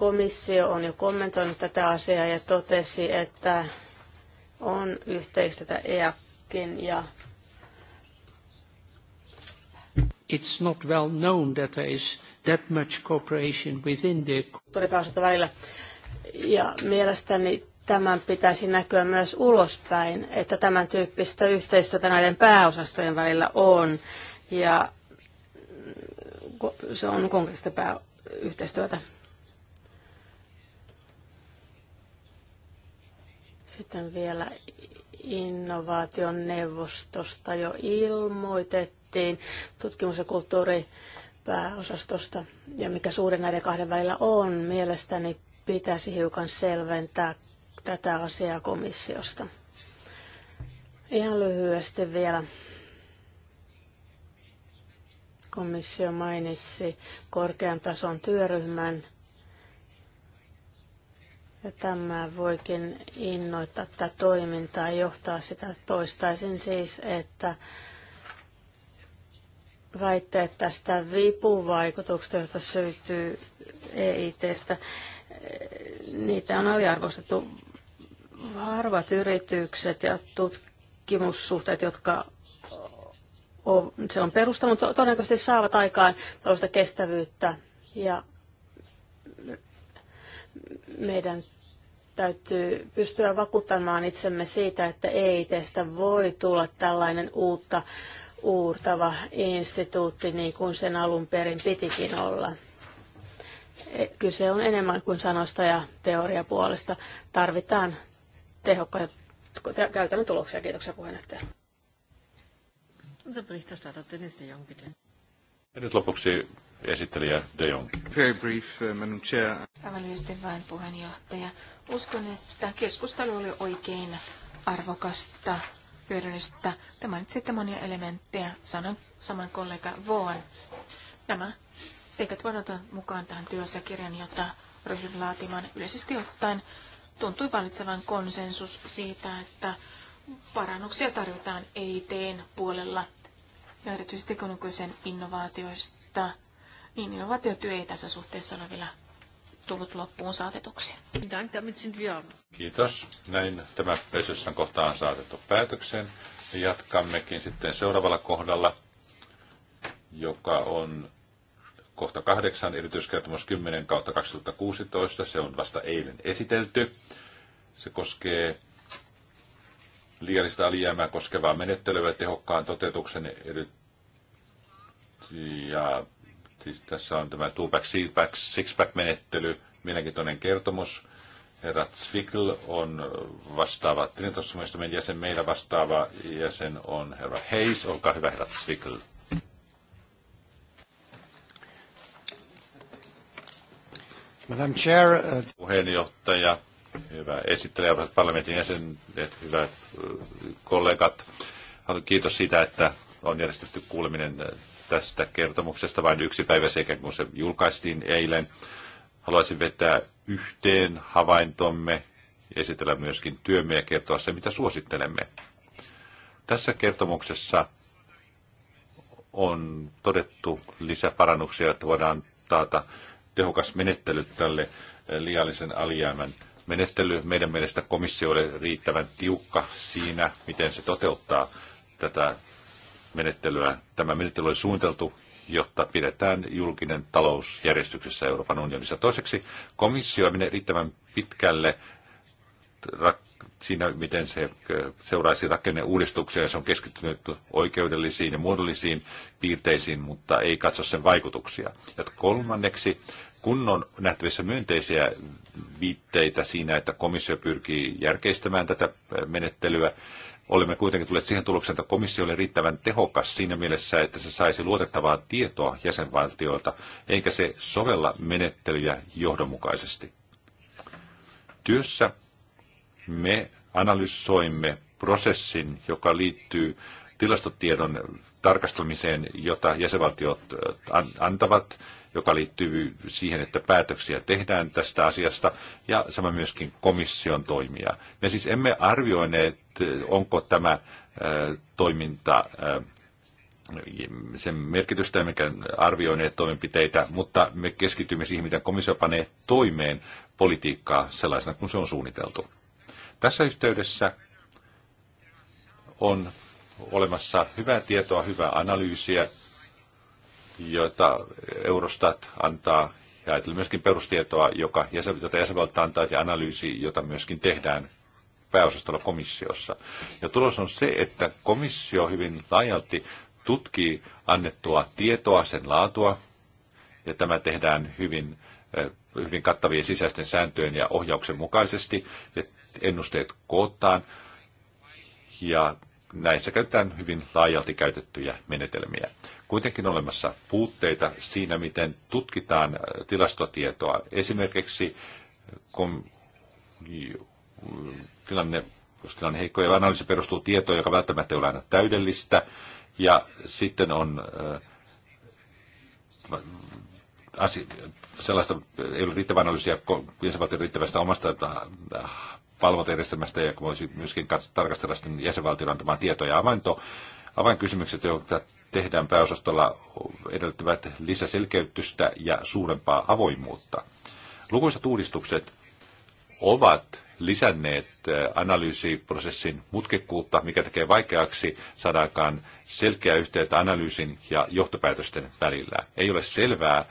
S3: Komissio on jo kommentoinut tätä asiaa ja totesi, että on yhteistä EAKin ja
S1: It's not well known that there is that much cooperation within the...
S3: välillä. Ja mielestäni tämän pitäisi näkyä myös ulospäin, että tämän tyyppistä yhteistyötä näiden pääosastojen välillä on. Ja se on konkreettista yhteistyötä. Sitten vielä innovaation neuvostosta jo ilmoitettiin tutkimus- ja kulttuuripääosastosta. Ja mikä suuri näiden kahden välillä on, mielestäni pitäisi hiukan selventää tätä asiaa komissiosta. Ihan lyhyesti vielä. Komissio mainitsi korkean tason työryhmän ja tämä voikin innoittaa tätä toimintaa ja johtaa sitä. Toistaisin siis, että väitteet tästä vipuvaikutuksesta, jota syntyy EITstä, niitä on aliarvostettu harvat yritykset ja tutkimussuhteet, jotka on, se on perustanut, todennäköisesti saavat aikaan tällaista kestävyyttä ja meidän täytyy pystyä vakuuttamaan itsemme siitä, että EITstä voi tulla tällainen uutta uurtava instituutti, niin kuin sen alun perin pitikin olla. E, kyse on enemmän kuin sanosta ja puolesta. Tarvitaan tehokkaita käytännön tuloksia. Kiitoksia puheenjohtaja.
S1: Nyt lopuksi esittelijä De Jong. Very brief, uh, Madam Chair.
S2: Aivan lyhyesti vain puheenjohtaja. Uskon, että keskustelu oli oikein arvokasta, hyödyllistä. Te mainitsitte monia elementtejä, sanon saman kollega Vaughan. Nämä seikat voidaan ottaa mukaan tähän työsäkirjan, jota ryhdyn laatimaan yleisesti ottaen. Tuntui valitsevan konsensus siitä, että parannuksia tarvitaan EITn puolella ja erityisesti kun on kyse innovaatioista – niin innovaatiotyö niin ei tässä suhteessa ole vielä tullut loppuun saatetuksi.
S1: Kiitos. Näin tämä Pesessan kohta on saatettu päätökseen. Jatkammekin sitten seuraavalla kohdalla, joka on kohta kahdeksan, erityiskertomus 10 kautta 2016. Se on vasta eilen esitelty. Se koskee liiallista alijäämää koskevaa menettelyä tehokkaan toteutuksen eri... ja Siis tässä on tämä two-pack, six-pack, six-pack-menettely, mielenkiintoinen kertomus. Herra Zwickl on vastaava tilintarkastustuomioistuimen jäsen, meillä vastaava jäsen on herra Hayes. Olkaa hyvä, herra Zwickl. Madam Chair, uh... Puheenjohtaja, hyvä esittelijä, parlamentin jäsenet, hyvät uh, kollegat. Haluan kiitos siitä, että on järjestetty kuuleminen uh, tästä kertomuksesta, vain yksi päivä sekä kun se julkaistiin eilen. Haluaisin vetää yhteen havaintomme, esitellä myöskin työmme ja kertoa se, mitä suosittelemme. Tässä kertomuksessa on todettu lisäparannuksia, että voidaan taata tehokas menettely tälle eh, liiallisen alijäämän menettely. Meidän mielestä komissio oli riittävän tiukka siinä, miten se toteuttaa tätä menettelyä. Tämä menettely oli suunniteltu, jotta pidetään julkinen talous järjestyksessä Euroopan unionissa. Toiseksi komissio menee riittävän pitkälle siinä, miten se seuraisi rakenneuudistuksia, se on keskittynyt oikeudellisiin ja muodollisiin piirteisiin, mutta ei katso sen vaikutuksia. Ja kolmanneksi, kun on nähtävissä myönteisiä viitteitä siinä, että komissio pyrkii järkeistämään tätä menettelyä, olemme kuitenkin tulleet siihen tulokseen, että komissio oli riittävän tehokas siinä mielessä, että se saisi luotettavaa tietoa jäsenvaltioilta, eikä se sovella menettelyjä johdonmukaisesti. Työssä me analysoimme prosessin, joka liittyy tilastotiedon tarkastelmiseen, jota jäsenvaltiot antavat, joka liittyy siihen, että päätöksiä tehdään tästä asiasta, ja sama myöskin komission toimia. Me siis emme arvioineet, onko tämä toiminta sen merkitystä, mikä arvioineet toimenpiteitä, mutta me keskitymme siihen, miten komissio panee toimeen politiikkaa sellaisena kuin se on suunniteltu. Tässä yhteydessä on olemassa hyvää tietoa, hyvää analyysiä, jota Eurostat antaa ja ajatellen myöskin perustietoa, joka, jota jäsenvaltio antaa ja analyysi, jota myöskin tehdään pääosastolla komissiossa. Ja tulos on se, että komissio hyvin laajalti tutkii annettua tietoa, sen laatua, ja tämä tehdään hyvin, eh, hyvin kattavien sisäisten sääntöjen ja ohjauksen mukaisesti, ja ennusteet kootaan, ja näissä käytetään hyvin laajalti käytettyjä menetelmiä. Kuitenkin on olemassa puutteita siinä, miten tutkitaan äh, tilastotietoa. Esimerkiksi äh, kun tilanne, jos tilanne heikko ja analyysi perustuu tietoon, joka välttämättä ei ole aina täydellistä, ja sitten on äh, asia, sellaista, ei ole riittävää analyysiä jäsenvaltion riittävästä omasta valvontajärjestelmästä ja voisi myöskin tarkastella sitten jäsenvaltion antamaa tietoja. Avainto, avainkysymykset, joita tehdään pääosastolla, edellyttävät lisäselkeytystä ja suurempaa avoimuutta. Lukuisat uudistukset ovat lisänneet analyysiprosessin mutkikkuutta, mikä tekee vaikeaksi saadaakaan selkeä yhteyttä analyysin ja johtopäätösten välillä. Ei ole selvää,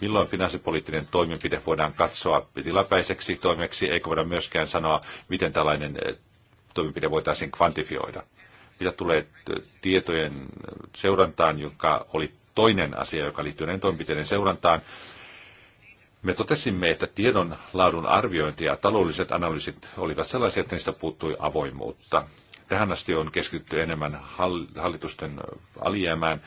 S1: milloin finanssipoliittinen toimenpide voidaan katsoa tilapäiseksi toimeksi, eikä voida myöskään sanoa, miten tällainen eh, toimenpide voitaisiin kvantifioida. Mitä tulee eh, tietojen eh, seurantaan, joka oli toinen asia, joka liittyy näiden toimenpiteiden seurantaan, me totesimme, että tiedon laadun arviointi ja taloudelliset analyysit olivat sellaisia, että niistä puuttui avoimuutta. Tähän asti on keskitytty enemmän hallitusten alijäämään,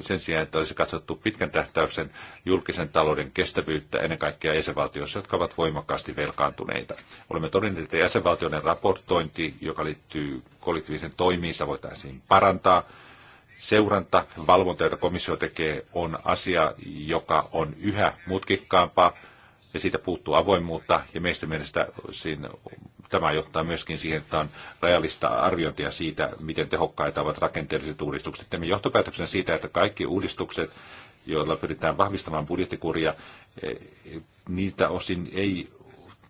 S1: sen sijaan, että olisi katsottu pitkän tähtäyksen julkisen talouden kestävyyttä ennen kaikkea jäsenvaltioissa, jotka ovat voimakkaasti velkaantuneita. Olemme todenneet, että jäsenvaltioiden raportointi, joka liittyy kollektiivisen toimiinsa, voitaisiin parantaa. Seuranta, valvonta, jota komissio tekee, on asia, joka on yhä mutkikkaampaa ja siitä puuttuu avoimuutta ja meistä mielestä siinä, tämä johtaa myöskin siihen, että on rajallista arviointia siitä, miten tehokkaita ovat rakenteelliset uudistukset. Tämä johtopäätöksenä siitä, että kaikki uudistukset, joilla pyritään vahvistamaan budjettikuria, e, niitä osin ei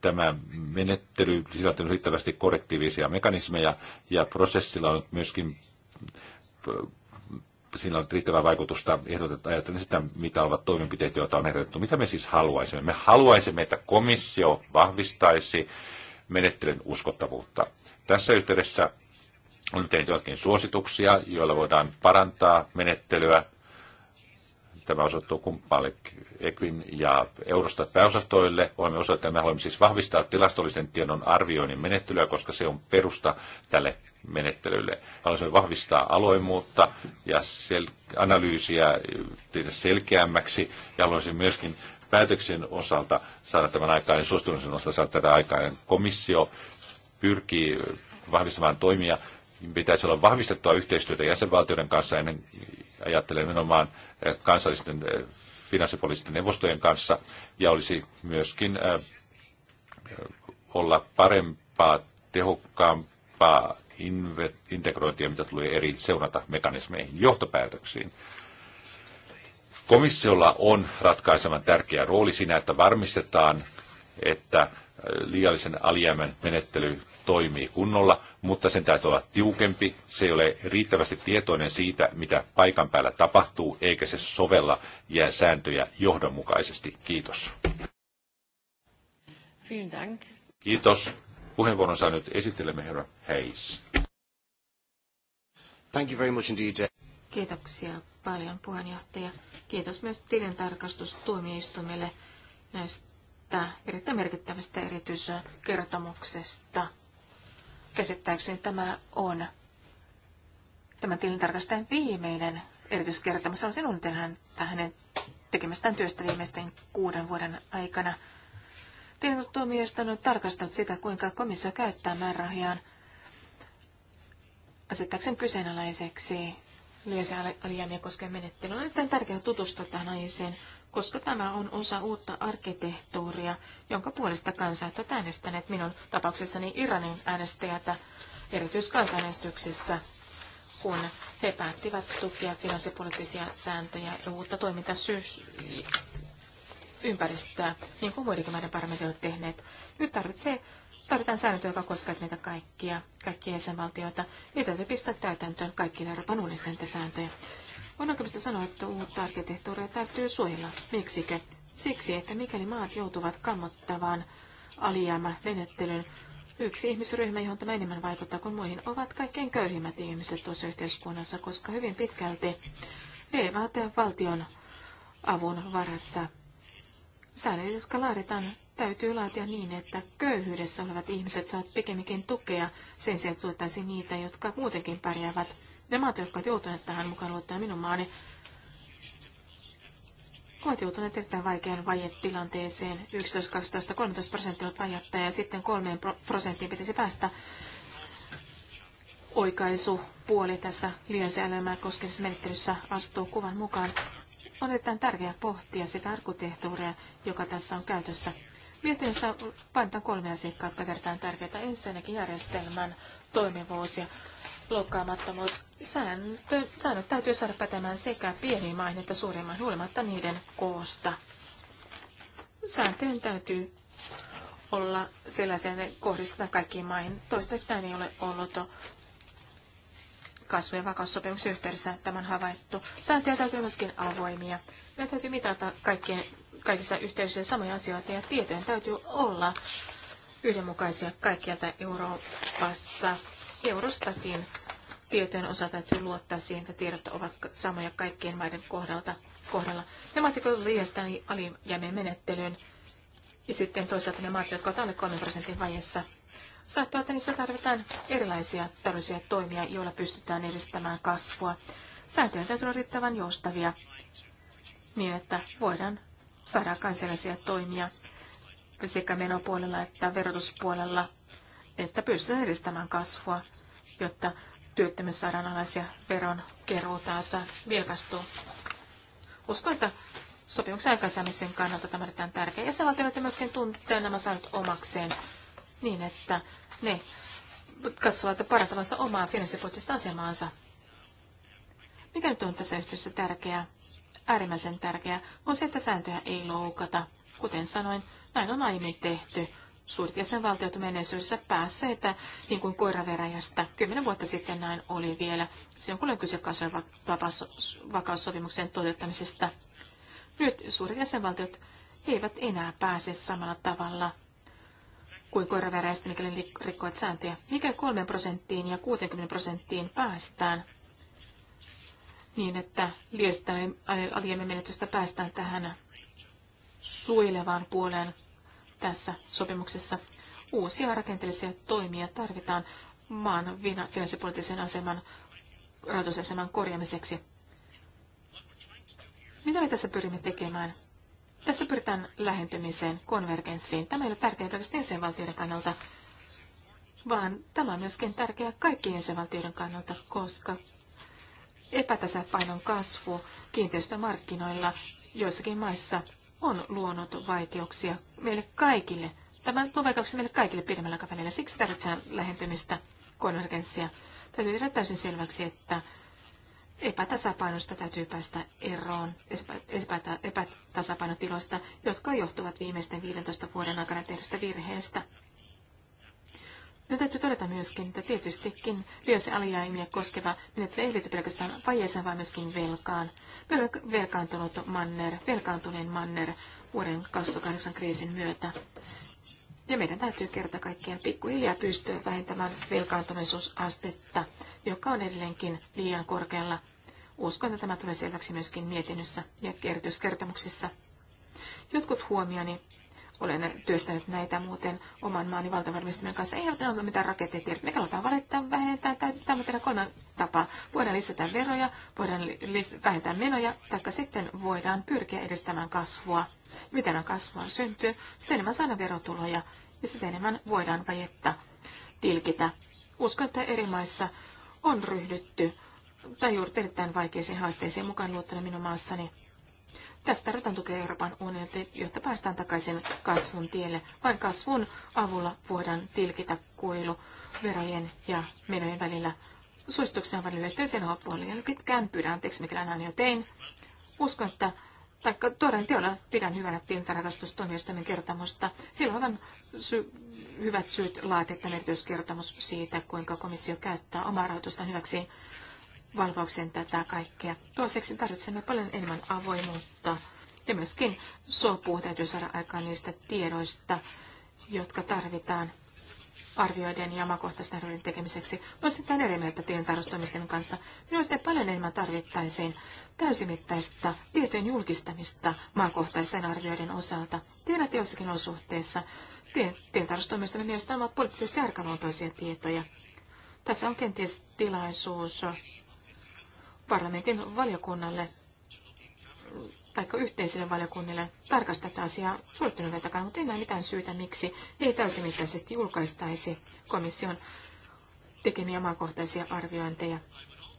S1: tämä menettely sisältynyt riittävästi korrektiivisia mekanismeja ja prosessilla on myöskin sillä on riittävää vaikutusta ehdotetta ajatellen sitä, mitä ovat toimenpiteet, joita on ehdotettu. Mitä me siis haluaisimme? Me haluaisimme, että komissio vahvistaisi menettelyn uskottavuutta. Tässä yhteydessä on tehnyt jotakin suosituksia, joilla voidaan parantaa menettelyä. Tämä osoittuu kumppaille Equin ja Eurostat pääosastoille. Olemme osoittaneet, että me haluamme siis vahvistaa tilastollisen tiedon arvioinnin menettelyä, koska se on perusta tälle menettelylle. Haluaisimme vahvistaa aloimuutta ja sel- analyysiä tehdä selkeämmäksi ja haluaisin myöskin päätöksen osalta saada tämän aikaan ja niin suostumisen osalta saada tätä aikaan. Komissio pyrkii vahvistamaan toimia. Pitäisi olla vahvistettua yhteistyötä jäsenvaltioiden kanssa ennen ajattelen nimenomaan eh, kansallisten eh, finanssipoliittisten neuvostojen kanssa ja olisi myöskin eh, olla parempaa, tehokkaampaa integrointia, mitä tulee eri seurantamekanismeihin, johtopäätöksiin. Komissiolla on ratkaisevan tärkeä rooli siinä, että varmistetaan, että äh, liiallisen alijäämän menettely toimii kunnolla, mutta sen täytyy olla tiukempi. Se ei ole riittävästi tietoinen siitä, mitä paikan päällä tapahtuu, eikä se sovella jää sääntöjä johdonmukaisesti. Kiitos. Kiitos. Puheenvuoron saa nyt esittelemme herra Hayes. Thank you very much indeed. Uh,
S2: Kiitoksia paljon puheenjohtaja. Kiitos myös tilintarkastustuomioistuimelle näistä erittäin merkittävästä erityiskertomuksesta. Käsittääkseni tämä on tämän tilintarkastajan viimeinen erityiskertomus. Haluaisin sinun häntä tähän tekemästään työstä viimeisten kuuden vuoden aikana. Tilintarkastustuomioistuin on tarkastanut sitä, kuinka komissio käyttää määrärahojaan asettaakseen kyseenalaiseksi lisäalijäämiä koskevan menettelyn. On erittäin tärkeää tutustua tähän aiheeseen, koska tämä on osa uutta arkkitehtuuria, jonka puolesta kansat ovat äänestäneet minun tapauksessani Iranin äänestäjätä erityiskansanäänestyksessä, kun he päättivät tukea finanssipoliittisia sääntöjä ja uutta toimintasyys- ympäristöä, niin kuin muidenkin meidän parlamentit ovat tehneet. Nyt tarvitsee, tarvitaan säännöt, joka koskee meitä kaikkia, kaikkia jäsenvaltioita. Niitä täytyy pistää täytäntöön kaikkien Euroopan unionin sääntöjä. On oikeastaan sanoa, että uutta arkkitehtuuria täytyy suojella. Miksikö? Siksi, että mikäli maat joutuvat kammottavaan alijäämävenettelyyn Yksi ihmisryhmä, johon tämä enemmän vaikuttaa kuin muihin, ovat kaikkein köyhimmät ihmiset tuossa yhteiskunnassa, koska hyvin pitkälti he valtion avun varassa Säännöt, jotka laaditaan, täytyy laatia niin, että köyhyydessä olevat ihmiset saavat pikemminkin tukea sen sijaan, että niitä, jotka muutenkin pärjäävät. Ne maat, jotka ovat joutuneet tähän mukaan luottaa minun maani, ovat joutuneet erittäin vaikean vajetilanteeseen. 11, 12, 13 prosenttia on vajetta ja sitten 3 prosenttiin pitäisi päästä oikaisupuoli tässä liensäilöimään koskevassa menettelyssä astuu kuvan mukaan. On erittäin tärkeää pohtia sitä arkutehtuuria, joka tässä on käytössä. Mietinnössä painetaan kolmea asiakkaa, jotka erittäin tärkeitä. Ensinnäkin järjestelmän toimivuus ja loukkaamattomuus. Sääntö, säännöt täytyy saada pätemään sekä pieniin maihin että suurimman huolimatta niiden koosta. Sääntöjen täytyy olla sellaisia, ne kohdistetaan kaikkiin maihin. Toistaiseksi näin ei ole ollut kasvu- ja vakaussopimuksen yhteydessä tämän havaittu. Sääntöjä täytyy myöskin avoimia. Meidän täytyy mitata kaikkien, kaikissa yhteyksissä samoja asioita ja tietojen täytyy olla yhdenmukaisia kaikkialta Euroopassa. Eurostatin tietojen osa täytyy luottaa siihen, että tiedot ovat samoja kaikkien maiden kohdalta, kohdalla. Ne maat, jotka liiastaan niin alijäämien menettelyyn, ja sitten toisaalta ne maat, jotka ovat alle 3 prosentin vaiheessa saattaa, että niissä tarvitaan erilaisia tällaisia toimia, joilla pystytään edistämään kasvua. Sääntöjen täytyy olla riittävän joustavia niin, että voidaan saada kansallisia toimia sekä menopuolella että verotuspuolella, että pystytään edistämään kasvua, jotta työttömyys saadaan alas ja veron keruutaansa vilkastuu. Uskon, että sopimuksen aikaisemmin kannalta tämä on erittäin tärkeä. että myöskin tuntee nämä saanut omakseen niin, että ne katsovat parantavansa omaa finanssipoliittista asemaansa. Mikä nyt on tässä yhteydessä tärkeää, äärimmäisen tärkeää, on se, että sääntöjä ei loukata. Kuten sanoin, näin on aiemmin tehty. Suurit jäsenvaltiot menneisyydessä päässeet, niin kuin koiraveräjästä. Kymmenen vuotta sitten näin oli vielä. Silloin kun oli kyse kasvojen vakaussopimuksen toteuttamisesta. Nyt suurit jäsenvaltiot eivät enää pääse samalla tavalla kuin koiraveräistä, mikäli rikkoat sääntöjä. Mikä 3 prosenttiin ja 60 prosenttiin päästään niin, että liestä menetystä päästään tähän suojelevaan puoleen tässä sopimuksessa. Uusia rakenteellisia toimia tarvitaan maan finanssipoliittisen aseman rahoitusaseman korjaamiseksi. Mitä me tässä pyrimme tekemään? Tässä pyritään lähentymiseen, konvergenssiin. Tämä ei ole tärkeää pelkästään jäsenvaltioiden kannalta, vaan tämä on myöskin tärkeää kaikkien jäsenvaltioiden kannalta, koska epätasapainon kasvu kiinteistömarkkinoilla joissakin maissa on luonut vaikeuksia meille kaikille. Tämä luo vaikeuksia meille kaikille pidemmällä aikavälillä. Siksi tarvitaan lähentymistä, konvergenssia. Täytyy tehdä täysin selväksi, että epätasapainosta täytyy päästä eroon, epätasapainotiloista, jotka johtuvat viimeisten 15 vuoden aikana tehdystä virheestä. Nyt no, täytyy todeta myöskin, että tietystikin liian alijäämiä koskeva menettely ei liity pelkästään vajeeseen, vaan myöskin velkaan. Velkaantunut manner, velkaantuneen manner vuoden 2008 kriisin myötä. Ja meidän täytyy kerta kaikkiaan pikkuhiljaa pystyä vähentämään velkaantuneisuusastetta, joka on edelleenkin liian korkealla Uskon, että tämä tulee selväksi myöskin mietinnössä ja erityiskertomuksissa. Jotkut huomioni, olen työstänyt näitä muuten oman maani valtavarmistaminen kanssa, ei ole mitään tiedä. Me halutaan valittaa, vähentää, täytetään tehdä kolman tapa. Voidaan lisätä veroja, voidaan vähentää menoja, taikka sitten voidaan pyrkiä edistämään kasvua. Mitä on kasvua syntyy, sitä enemmän saadaan verotuloja ja sitä enemmän voidaan vajetta tilkitä. Uskon, että eri maissa on ryhdytty tai juuri erittäin vaikeisiin haasteisiin mukaan luottana minun maassani. Tästä tarvitaan tukea Euroopan unionilta, jotta päästään takaisin kasvun tielle. Vain kasvun avulla voidaan tilkitä kuilu verojen ja menojen välillä. Suosituksena on vain lyhyesti, joten liian pitkään. Pyydän anteeksi, mikä näin jo tein. Uskon, että taikka toden teolla pidän hyvänä tilintarkastustuomioistuimen kertomusta. Heillä on aivan sy- hyvät syyt laatia erityiskertomus siitä, kuinka komissio käyttää omaa rahoitustaan hyväksi valvauksen tätä kaikkea. Toiseksi tarvitsemme paljon enemmän avoimuutta ja myöskin sopu täytyy saada aikaan niistä tiedoista, jotka tarvitaan arvioiden ja omakohtaisten arvioiden tekemiseksi. Osittain eri mieltä tilintarkastustoimisten kanssa. Minusta paljon enemmän tarvittaisiin täysimittaista tietojen julkistamista maakohtaisen arvioiden osalta. Tiedät jossakin olosuhteessa. Tilintarkastustoimistomme mielestä ovat poliittisesti arkaluontoisia tietoja. Tässä on kenties tilaisuus parlamentin valiokunnalle tai yhteisille valiokunnille tarkastaa tätä asiaa suljettuneiden takana, mutta ei näe mitään syytä, miksi ei täysimittaisesti julkaistaisi komission tekemiä maakohtaisia arviointeja.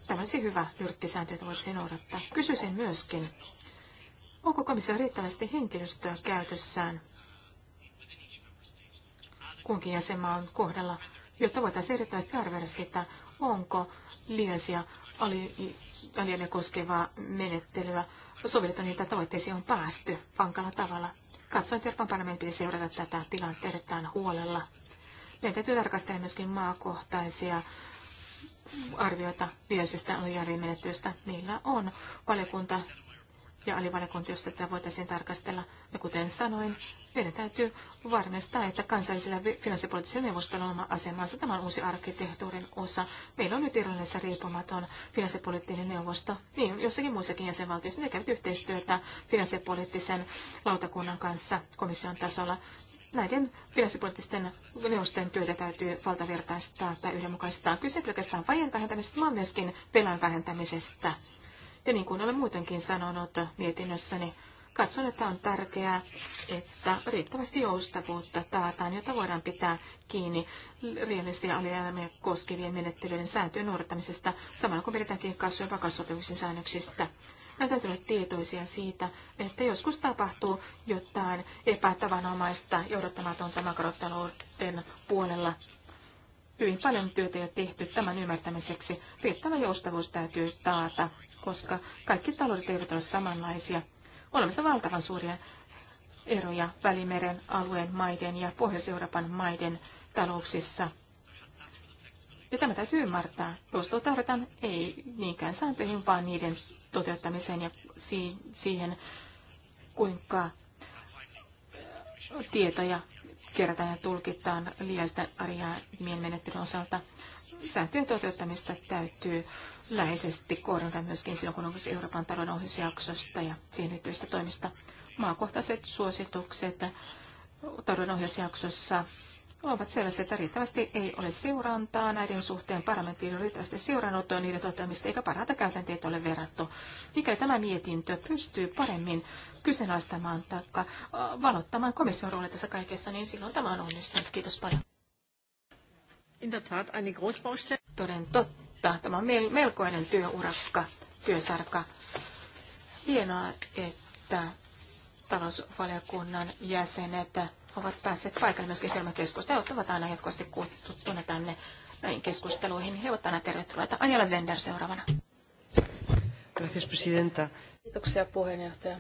S2: Tämä olisi hyvä nyrkkisääntö, jota voisi noudattaa. Kysyisin myöskin, onko komissio riittävästi henkilöstöä käytössään kunkin jäsenmaan kohdalla, jotta voitaisiin riittävästi arvioida sitä, onko liiaisia ali, välineellä koskevaa menettelyä sovellettu niitä tavoitteisiin on päästy vankalla tavalla. Katsoin, Terpan parlamentin seurata tätä tilannetta erittäin huolella. Meidän täytyy tarkastella myöskin maakohtaisia arvioita yleisestä alijärjimenettelystä. Meillä on valiokunta ja alivaliokunta, tätä voitaisiin tarkastella. Ja kuten sanoin, meidän täytyy varmistaa, että kansallisella finanssipoliittisella neuvostolla on oma asemansa. Tämä on uusi arkkitehtuurin osa. Meillä on nyt Irlannissa riippumaton finanssipoliittinen neuvosto, niin jossakin muissakin jäsenvaltioissa. Ne käyvät yhteistyötä finanssipoliittisen lautakunnan kanssa komission tasolla. Näiden finanssipoliittisten neuvostojen työtä täytyy valtavirtaistaa tai yhdenmukaistaa. Kyse pelkästään vajeen vähentämisestä, vaan myöskin pelan vähentämisestä ja niin kuin olen muutenkin sanonut mietinnössäni, katson, että on tärkeää, että riittävästi joustavuutta taataan, jota voidaan pitää kiinni reaalisia alijäämiä koskevien menettelyiden sääntöjen noudattamisesta, samalla kun pidetään kiinni kasvu- ja vakaussopimuksen säännöksistä. Meidän täytyy olla tietoisia siitä, että joskus tapahtuu jotain epätavanomaista ja odottamatonta makrotalouden puolella. Hyvin paljon työtä jo tehty tämän ymmärtämiseksi. Riittävä joustavuus täytyy taata koska kaikki taloudet eivät ole samanlaisia. Olemassa valtavan suuria eroja Välimeren alueen maiden ja Pohjois-Euroopan maiden talouksissa. Ja tämä täytyy ymmärtää. Joustoa tarvitaan ei niinkään sääntöihin, vaan niiden toteuttamiseen ja siihen, kuinka tietoja kerätään ja tulkitaan liiallisten arjaa menettelyn osalta. Sääntöjen toteuttamista täytyy läheisesti kohdataan myöskin silloin, kun on kyse Euroopan talouden ohjausjaksosta ja siihen liittyvistä toimista. Maakohtaiset suositukset talouden ohjausjaksossa ovat sellaisia, että riittävästi ei ole seurantaa näiden suhteen. Parlamentti on riittävästi seurannut niiden toteamista eikä parhaita käytänteitä ole verrattu. Mikä tämä mietintö pystyy paremmin kyseenalaistamaan tai äh, valottamaan komission roolia tässä kaikessa, niin silloin tämä on onnistunut. Kiitos paljon.
S3: In der Tat eine Großbaustelle.
S2: Toden totta mutta tämä on melkoinen työurakka, työsarka. Hienoa, että talousvaliokunnan jäsenet ovat päässeet paikalle myöskin selmäkeskusteluun. He ovat aina jatkuvasti kutsuttuna tänne näihin keskusteluihin. He ovat aina tervetulleita. Anjala Zender seuraavana.
S3: Gracias, presidenta. Kiitoksia
S2: puheenjohtaja.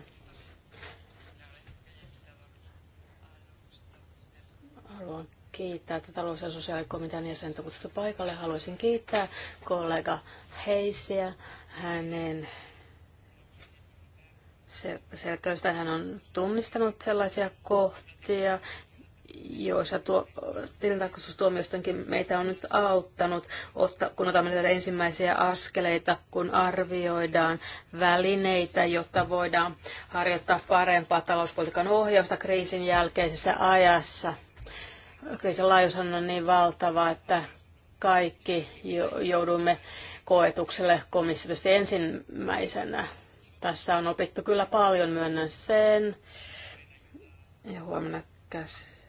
S3: Haluan kiittää, että talous- ja sosiaalikomitean jäsentä kutsuttu paikalle. Haluaisin kiittää kollega Heisiä hänen selkeystä. Hän on tunnistanut sellaisia kohtia, joissa tuo tilintarkastustuomioistuinkin meitä on nyt auttanut, otta, kun otamme näitä ensimmäisiä askeleita, kun arvioidaan välineitä, jotta voidaan harjoittaa parempaa talouspolitiikan ohjausta kriisin jälkeisessä ajassa kriisin laajuushan on niin valtava, että kaikki joudumme koetukselle komissiosta ensimmäisenä. Tässä on opittu kyllä paljon, myönnän sen. Ja huomenna käs...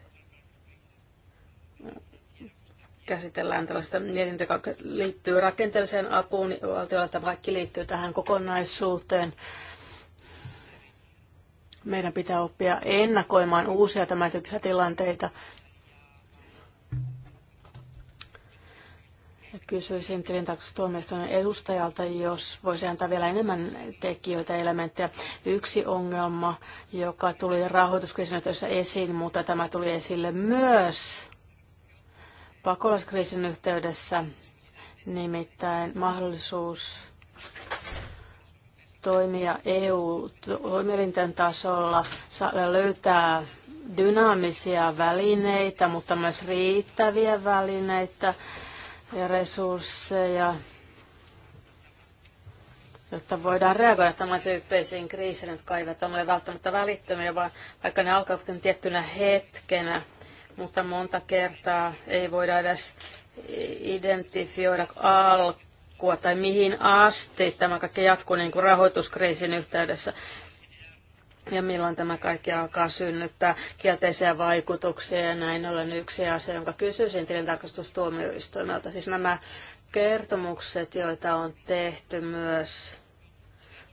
S3: käsitellään tällaista mietintöä, joka liittyy rakenteelliseen apuun valtiolla. Tämä kaikki liittyy tähän kokonaisuuteen. Meidän pitää oppia ennakoimaan uusia tämän tyyppisiä tilanteita kysyisin tilintarkastustuomioistuimen edustajalta, jos voisi antaa vielä enemmän tekijöitä elementtejä. Yksi ongelma, joka tuli rahoituskriisin yhteydessä esiin, mutta tämä tuli esille myös pakolaiskriisin yhteydessä, nimittäin mahdollisuus toimia EU-toimielinten tasolla, löytää dynaamisia välineitä, mutta myös riittäviä välineitä ja resursseja, jotta voidaan reagoida tämän tyyppisiin kriisiin, jotka eivät ole välttämättä välittömiä, vaan vaikka ne alkavat tiettynä hetkenä, mutta monta kertaa ei voida edes identifioida alkua tai mihin asti tämä kaikki jatkuu niin kuin rahoituskriisin yhteydessä ja milloin tämä kaikki alkaa synnyttää kielteisiä vaikutuksia. Ja näin ollen yksi asia, jonka kysyisin tilintarkastustuomioistuimelta. Siis nämä kertomukset, joita on tehty myös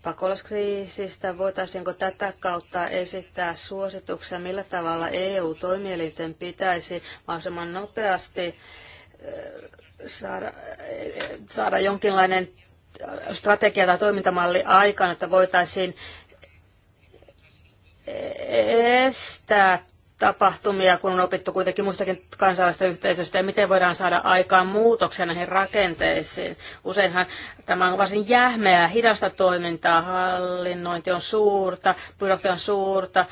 S3: pakolaiskriisistä, voitaisiinko tätä kautta esittää suosituksia, millä tavalla EU-toimielinten pitäisi mahdollisimman nopeasti eh, saada, eh, saada jonkinlainen strategia tai toimintamalli aikaan, että voitaisiin estää tapahtumia, kun on opittu kuitenkin muistakin kansainvälisestä yhteisöstä, ja miten voidaan saada aikaan muutoksia näihin rakenteisiin. Useinhan tämä on varsin jähmeää, hidasta toimintaa, hallinnointi on suurta, byrokratia on suurta,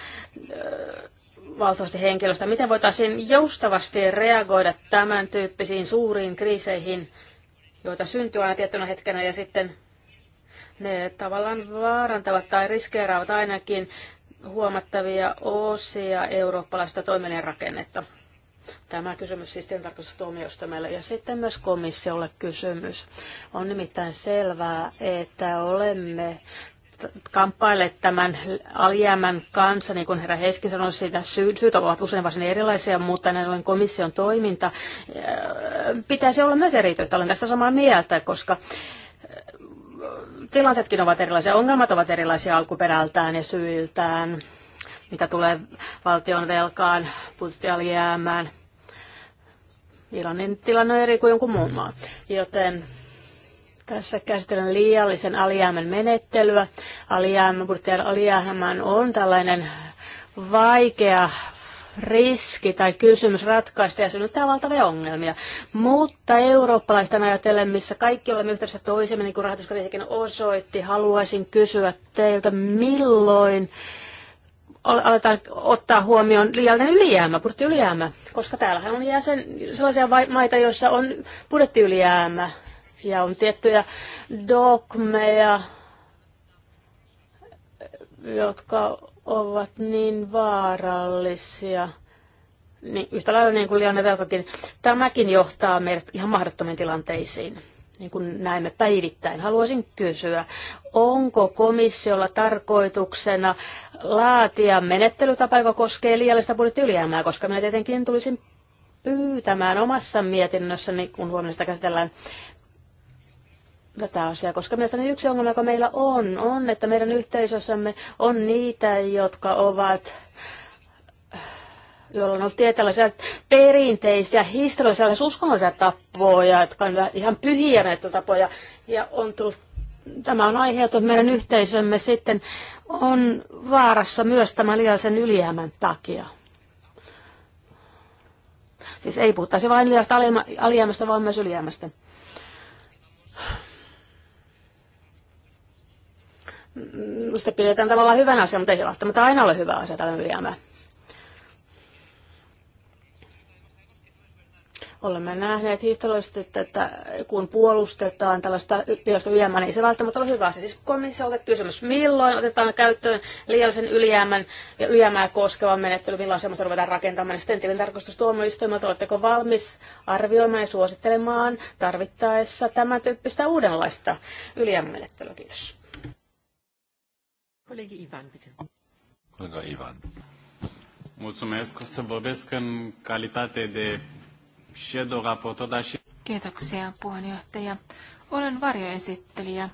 S3: valtavasti henkilöstä. Miten voitaisiin joustavasti reagoida tämän tyyppisiin suuriin kriiseihin, joita syntyy aina tiettynä hetkenä, ja sitten ne tavallaan vaarantavat tai riskeeraavat ainakin huomattavia osia eurooppalaista rakennetta. Tämä kysymys siis meillä. ja sitten myös komissiolle kysymys. On nimittäin selvää, että olemme kamppaille tämän alijäämän kanssa, niin kuin herra Heski sanoi, siitä sy- syyt ovat usein varsin erilaisia, mutta näin ollen komission toiminta pitäisi olla myös erityyttä. Olen tästä samaa mieltä, koska tilanteetkin ovat erilaisia, ongelmat ovat erilaisia alkuperältään ja syiltään, mitä tulee valtion velkaan, budjettialijäämään. Irlannin tilanne on eri kuin jonkun muun maan, joten tässä käsitellään liiallisen alijäämän menettelyä. Alijäämä, alijäämän on tällainen vaikea riski tai kysymys ratkaista ja synnyttää valtavia ongelmia. Mutta eurooppalaista ajatellen, missä kaikki olemme yhteydessä toisemme, niin kuin rahoituskriisikin osoitti, haluaisin kysyä teiltä, milloin aletaan ottaa huomioon liiallinen ylijäämä, budjettiylijäämä, koska täällähän on jäsen, sellaisia maita, joissa on budjettiylijäämä ja on tiettyjä dogmeja, jotka ovat niin vaarallisia, niin yhtä lailla niin kuin liian velkakin, tämäkin johtaa meidät ihan mahdottomiin tilanteisiin niin kuin näemme päivittäin. Haluaisin kysyä, onko komissiolla tarkoituksena laatia menettelytapa, joka koskee liiallista budjettiylijäämää, koska minä tietenkin tulisin pyytämään omassa mietinnössäni, kun huomenna sitä käsitellään, tätä asiaa, koska mielestäni yksi ongelma, joka meillä on, on, että meidän yhteisössämme on niitä, jotka ovat joilla on ollut tietynlaisia perinteisiä, historiallisia, uskonnollisia tapoja, jotka on ihan pyhiä näitä tapoja. Ja on tullut, tämä on aiheuttanut meidän yhteisömme sitten on vaarassa myös tämän liiallisen ylijäämän takia. Siis ei puhuttaisi vain liiasta alijäämästä, vaan myös ylijäämästä sitä pidetään tavallaan hyvän asian, mutta ei se välttämättä aina ole hyvä asia tällainen ylijäämä. Olemme nähneet historiallisesti, että kun puolustetaan tällaista liiallista ylijäämää, niin ei se välttämättä ole hyvä asia. Siis komissio otettu kysymys, milloin otetaan käyttöön liiallisen ylijäämän ja ylijäämää koskevan menettely, milloin sellaista ruvetaan rakentamaan. Sitten tilintarkastustuomioistuimelta, oletteko valmis arvioimaan ja suosittelemaan tarvittaessa tämän tyyppistä uudenlaista ylijäämämenettelyä? Kiitos. Kollege
S2: Ivan, bitte.
S1: Kollege Ivan. Mulțumesc. O să vorbesc în calitate de shadow raportor, dar și...
S2: Kiitoksia, puheenjohtaja. Olen varjoesittelijä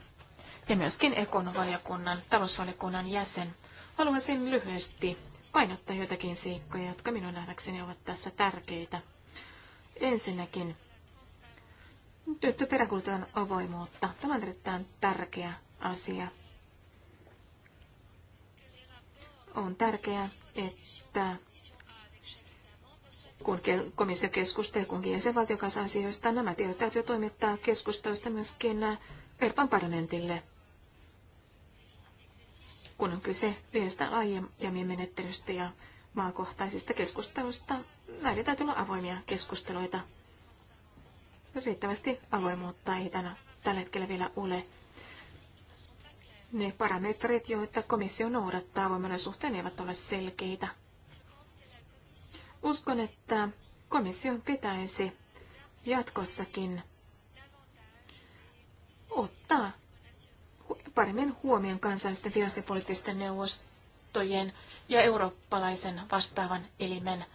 S2: ja myöskin ekonovaliokunnan, talousvaliokunnan jäsen. Haluaisin lyhyesti painottaa joitakin seikkoja, jotka minun nähdäkseni ovat tässä tärkeitä. Ensinnäkin nyt avoimuutta. Tämä on erittäin tärkeä asia. On tärkeää, että kun komissio keskustelee kunkin jäsenvaltion kanssa asioista, nämä tiedot täytyy toimittaa keskustelusta myöskin Euroopan parlamentille, kun on kyse yhdestä laajemmin menettelystä ja maakohtaisista keskustelusta. Näiden täytyy olla avoimia keskusteluita. Riittävästi avoimuutta ei tänä, tällä hetkellä vielä ole. Ne parametrit, joita komissio noudattaa avoimuuden suhteen, eivät ole selkeitä. Uskon, että komission pitäisi jatkossakin ottaa paremmin huomioon kansallisten finanssipoliittisten neuvostojen ja eurooppalaisen vastaavan elimen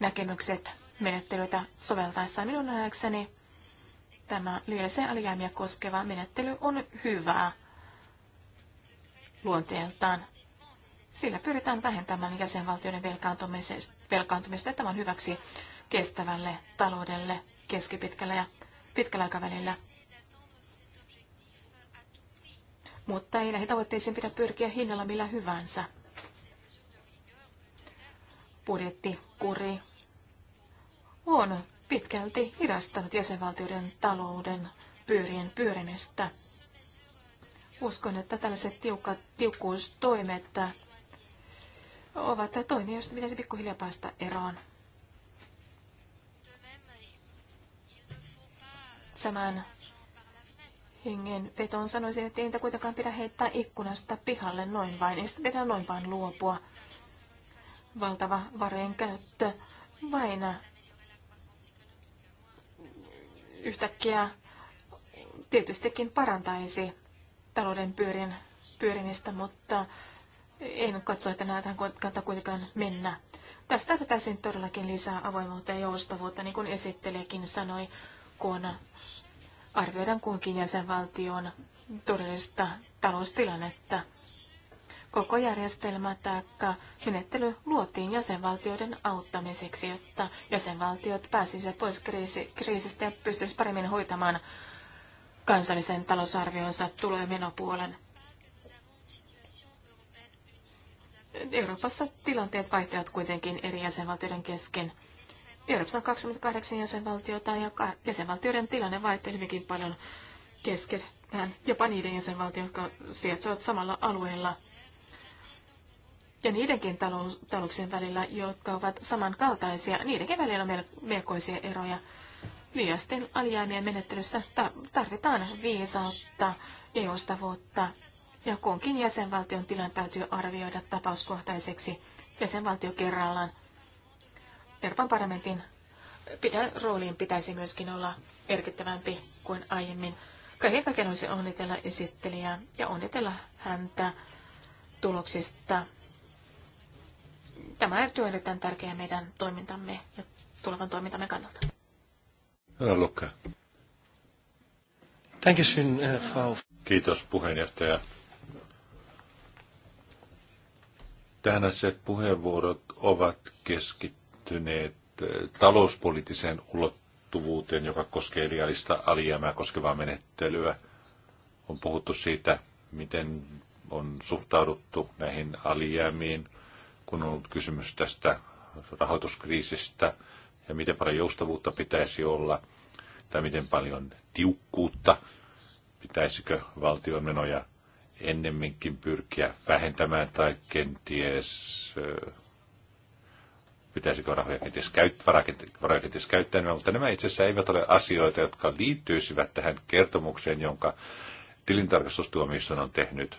S2: näkemykset menettelyitä soveltaessa. Minun nähdäkseni tämä lyhyeseen alijäämiä koskeva menettely on hyvää
S3: luonteeltaan.
S2: Sillä pyritään vähentämään jäsenvaltioiden velkaantumista. Tämä hyväksi kestävälle taloudelle keskipitkällä ja pitkällä aikavälillä. Mutta ei näihin tavoitteisiin pidä pyrkiä hinnalla millä hyvänsä. Budjettikuri on pitkälti hidastanut jäsenvaltioiden talouden pyörien pyörimistä. Uskon, että tällaiset tiukat, tiukkuustoimet ovat toimia, joista pitäisi pikkuhiljaa päästä eroon. Saman hengen vetoon sanoisin, että ei niitä kuitenkaan pidä heittää ikkunasta pihalle noin vain, ei sitä pidä noin vain luopua. Valtava varojen käyttö vain yhtäkkiä tietystikin parantaisi talouden pyörin, pyörimistä, mutta ei nyt katso, että näitä kannattaa kuitenkaan mennä. Tästä tarvitaan todellakin lisää avoimuutta ja joustavuutta, niin kuin esittelijäkin sanoi, kun arvioidaan kunkin jäsenvaltion todellista taloustilannetta. Koko järjestelmä tai menettely luotiin jäsenvaltioiden auttamiseksi, jotta jäsenvaltiot pääsisivät pois kriisistä ja pystyisivät paremmin hoitamaan kansallisen talousarvionsa tulo- ja menopuolen. Euroopassa tilanteet vaihtelevat kuitenkin eri jäsenvaltioiden kesken. Euroopassa on 28 jäsenvaltiota ja jäsenvaltioiden tilanne vaihtelee hyvinkin paljon Vähän jopa niiden jäsenvaltioiden, jotka sijaitsevat samalla alueella ja niidenkin talouksien välillä, jotka ovat samankaltaisia, niidenkin välillä on melkoisia eroja lyhyesti alijäämien menettelyssä tarvitaan viisautta, ja joustavuutta, ja kunkin jäsenvaltion tilan täytyy arvioida tapauskohtaiseksi jäsenvaltio kerrallaan. Euroopan parlamentin pitä, rooliin pitäisi myöskin olla merkittävämpi kuin aiemmin. Kaiken kaiken olisi onnitella esittelijää ja onnitella häntä tuloksista. Tämä työ on erittäin tärkeä meidän toimintamme ja tulevan toimintamme kannalta.
S1: Hyvä Lukka. Eh, Kiitos puheenjohtaja. Tähän puheenvuorot ovat keskittyneet eh, talouspoliittiseen ulottuvuuteen, joka koskee liiallista alijäämää koskevaa menettelyä. On puhuttu siitä, miten on suhtauduttu näihin alijäämiin, kun on ollut kysymys tästä rahoituskriisistä – ja miten paljon joustavuutta pitäisi olla tai miten paljon tiukkuutta pitäisikö valtion menoja ennemminkin pyrkiä vähentämään tai kenties pitäisikö rahoja kenties, käyt, varoja kenties käyttää enemmän, mutta nämä itse asiassa eivät ole asioita, jotka liittyisivät tähän kertomukseen, jonka tilintarkastustuomioistuin on tehnyt.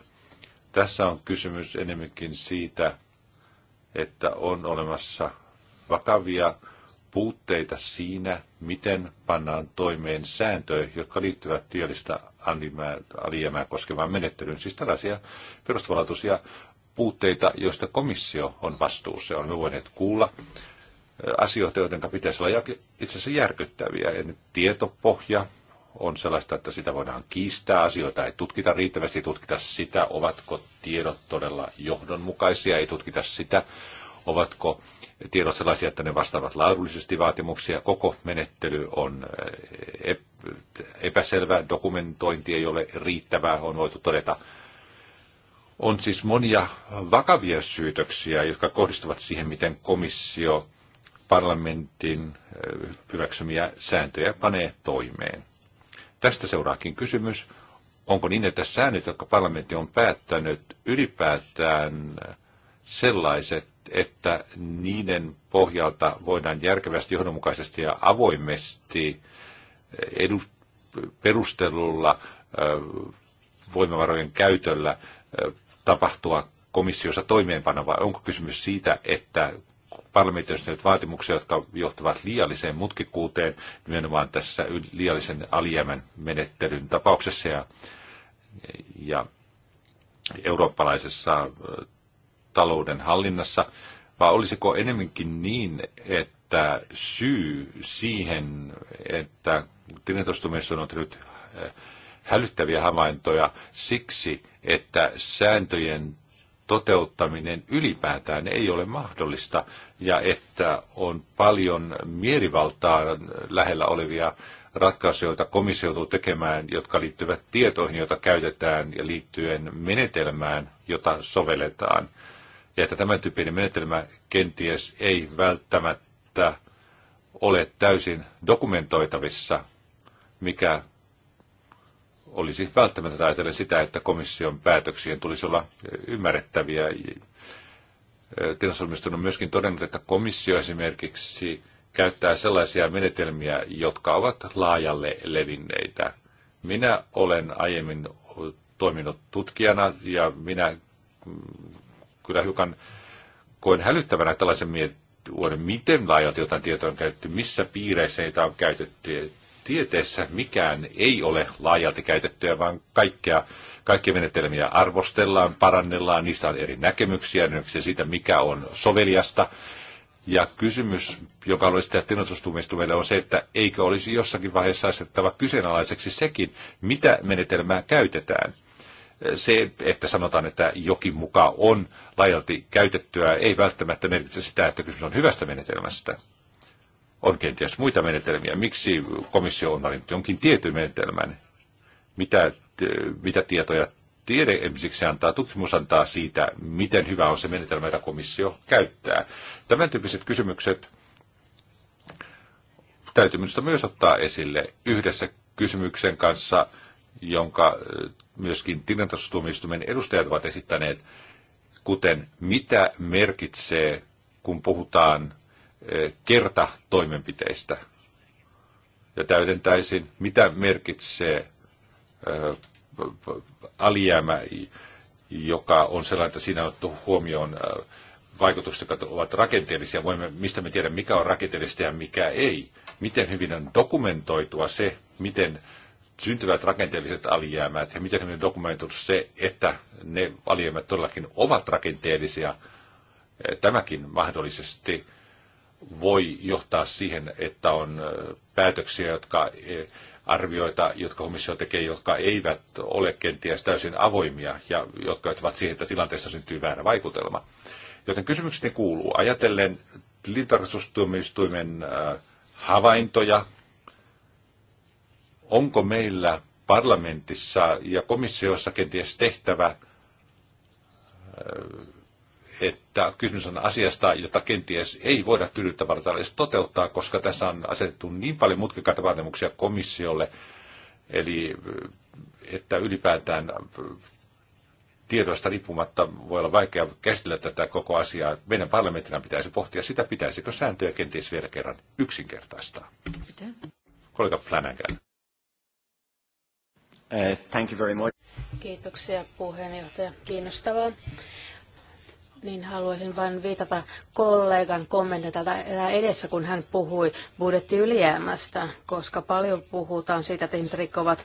S1: Tässä on kysymys enemmänkin siitä, että on olemassa vakavia puutteita siinä, miten pannaan toimeen sääntöjä, jotka liittyvät työllistä alijäämää koskevaan menettelyyn. Siis tällaisia perustavanlaatuisia puutteita, joista komissio on vastuussa. Olemme voineet kuulla asioita, joiden pitäisi olla itse asiassa järkyttäviä. Ja tietopohja on sellaista, että sitä voidaan kiistää, asioita ei tutkita riittävästi, ei tutkita sitä, ovatko tiedot todella johdonmukaisia, ei tutkita sitä, ovatko tiedot sellaisia, että ne vastaavat laadullisesti vaatimuksia. Koko menettely on eh, epäselvä, dokumentointi ei ole riittävää, on voitu todeta. On siis monia vakavia syytöksiä, jotka kohdistuvat siihen, miten komissio parlamentin eh, hyväksymiä sääntöjä panee toimeen. Tästä seuraakin kysymys, onko niin, että säännöt, jotka parlamentti on päättänyt, ylipäätään sellaiset, että niiden pohjalta voidaan järkevästi, johdonmukaisesti ja avoimesti eh, edu, perustelulla eh, voimavarojen käytöllä eh, tapahtua komissiossa toimeenpano, vai onko kysymys siitä, että parlamentin vaatimuksia, jotka johtavat liialliseen mutkikuuteen, nimenomaan tässä liiallisen alijäämän menettelyn tapauksessa ja, ja eurooppalaisessa talouden hallinnassa, vai olisiko enemmänkin niin, että syy siihen, että tilintarkastustuomioistuin on tehnyt eh, hälyttäviä havaintoja siksi, että sääntöjen toteuttaminen ylipäätään ei ole mahdollista ja että on paljon mielivaltaa lähellä olevia ratkaisuja, joita komissio joutuu tekemään, jotka liittyvät tietoihin, joita käytetään ja liittyen menetelmään, jota sovelletaan ja että tämän tyyppinen menetelmä kenties ei välttämättä ole täysin dokumentoitavissa, mikä olisi välttämättä ajatellen sitä, että komission päätöksien tulisi olla ymmärrettäviä. Tilastoimiston on myöskin todennut, että komissio esimerkiksi käyttää sellaisia menetelmiä, jotka ovat laajalle levinneitä. Minä olen aiemmin toiminut tutkijana ja minä kyllä hiukan koen hälyttävänä tällaisen miettuuden, miten laajalti jotain tietoa on käytetty, missä piireissä niitä on käytetty. Tieteessä mikään ei ole laajalti käytettyä, vaan kaikkea, kaikkia menetelmiä arvostellaan, parannellaan, niistä on eri näkemyksiä, näkemyksiä siitä, mikä on soveliasta. Ja kysymys, joka olisi tehty tilastustumistumille, on se, että eikö olisi jossakin vaiheessa asettava kyseenalaiseksi sekin, mitä menetelmää käytetään – se, että sanotaan, että jokin muka on laajalti käytettyä, ei välttämättä merkitse sitä, että kysymys on hyvästä menetelmästä. On kenties muita menetelmiä. Miksi komissio on valinnut jonkin tietyn menetelmän? Mitä, mitä tietoja tiede esimerkiksi antaa, tutkimus antaa siitä, miten hyvä on se menetelmä, jota komissio käyttää. Tämän tyyppiset kysymykset täytyy minusta myös ottaa esille yhdessä kysymyksen kanssa, jonka myöskin tilintarkastustuomioistuimen edustajat ovat esittäneet, kuten mitä merkitsee, kun puhutaan e, kertatoimenpiteistä. Ja täydentäisin, mitä merkitsee e, alijäämä, joka on sellainen, että siinä on otettu huomioon e, vaikutukset, jotka ovat rakenteellisia. Voimme, mistä me tiedämme, mikä on rakenteellista ja mikä ei. Miten hyvin on dokumentoitua se, miten syntyvät rakenteelliset alijäämät ja miten on dokumentoitu se, että ne alijäämät todellakin ovat rakenteellisia. Tämäkin mahdollisesti voi johtaa siihen, että on päätöksiä, jotka e, arvioita, jotka komissio tekee, jotka eivät ole kenties täysin avoimia ja jotka ovat siihen, että tilanteessa syntyy väärä vaikutelma. Joten kysymykseni kuuluu, ajatellen tilintarkastustuomioistuimen havaintoja onko meillä parlamentissa ja komissiossa kenties tehtävä, äh, että kysymys on asiasta, jota kenties ei voida tyydyttävällä tavalla toteuttaa, koska tässä on asetettu niin paljon mutkikaita vaatimuksia komissiolle, eli äh, että ylipäätään äh, tiedoista riippumatta voi olla vaikea käsitellä tätä koko asiaa. Meidän parlamenttina pitäisi pohtia sitä, pitäisikö sääntöjä kenties vielä kerran yksinkertaistaa. Mitä? Kollega Flanagan. Uh, thank you very much.
S3: Kiitoksia puheenjohtaja. Kiinnostavaa. Niin haluaisin vain viitata kollegan kommentin täällä edessä, kun hän puhui budjettiylijäämästä, koska paljon puhutaan siitä, että ihmiset rikkovat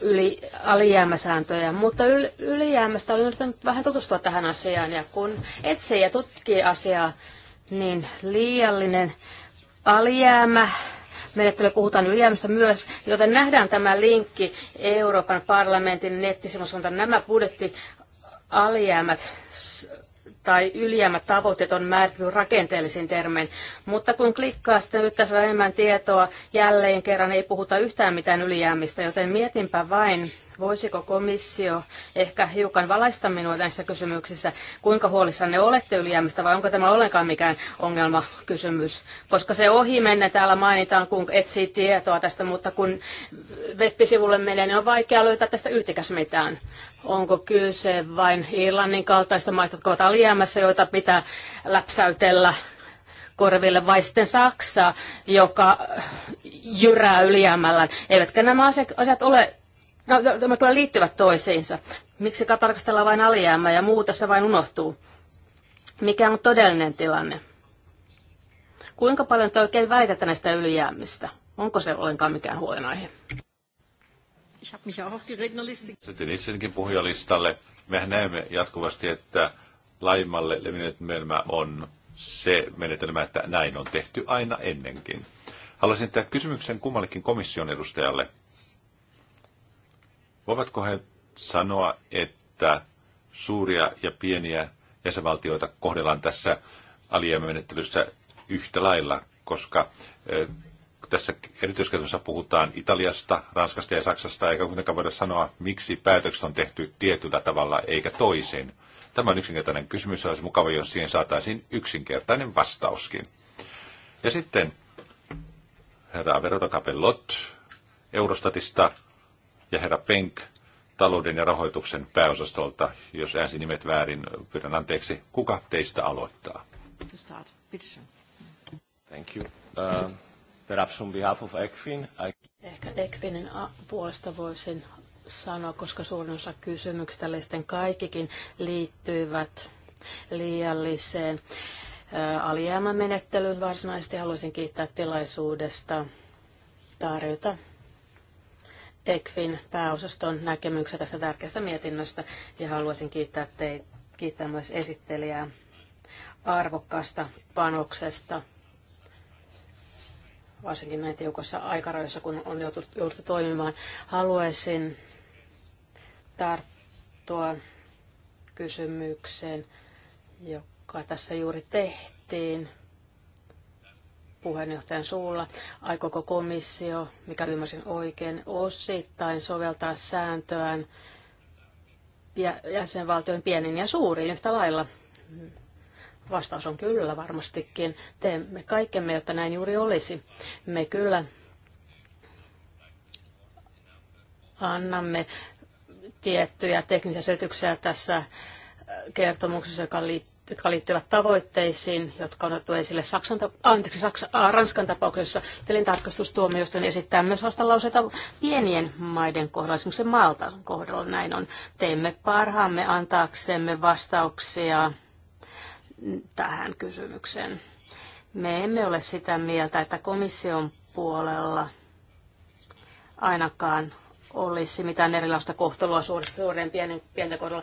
S3: yli, alijäämäsääntöjä, mutta yl, ylijäämästä olen yrittänyt vähän tutustua tähän asiaan, ja kun etsii ja tutkii asiaa, niin liiallinen alijäämä menettely puhutaan ylijäämistä myös, joten nähdään tämä linkki Euroopan parlamentin nettisivuilta. Nämä alijäämät tai ylijäämät tavoitteet on määritelty rakenteellisin termein. Mutta kun klikkaa sitten nyt tässä enemmän tietoa, jälleen kerran ei puhuta yhtään mitään ylijäämistä, joten mietinpä vain, Voisiko komissio ehkä hiukan valaista minua näissä kysymyksissä? Kuinka huolissanne olette ylijäämistä vai onko tämä ollenkaan mikään ongelmakysymys? Koska se ohi menne täällä mainitaan, kun etsii tietoa tästä, mutta kun web-sivulle menee, niin on vaikea löytää tästä yhtikäs mitään. Onko kyse vain Irlannin kaltaista maista, jotka ovat alijäämässä, joita pitää läpsäytellä korville, vai sitten Saksa, joka jyrää ylijäämällä. Eivätkä nämä asiat ole nämä kyllä liittyvät toisiinsa. Miksi tarkastellaan vain alijäämää ja muu tässä vain unohtuu? Mikä on todellinen tilanne? Kuinka paljon te oikein väitätte näistä ylijäämistä? Onko se ollenkaan mikään huolenaihe?
S1: Sitten itsekin puhujalistalle. Mehän näemme jatkuvasti, että laimalle levinnyt on se menetelmä, että näin on tehty aina ennenkin. Haluaisin tehdä kysymyksen kummallekin komission edustajalle. Voivatko he sanoa, että suuria ja pieniä jäsenvaltioita kohdellaan tässä alijäämämenettelyssä yhtä lailla, koska tässä erityiskäytössä puhutaan Italiasta, Ranskasta ja Saksasta, eikä kuitenkaan voida sanoa, miksi päätökset on tehty tietyllä tavalla eikä toisin. Tämä on yksinkertainen kysymys, olisi mukava, jos siihen saataisiin yksinkertainen vastauskin. Ja sitten herra Veroda Capellot Eurostatista ja herra Penk talouden ja rahoituksen pääosastolta. Jos äänsi nimet väärin, pyydän anteeksi. Kuka teistä aloittaa? Thank you. Uh, perhaps on behalf of ECFIN. I...
S3: Ehkä ECFINin puolesta voisin sanoa, koska suurin osa kysymyksistä, sitten kaikkikin, liittyivät liialliseen alijäämämenettelyyn. Varsinaisesti haluaisin kiittää tilaisuudesta tarjota ECFin pääosaston näkemyksiä tästä tärkeästä mietinnöstä ja haluaisin kiittää, teitä, kiittää myös esittelijää arvokkaasta panoksesta varsinkin näin tiukassa aikarajoissa, kun on joutunut, jouduttu toimimaan. Haluaisin tarttua kysymykseen, joka tässä juuri tehtiin puheenjohtajan suulla. Aikooko komissio, mikä ymmärsin oikein, osittain soveltaa sääntöään jäsenvaltion pieniin ja suuriin yhtä lailla? Vastaus on kyllä varmastikin. Teemme kaikkemme, jotta näin juuri olisi. Me kyllä annamme tiettyjä teknisiä selityksiä tässä kertomuksessa, joka liittyy jotka liittyvät tavoitteisiin, jotka on otettu esille Saksan, anteeksi, Saksa, äh, Ranskan tapauksessa. Tilintarkastustuomioistuin esittää myös vastalauseita pienien maiden kohdalla, esimerkiksi Malta kohdalla näin on. Teemme parhaamme antaaksemme vastauksia tähän kysymykseen. Me emme ole sitä mieltä, että komission puolella ainakaan olisi mitään erilaista kohtelua suurempien pienten kohdalla.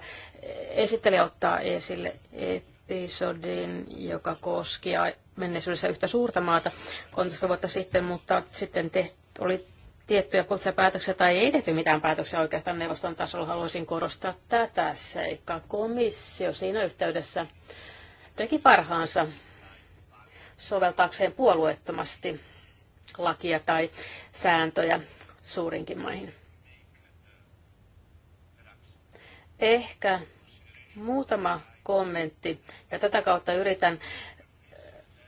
S3: Esittelijä ottaa esille, että episodin, joka koski menneisyydessä yhtä suurta maata 13 vuotta sitten, mutta sitten tehty, oli tiettyjä poliittisia päätöksiä tai ei tehty mitään päätöksiä oikeastaan neuvoston tasolla. Haluaisin korostaa tätä seikkaa. Komissio siinä yhteydessä teki parhaansa soveltaakseen puolueettomasti lakia tai sääntöjä suurinkin maihin. Ehkä muutama kommentti. Ja tätä kautta yritän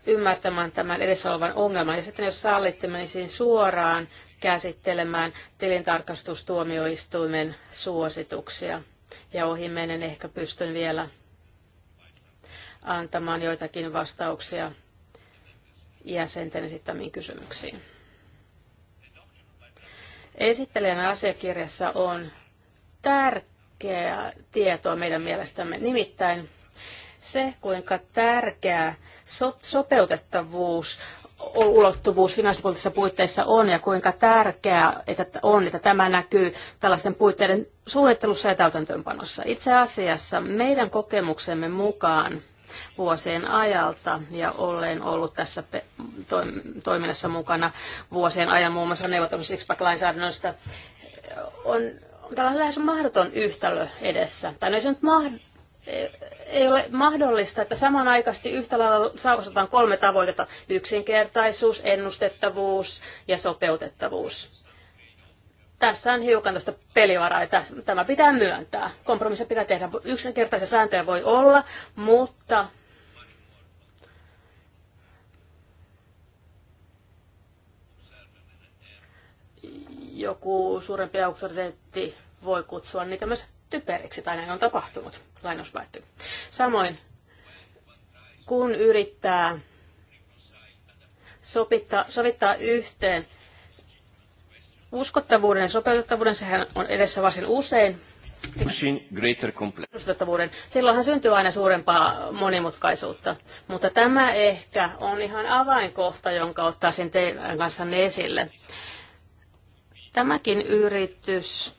S3: ymmärtämään tämän edessä olevan ongelman. Ja sitten jos sallitte, menisin suoraan käsittelemään tilintarkastustuomioistuimen suosituksia. Ja ohi menen ehkä pystyn vielä antamaan joitakin vastauksia jäsenten esittämiin kysymyksiin. Esittelijän asiakirjassa on tärkeää, tärkeää tietoa meidän mielestämme. Nimittäin se, kuinka tärkeää so- sopeutettavuus ulottuvuus finanssipoliittisissa puitteissa on ja kuinka tärkeää että on, että tämä näkyy tällaisten puitteiden suunnittelussa ja täytäntöönpanossa. Itse asiassa meidän kokemuksemme mukaan vuosien ajalta ja olen ollut tässä toiminnassa mukana vuosien ajan muun muassa neuvottelussa x lainsäädännöstä on täällä on lähes mahdoton yhtälö edessä. Tai no, ei se nyt mahd- e- ei ole mahdollista, että samanaikaisesti yhtä lailla saavutetaan kolme tavoitetta. Yksinkertaisuus, ennustettavuus ja sopeutettavuus. Tässä on hiukan tästä pelivaraa että tämä pitää myöntää. Kompromissa pitää tehdä. Yksinkertaisia sääntöjä voi olla, mutta joku suurempi auktoriteetti voi kutsua niitä myös typeriksi, tai näin on tapahtunut, lainaus päättyy. Samoin, kun yrittää sopittaa, sovittaa yhteen uskottavuuden ja sopeutettavuuden, sehän on edessä varsin usein, Uskottavuuden. Silloinhan syntyy aina suurempaa monimutkaisuutta, mutta tämä ehkä on ihan avainkohta, jonka ottaisin teidän kanssanne esille. Tämäkin yritys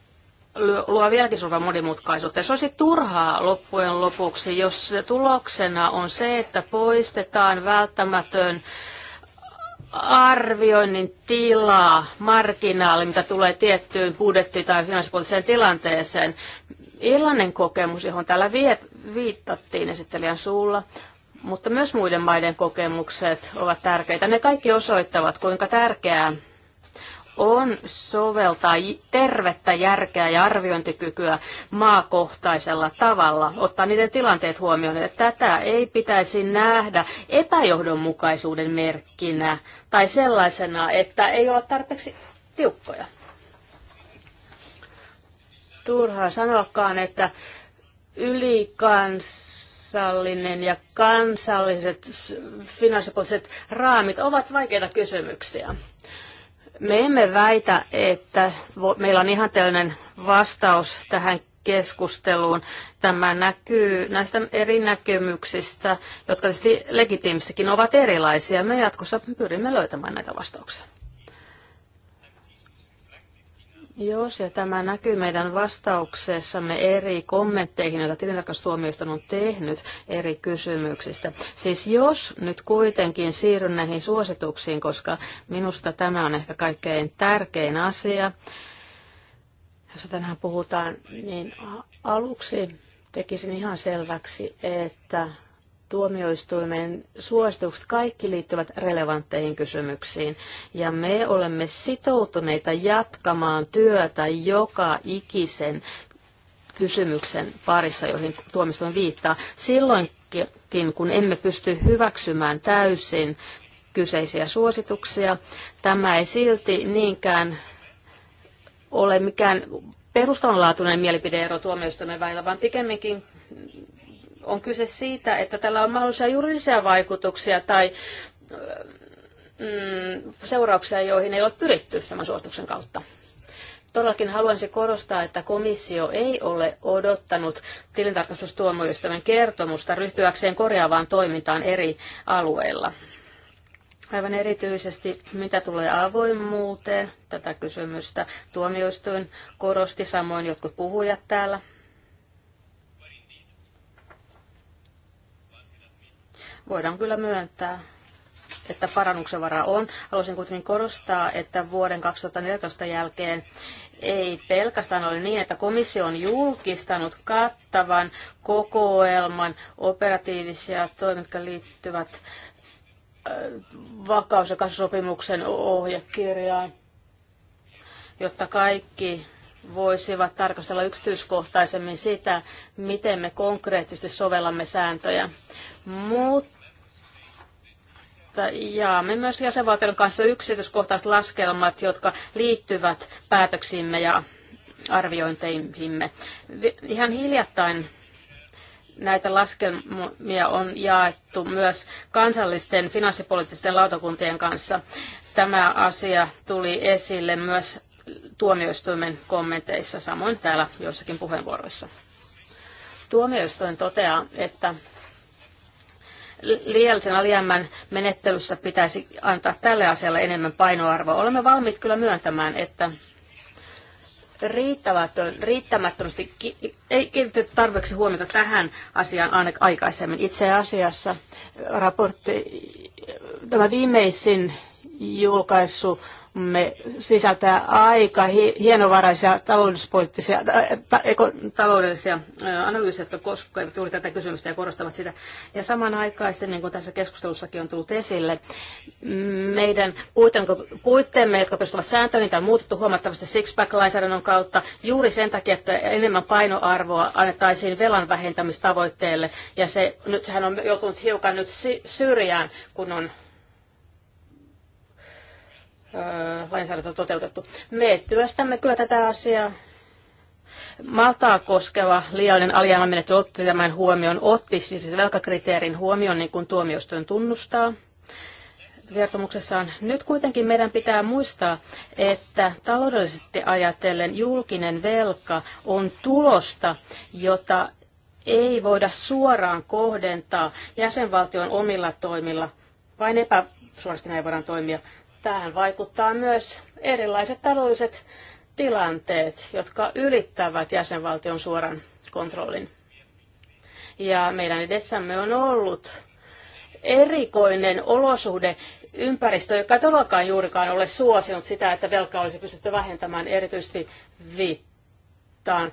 S3: luo vieläkin suurta monimutkaisuutta. Se olisi turhaa loppujen lopuksi, jos tuloksena on se, että poistetaan välttämätön arvioinnin tilaa, marginaali, mitä tulee tiettyyn budjetti- tai finanssipuoliseen tilanteeseen. Illannen kokemus, johon täällä viittattiin esittelijän suulla, mutta myös muiden maiden kokemukset ovat tärkeitä. Ne kaikki osoittavat, kuinka tärkeää on soveltaa tervettä järkeä ja arviointikykyä maakohtaisella tavalla, ottaa niiden tilanteet huomioon. Että tätä ei pitäisi nähdä epäjohdonmukaisuuden merkkinä tai sellaisena, että ei ole tarpeeksi tiukkoja. Turhaa sanoakaan, että kansallinen ja kansalliset finanssipoliittiset raamit ovat vaikeita kysymyksiä. Me emme väitä, että meillä on ihan tällainen vastaus tähän keskusteluun. Tämä näkyy näistä eri näkemyksistä, jotka tietysti legitiimistäkin ovat erilaisia. Me jatkossa pyrimme löytämään näitä vastauksia. Jos ja tämä näkyy meidän vastauksessamme eri kommentteihin, joita tilintarkastustuomioistuin on tehnyt eri kysymyksistä. Siis jos nyt kuitenkin siirryn näihin suosituksiin, koska minusta tämä on ehkä kaikkein tärkein asia, jos tänään puhutaan, niin aluksi tekisin ihan selväksi, että tuomioistuimen suositukset kaikki liittyvät relevantteihin kysymyksiin. Ja me olemme sitoutuneita jatkamaan työtä joka ikisen kysymyksen parissa, joihin tuomioistuin viittaa. Silloinkin, kun emme pysty hyväksymään täysin kyseisiä suosituksia, tämä ei silti niinkään ole mikään perustavanlaatuinen mielipideero tuomioistuimen välillä, vaan pikemminkin on kyse siitä, että tällä on mahdollisia juridisia vaikutuksia tai mm, seurauksia, joihin ei ole pyritty tämän suosituksen kautta. Todellakin haluaisin korostaa, että komissio ei ole odottanut tilintarkastustuomioistuimen kertomusta ryhtyäkseen korjaavaan toimintaan eri alueilla. Aivan erityisesti, mitä tulee avoimuuteen, tätä kysymystä tuomioistuin korosti, samoin jotkut puhujat täällä voidaan kyllä myöntää, että parannuksen varaa on. Haluaisin kuitenkin korostaa, että vuoden 2014 jälkeen ei pelkästään ole niin, että komissio on julkistanut kattavan kokoelman operatiivisia toimia, jotka liittyvät vakaus- ja kasvusopimuksen ohjekirjaan, jotta kaikki voisivat tarkastella yksityiskohtaisemmin sitä, miten me konkreettisesti sovellamme sääntöjä. Mutta että jaamme myös jäsenvaltioiden kanssa yksityiskohtaiset laskelmat, jotka liittyvät päätöksiimme ja arviointeihimme. Ihan hiljattain näitä laskelmia on jaettu myös kansallisten finanssipoliittisten lautakuntien kanssa. Tämä asia tuli esille myös tuomioistuimen kommenteissa, samoin täällä joissakin puheenvuoroissa. Tuomioistuin toteaa, että liiallisen alijäämän menettelyssä pitäisi antaa tälle asialle enemmän painoarvoa. Olemme valmiit kyllä myöntämään, että riittämätön, riittämättömästi ei kiinnitetty tarpeeksi huomiota tähän asiaan aikaisemmin. Itse asiassa raportti, tämä viimeisin julkaisu me sisältää aika hienovaraisia taloudellispoliittisia, äh, ta, ta, taloudellisia äh, analyysejä, jotka koskevat juuri tätä kysymystä ja korostavat sitä. Ja samanaikaisesti, niin kuin tässä keskustelussakin on tullut esille, meidän puitteemme, jotka perustuvat sääntöön, niitä on muutettu huomattavasti Sixpack-lainsäädännön kautta juuri sen takia, että enemmän painoarvoa annettaisiin velan vähentämistavoitteelle. Ja se, nyt sehän on joutunut hiukan nyt syrjään, kun on lainsäädäntö toteutettu. Me työstämme kyllä tätä asiaa. Maltaa koskeva liiallinen alijäämämenettely otti tämän huomioon, otti siis velkakriteerin huomioon, niin kuin tuomioistuin tunnustaa kertomuksessaan. Nyt kuitenkin meidän pitää muistaa, että taloudellisesti ajatellen julkinen velka on tulosta, jota ei voida suoraan kohdentaa jäsenvaltion omilla toimilla, vain epäsuorasti näin voidaan toimia. Tähän vaikuttaa myös erilaiset taloudelliset tilanteet, jotka ylittävät jäsenvaltion suoran kontrollin. Ja meidän edessämme on ollut erikoinen olosuhde, ympäristö, joka ei todellakaan juurikaan ole suosinut sitä, että velkaa olisi pystytty vähentämään erityisesti vi- johtaan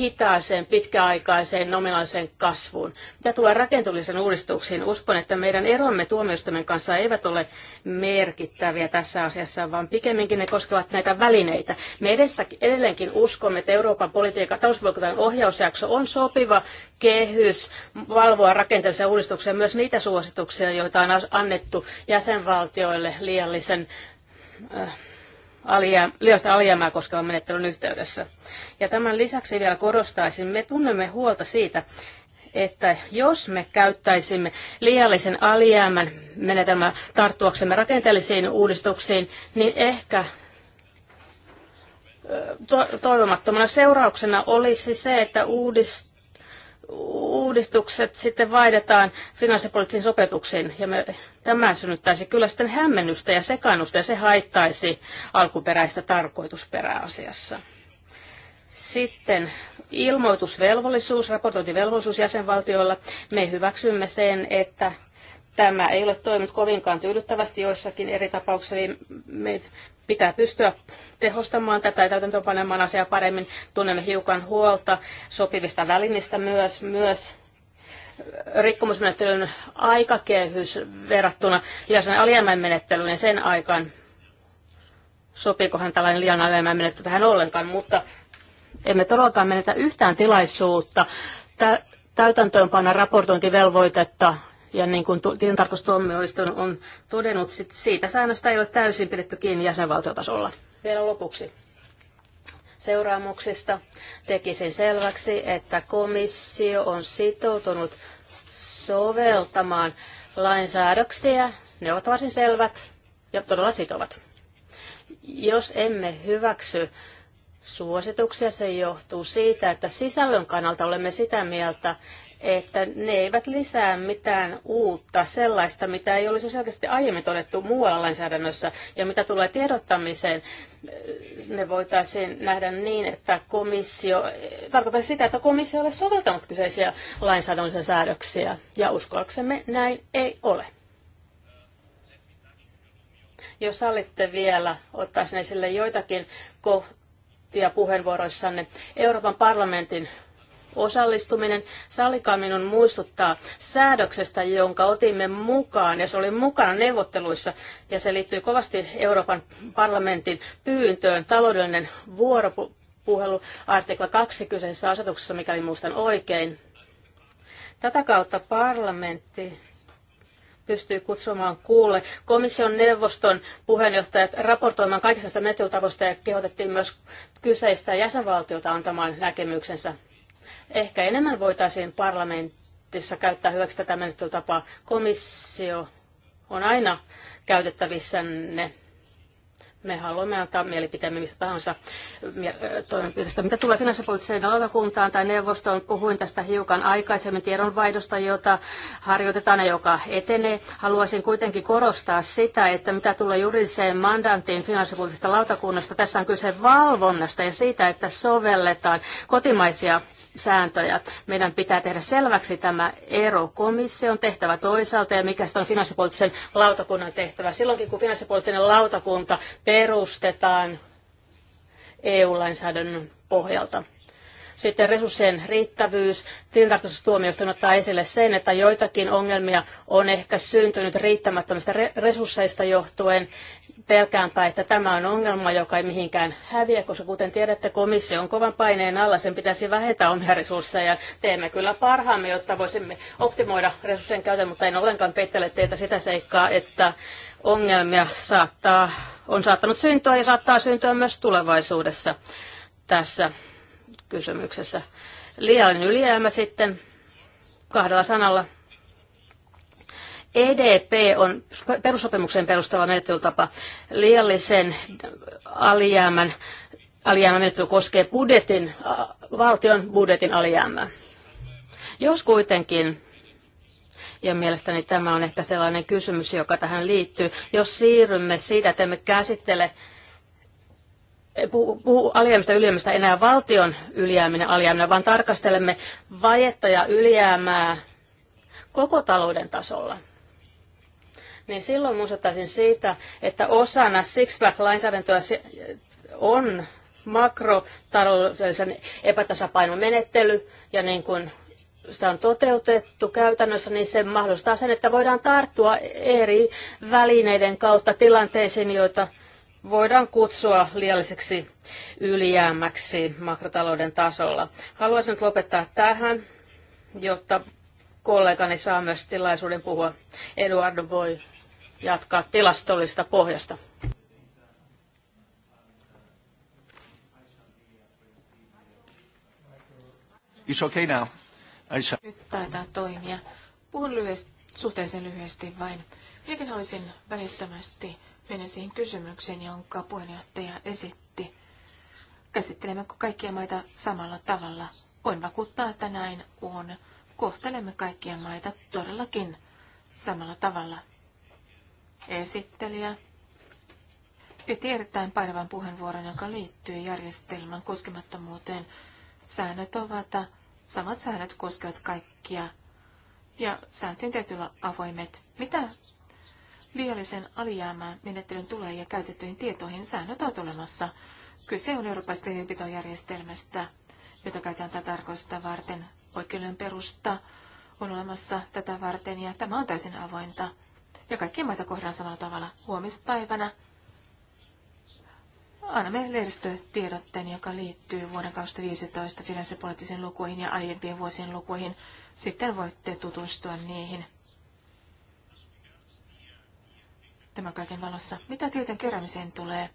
S3: hitaaseen, pitkäaikaiseen, nominaaliseen kasvuun. Mitä tulee rakentullisen uudistuksiin, uskon, että meidän eromme tuomioistuimen kanssa eivät ole merkittäviä tässä asiassa, vaan pikemminkin ne koskevat näitä välineitä. Me edessä, edelleenkin uskomme, että Euroopan politiikan talouspolitiikan ohjausjakso on sopiva kehys valvoa rakenteellisia uudistuksia, myös niitä suosituksia, joita on annettu jäsenvaltioille liiallisen äh, alijäämä, alijäämää koskevan menettelyn yhteydessä. Ja tämän lisäksi vielä korostaisin, me tunnemme huolta siitä, että jos me käyttäisimme liiallisen alijäämän menetelmän tarttuaksemme rakenteellisiin uudistuksiin, niin ehkä to- toivomattomana seurauksena olisi se, että uudist- uudistukset sitten vaihdetaan finanssipoliittisiin sopetuksiin ja me Tämä synnyttäisi kyllä sitten hämmennystä ja sekaannusta ja se haittaisi alkuperäistä tarkoitusperää asiassa. Sitten ilmoitusvelvollisuus, raportointivelvollisuus jäsenvaltioilla. Me hyväksymme sen, että tämä ei ole toiminut kovinkaan tyydyttävästi joissakin eri tapauksissa, Eli me pitää pystyä tehostamaan tätä ja täytäntöönpanemaan asiaa paremmin. Tunnemme hiukan huolta sopivista välinistä myös, myös rikkomusmenettelyn aikakehys verrattuna liian alijäämän menettelyyn ja sen aikaan sopiikohan tällainen liian alijäämän menettely tähän ollenkaan, mutta emme todellakaan menetä yhtään tilaisuutta tä- täytäntöönpanna raportointivelvoitetta ja niin kuin tilintarkastustuomioistuin on todennut, siitä säännöstä ei ole täysin pidetty kiinni jäsenvaltiotasolla. Vielä lopuksi seuraamuksista. sen selväksi, että komissio on sitoutunut soveltamaan lainsäädöksiä. Ne ovat varsin selvät ja todella sitovat. Jos emme hyväksy suosituksia, se johtuu siitä, että sisällön kannalta olemme sitä mieltä, että ne eivät lisää mitään uutta, sellaista, mitä ei olisi selkeästi aiemmin todettu muualla lainsäädännössä. Ja mitä tulee tiedottamiseen, ne voitaisiin nähdä niin, että komissio, tarkoittaa sitä, että komissio ole soveltanut kyseisiä lainsäädännöllisiä säädöksiä. Ja uskoaksemme näin ei ole. Jos sallitte vielä, ottaisin esille joitakin kohtia puheenvuoroissanne. Euroopan parlamentin osallistuminen. Sallikaa minun muistuttaa säädöksestä, jonka otimme mukaan, ja se oli mukana neuvotteluissa, ja se liittyy kovasti Euroopan parlamentin pyyntöön taloudellinen vuoropuhelu, artikla 2 kyseisessä asetuksessa, mikäli muistan oikein. Tätä kautta parlamentti pystyy kutsumaan kuulle. Komission neuvoston puheenjohtajat raportoimaan kaikista näistä ja kehotettiin myös kyseistä jäsenvaltiota antamaan näkemyksensä. Ehkä enemmän voitaisiin parlamentissa käyttää hyväksi tätä menettelytapaa. Komissio on aina käytettävissänne me haluamme antaa mielipiteemme mistä tahansa toimenpiteestä. Mitä tulee finanssipoliittiseen lautakuntaan tai neuvostoon, puhuin tästä hiukan aikaisemmin tiedonvaihdosta, jota harjoitetaan ja joka etenee. Haluaisin kuitenkin korostaa sitä, että mitä tulee juridiseen mandantiin finanssipoliittisesta lautakunnasta, tässä on kyse valvonnasta ja siitä, että sovelletaan kotimaisia sääntöjä. Meidän pitää tehdä selväksi tämä ero komission tehtävä toisaalta ja mikä on finanssipoliittisen lautakunnan tehtävä. Silloinkin kun finanssipoliittinen lautakunta perustetaan EU-lainsäädännön pohjalta. Sitten resurssien riittävyys. Tilintarkastustuomioista ottaa esille sen, että joitakin ongelmia on ehkä syntynyt riittämättömistä resursseista johtuen. Pelkäänpä, että tämä on ongelma, joka ei mihinkään häviä, koska kuten tiedätte, komissio on kovan paineen alla, sen pitäisi vähentää omia resursseja. Teemme kyllä parhaamme, jotta voisimme optimoida resurssien käytön, mutta en ollenkaan pettele teitä sitä seikkaa, että ongelmia saattaa, on saattanut syntyä ja saattaa syntyä myös tulevaisuudessa tässä kysymyksessä. Liiallinen ylijäämä sitten kahdella sanalla. EDP on perussopimukseen perustava menettelytapa. Liiallisen alijäämän alijäämämenettely koskee budjetin, valtion budjetin alijäämää. Jos kuitenkin, ja mielestäni tämä on ehkä sellainen kysymys, joka tähän liittyy, jos siirrymme siitä, että emme käsittele puhu, puhu alijäämistä ylijäämistä enää valtion ylijääminen alijäämistä, vaan tarkastelemme vajetta ja ylijäämää koko talouden tasolla. Niin silloin muistuttaisin siitä, että osana Sixpack-lainsäädäntöä on makrotaloudellisen epätasapainon menettely, ja niin kuin sitä on toteutettu käytännössä, niin se mahdollistaa sen, että voidaan tarttua eri välineiden kautta tilanteisiin, joita voidaan kutsua liialliseksi ylijäämäksi makrotalouden tasolla. Haluaisin nyt lopettaa tähän, jotta kollegani saa myös tilaisuuden puhua. Eduardo voi jatkaa tilastollista pohjasta.
S1: It's okay now. I Nyt
S2: taitaa toimia. Puhun lyhyesti, suhteellisen lyhyesti vain. Minäkin välittömästi menen siihen kysymykseen, jonka puheenjohtaja esitti. Käsittelemmekö kaikkia maita samalla tavalla? Voin vakuuttaa, että näin on. Kohtelemme kaikkia maita todellakin samalla tavalla. Esittelijä piti erittäin painavan puheenvuoron, joka liittyy järjestelmän koskemattomuuteen. Säännöt ovat, samat säännöt koskevat kaikkia ja sääntöjen täytyy olla avoimet. Mitä Liiallisen alijäämään menettelyn tulee ja käytettyihin tietoihin säännöt ovat olemassa. Kyse on Euroopan tilinpitojärjestelmästä, jota käytetään tätä tarkoista varten. Oikeuden perusta on olemassa tätä varten ja tämä on täysin avointa. Ja kaikki maita kohdan samalla tavalla huomispäivänä. Annamme lehdistötiedotteen, joka liittyy vuoden 2015 finanssipoliittisiin lukuihin ja aiempien vuosien lukuihin. Sitten voitte tutustua niihin. tämän kaiken valossa. Mitä tietojen keräämiseen tulee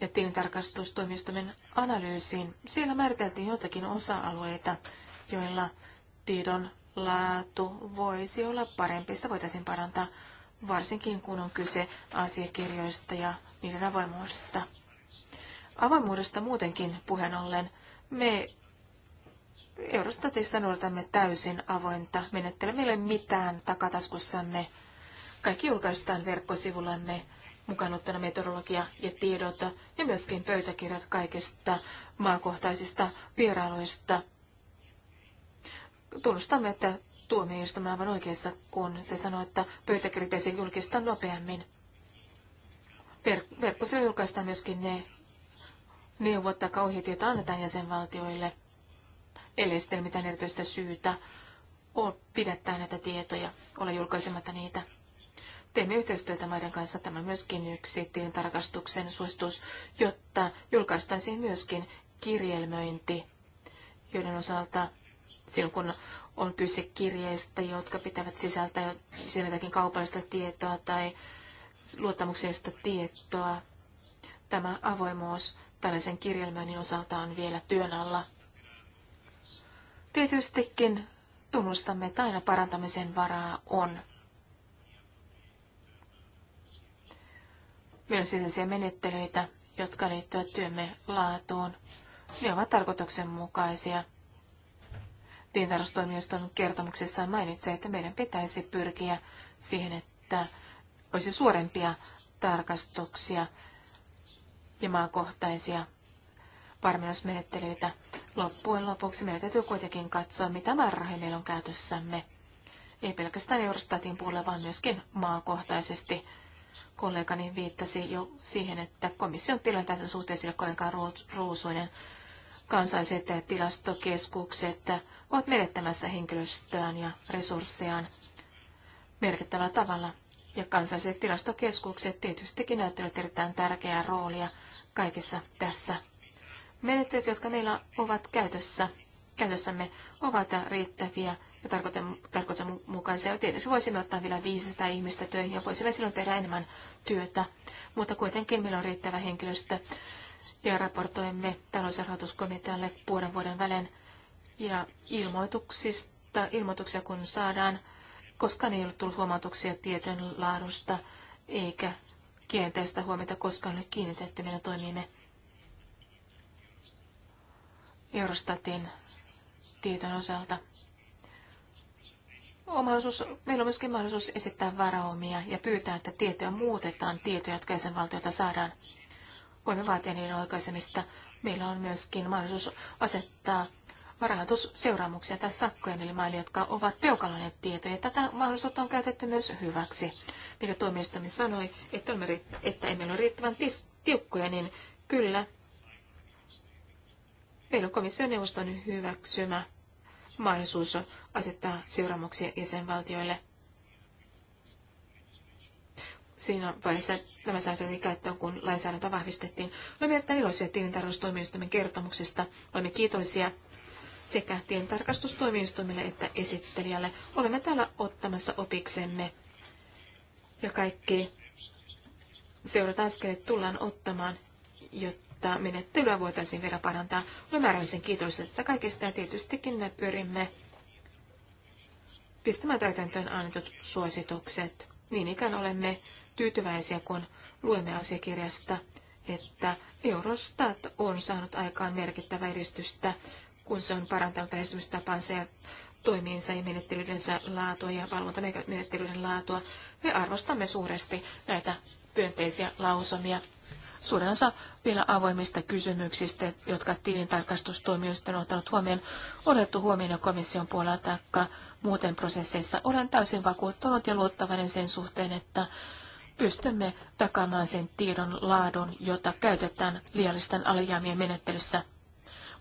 S2: ja tilintarkastustoimistomen analyysiin? Siellä määriteltiin jotakin osa-alueita, joilla tiedon laatu voisi olla parempi. Sitä voitaisiin parantaa, varsinkin kun on kyse asiakirjoista ja niiden avoimuudesta. Avoimuudesta muutenkin puheen ollen, me Eurostatissa noudatamme täysin avointa menettelyä. Meillä ei ole mitään takataskussamme kaikki julkaistaan verkkosivullamme mukaan ottana metodologia ja tiedot ja myöskin pöytäkirjat kaikista maakohtaisista vierailuista. Tunnustamme, että tuomioistuin on aivan oikeassa, kun se sanoo, että pöytäkirjat julkistaa nopeammin. Ver- verkkosivuilla julkaistaan myöskin ne neuvot tai ohjeet, joita annetaan jäsenvaltioille, ellei sitten mitään erityistä syytä pidättää näitä tietoja, ole julkaisematta niitä. Teemme yhteistyötä maiden kanssa. Tämä myöskin yksi tilintarkastuksen suositus, jotta julkaistaisiin myöskin kirjelmöinti, joiden osalta silloin kun on kyse kirjeistä, jotka pitävät sisältää sieltäkin kaupallista tietoa tai luottamuksellista tietoa. Tämä avoimuus tällaisen kirjelmöinnin osalta on vielä työn alla. Tietystikin tunnustamme, että aina parantamisen varaa on. myös sellaisia menettelyitä, jotka liittyvät työmme laatuun. Ne ovat tarkoituksenmukaisia. Tiintarvostoimiston kertomuksessa mainitsee, että meidän pitäisi pyrkiä siihen, että olisi suurempia tarkastuksia ja maakohtaisia varmennusmenettelyitä. Loppujen lopuksi meidän täytyy kuitenkin katsoa, mitä määrärahoja meillä on käytössämme. Ei pelkästään Eurostatin puolella, vaan myöskin maakohtaisesti kollegani viittasi jo siihen, että komission tilanne tässä suhteessa ei ole kovinkaan ruusuinen. Kansalliset tilastokeskukset ovat menettämässä henkilöstöään ja resurssejaan merkittävällä tavalla. Ja kansalliset tilastokeskukset tietystikin näyttävät erittäin tärkeää roolia kaikissa tässä. Menettelyt, jotka meillä ovat käytössä, käytössämme, ovat riittäviä ja että Tietysti voisimme ottaa vielä 500 ihmistä töihin ja voisimme silloin tehdä enemmän työtä, mutta kuitenkin meillä on riittävä henkilöstö ja raportoimme talous- ja rahoituskomitealle puolen vuoden välein ja ilmoituksista, ilmoituksia kun saadaan, koskaan ei ole tullut huomautuksia tietyn laadusta eikä kielteistä huomiota koskaan ole kiinnitetty meidän toimimme. Eurostatin tieton osalta on mahdollisuus, meillä on myöskin mahdollisuus esittää varaumia ja pyytää, että tietoja muutetaan, tietoja, jotka jäsenvaltiolta saadaan. Voimme vaatia niiden oikaisemista. Meillä on myöskin mahdollisuus asettaa varahoitusseuraamuksia tai sakkoja niille maille, jotka ovat peukaloneet tietoja. Tätä mahdollisuutta on käytetty myös hyväksi. Mikä tuomioistuimi sanoi, että, olemme, että emme ole riittävän tiukkoja, niin kyllä. Meillä on komission neuvoston hyväksymä mahdollisuus asettaa seuraamuksia jäsenvaltioille. Siinä vaiheessa nämä säännöt käyttöön, kun lainsäädäntö vahvistettiin. Olemme erittäin iloisia tilintarkastustoimistomien kertomuksesta. Olemme kiitollisia sekä tilintarkastustoimistomille että esittelijälle. Olemme täällä ottamassa opiksemme ja kaikki seurat askeleet tullaan ottamaan, jotta jotta menettelyä voitaisiin vielä parantaa. Olen määrällisen kiitollista tästä kaikesta ja tietystikin me pyrimme pistämään täytäntöön annetut suositukset. Niin ikään olemme tyytyväisiä, kun luemme asiakirjasta, että Eurostat on saanut aikaan merkittävää edistystä, kun se on parantanut lähestymistapansa ja toimiinsa ja menettelyidensä laatua ja valvontamenettelyiden laatua. Me arvostamme suuresti näitä myönteisiä lausumia. Suurin osa vielä avoimista kysymyksistä, jotka tilintarkastustoimijoista on ottanut huomioon, on otettu huomioon jo komission puolella taikka muuten prosesseissa. Olen täysin vakuuttunut ja luottavainen sen suhteen, että pystymme takaamaan sen tiedon laadun, jota käytetään liiallisten alijäämien menettelyssä.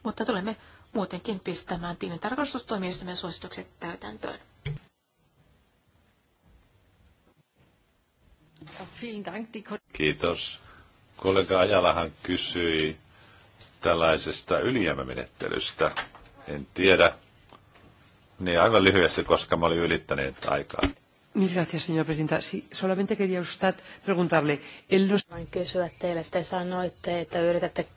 S2: Mutta tulemme muutenkin pistämään tilintarkastustoimijoistamme suositukset täytäntöön.
S1: Kiitos. Kollega Ajalahan kysyi tällaisesta ylijäämämenettelystä. En tiedä. Niin aivan lyhyesti, koska mä olin ylittänyt aikaa. Mil gracias, señora presidenta. Si solamente quería usted preguntarle. él nos...
S3: Vain kysyä teille, te sanoitte, että yritätte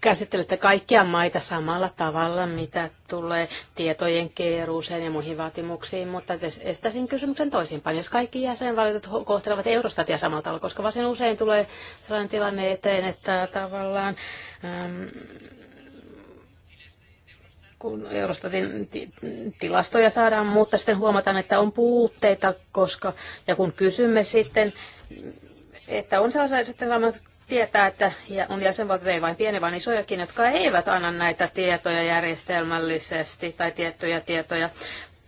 S3: käsittelette kaikkia maita samalla tavalla, mitä tulee tietojen keeruuseen ja muihin vaatimuksiin, mutta estäisin kysymyksen toisinpäin. Jos kaikki jäsenvaltiot kohtelevat eurostatia samalla tavalla, koska varsin usein tulee sellainen tilanne eteen, että tavallaan äm, kun Eurostatin tilastoja saadaan, mutta sitten huomataan, että on puutteita, koska, ja kun kysymme sitten, että on sellaisia sitten tietää, että on jäsenvaltiot, ei vain pieni, vaan isojakin, jotka eivät anna näitä tietoja järjestelmällisesti tai tiettyjä tietoja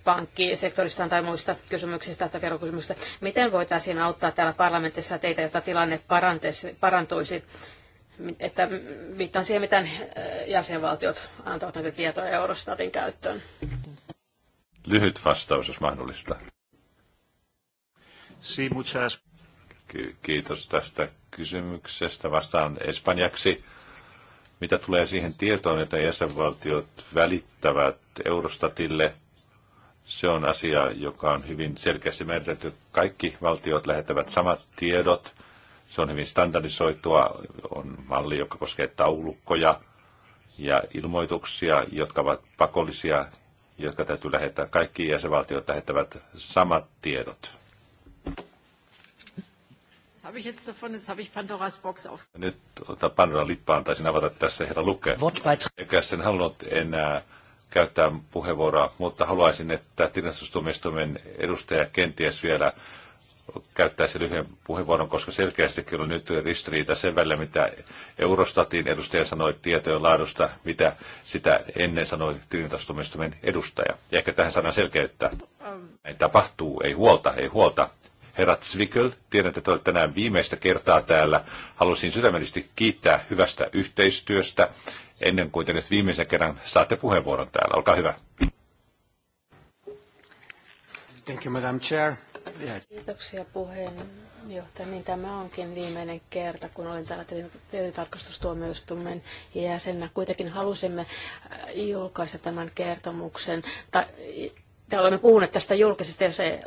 S3: pankkisektorista tai muista kysymyksistä tai verokysymyksistä. Miten voitaisiin auttaa täällä parlamentissa teitä, jotta tilanne parantuisi? Että viittaan siihen, miten äh, jäsenvaltiot antavat näitä tietoja Eurostatin käyttöön.
S1: Lyhyt vastaus, jos mahdollista. Kiitos tästä kysymyksestä vastaan espanjaksi. Mitä tulee siihen tietoon, että jäsenvaltiot välittävät Eurostatille, se on asia, joka on hyvin selkeästi määritelty. Kaikki valtiot lähettävät samat tiedot. Se on hyvin standardisoitua. On malli, joka koskee taulukkoja ja ilmoituksia, jotka ovat pakollisia, jotka täytyy lähettää. Kaikki jäsenvaltiot lähettävät samat tiedot
S2: habe ich jetzt davon? Jetzt habe ich
S3: Pandoras Box auf.
S1: Nyt ota Pandoran lippaan taisin avata tässä herra Luke. Eikä sen halunnut enää käyttää puheenvuoroa, mutta haluaisin, että tilastustuomioistuimen edustaja kenties vielä käyttäisi lyhyen puheenvuoron, koska selkeästi kyllä nyt ristiriita sen välillä, mitä Eurostatin edustaja sanoi tietojen laadusta, mitä sitä ennen sanoi tilintastumistuminen edustaja. Ja ehkä tähän sanan selkeyttä. Ei ähm. tapahtuu, ei huolta, ei huolta. Herra Zwickel, tiedän, että te olette tänään viimeistä kertaa täällä. Haluaisin sydämellisesti kiittää hyvästä yhteistyöstä. Ennen kuin te nyt viimeisen kerran saatte puheenvuoron täällä. Olkaa hyvä. Thank you, Madam Chair. Yeah.
S3: Kiitoksia puheenjohtaja. Niin tämä onkin viimeinen kerta, kun olin täällä tilintarkastustuomioistuimen jäsenä. Kuitenkin halusimme äh, julkaista tämän kertomuksen. Ta- te olemme puhuneet tästä julkisesti ja se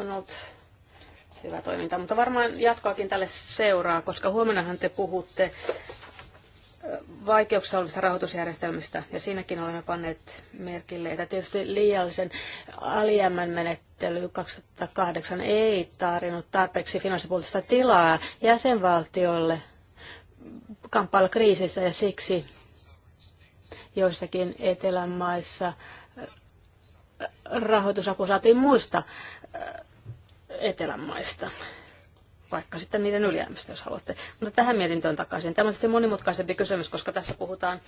S3: on ollut hyvä toiminta, mutta varmaan jatkoakin tälle seuraa, koska huomennahan te puhutte vaikeuksissa olevista rahoitusjärjestelmistä, ja siinäkin olemme panneet merkille, että tietysti liiallisen alijäämän menettely 2008 ei tarjonnut tarpeeksi finanssipuolista tilaa jäsenvaltioille kamppailla kriisissä, ja siksi joissakin etelän maissa rahoitusapu saatiin muista Etelämaista, vaikka sitten niiden ylijäämistä, jos haluatte. Mutta tähän mietintöön takaisin. Tämä on tietysti monimutkaisempi kysymys, koska tässä puhutaan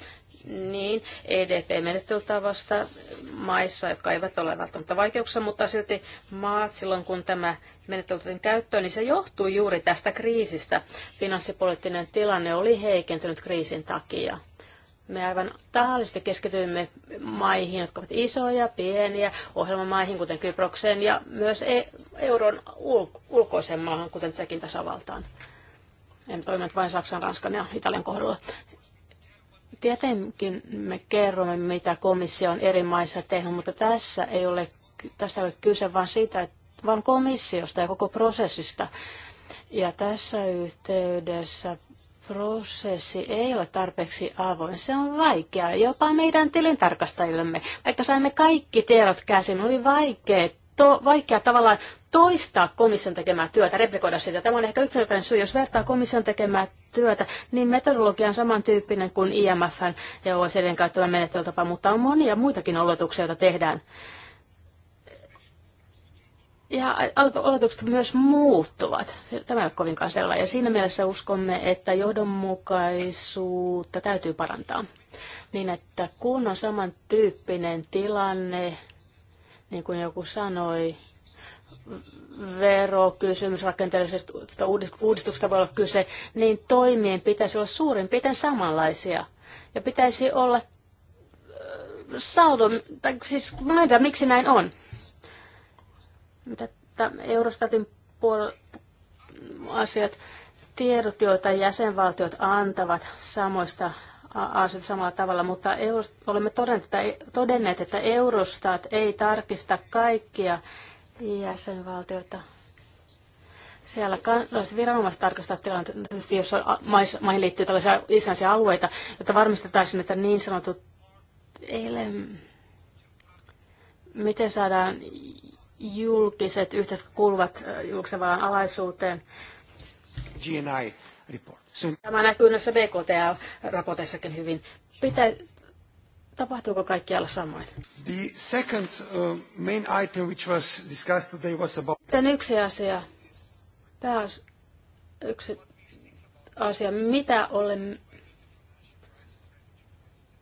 S3: niin EDP-menettelytavasta maissa, jotka eivät ole välttämättä vaikeuksia, mutta silti maat silloin, kun tämä menettely otettiin käyttöön, niin se johtuu juuri tästä kriisistä. Finanssipoliittinen tilanne oli heikentynyt kriisin takia me aivan tahallisesti keskityimme maihin, jotka ovat isoja, pieniä, ohjelmamaihin, kuten Kyprokseen, ja myös e- euron ulkoiseen maahan, kuten sekin tasavaltaan. En toimineet vain Saksan, Ranskan ja Italian kohdalla. Tietenkin me kerromme, mitä komissio on eri maissa tehnyt, mutta tässä ei ole, tästä ei ole kyse vain siitä, että, vaan komissiosta ja koko prosessista. Ja tässä yhteydessä prosessi ei ole tarpeeksi avoin. Se on vaikeaa jopa meidän tilintarkastajillemme. Vaikka saimme kaikki tiedot käsin, oli vaikea, to, vaikea tavallaan toistaa komission tekemää työtä, replikoida sitä. Tämä on ehkä yksinkertainen syy, jos vertaa komission tekemää työtä, niin metodologia on samantyyppinen kuin IMFn ja OECDn käyttämä menettelytapa, mutta on monia muitakin oletuksia, joita tehdään ja oletukset myös muuttuvat. Tämä ei ole kovinkaan selvä. Ja siinä mielessä uskomme, että johdonmukaisuutta täytyy parantaa. Niin, että kun on samantyyppinen tilanne, niin kuin joku sanoi, verokysymys, rakenteellisesta uudistuksesta voi olla kyse, niin toimien pitäisi olla suurin piirtein samanlaisia. Ja pitäisi olla äh, saldo, tai siis mainita, miksi näin on mitä Eurostatin puol- asiat, tiedot, joita jäsenvaltiot antavat samoista asioita samalla tavalla, mutta olemme e- todenneet, että Eurostat ei tarkista kaikkia jäsenvaltioita. Siellä kansalliset viranomaiset tarkastavat tilanteen, tietysti jos maihin liittyy tällaisia isäisiä alueita, jotta varmistetaan, että niin sanotut eilen, miten saadaan julkiset yhteisöt kuuluvat julkisen vallan alaisuuteen. GNI report. Tämä näkyy näissä BKTL-raporteissakin hyvin. Pitä, tapahtuuko kaikkialla samoin? The second uh, main
S1: item which was discussed today was about...
S3: Tämän yksi asia, on yksi asia, mitä olemme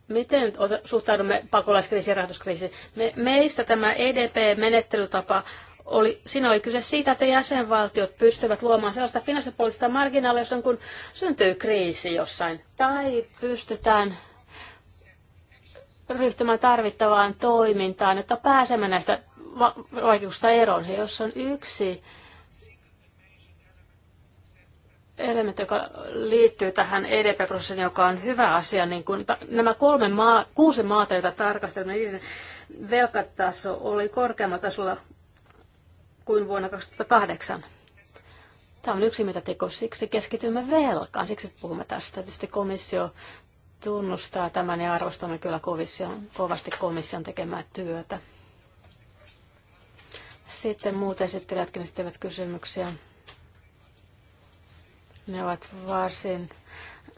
S3: Miten suhtaudumme pakolaiskriisiin ja rahoituskriisiin? Me, meistä tämä EDP-menettelytapa oli, siinä oli kyse siitä, että jäsenvaltiot pystyvät luomaan sellaista finanssipoliittista marginaalia, jos kun syntyy kriisi jossain, tai pystytään ryhtymään tarvittavaan toimintaan, että pääsemme näistä vaikutusta eroon. Ja jos on yksi elementti, joka liittyy tähän EDP-prosessiin, joka on hyvä asia, niin kun nämä kolme maa, kuusi maata, joita tarkastelemme, niiden velkataso oli korkeammalla tasolla kuin vuonna 2008. Tämä on yksi mitä teko, siksi keskitymme velkaan, siksi puhumme tästä. Tietysti komissio tunnustaa tämän ja arvostamme kyllä komission, kovasti komission tekemää työtä. Sitten muut esittelijätkin esittelevät kysymyksiä. Ne ovat varsin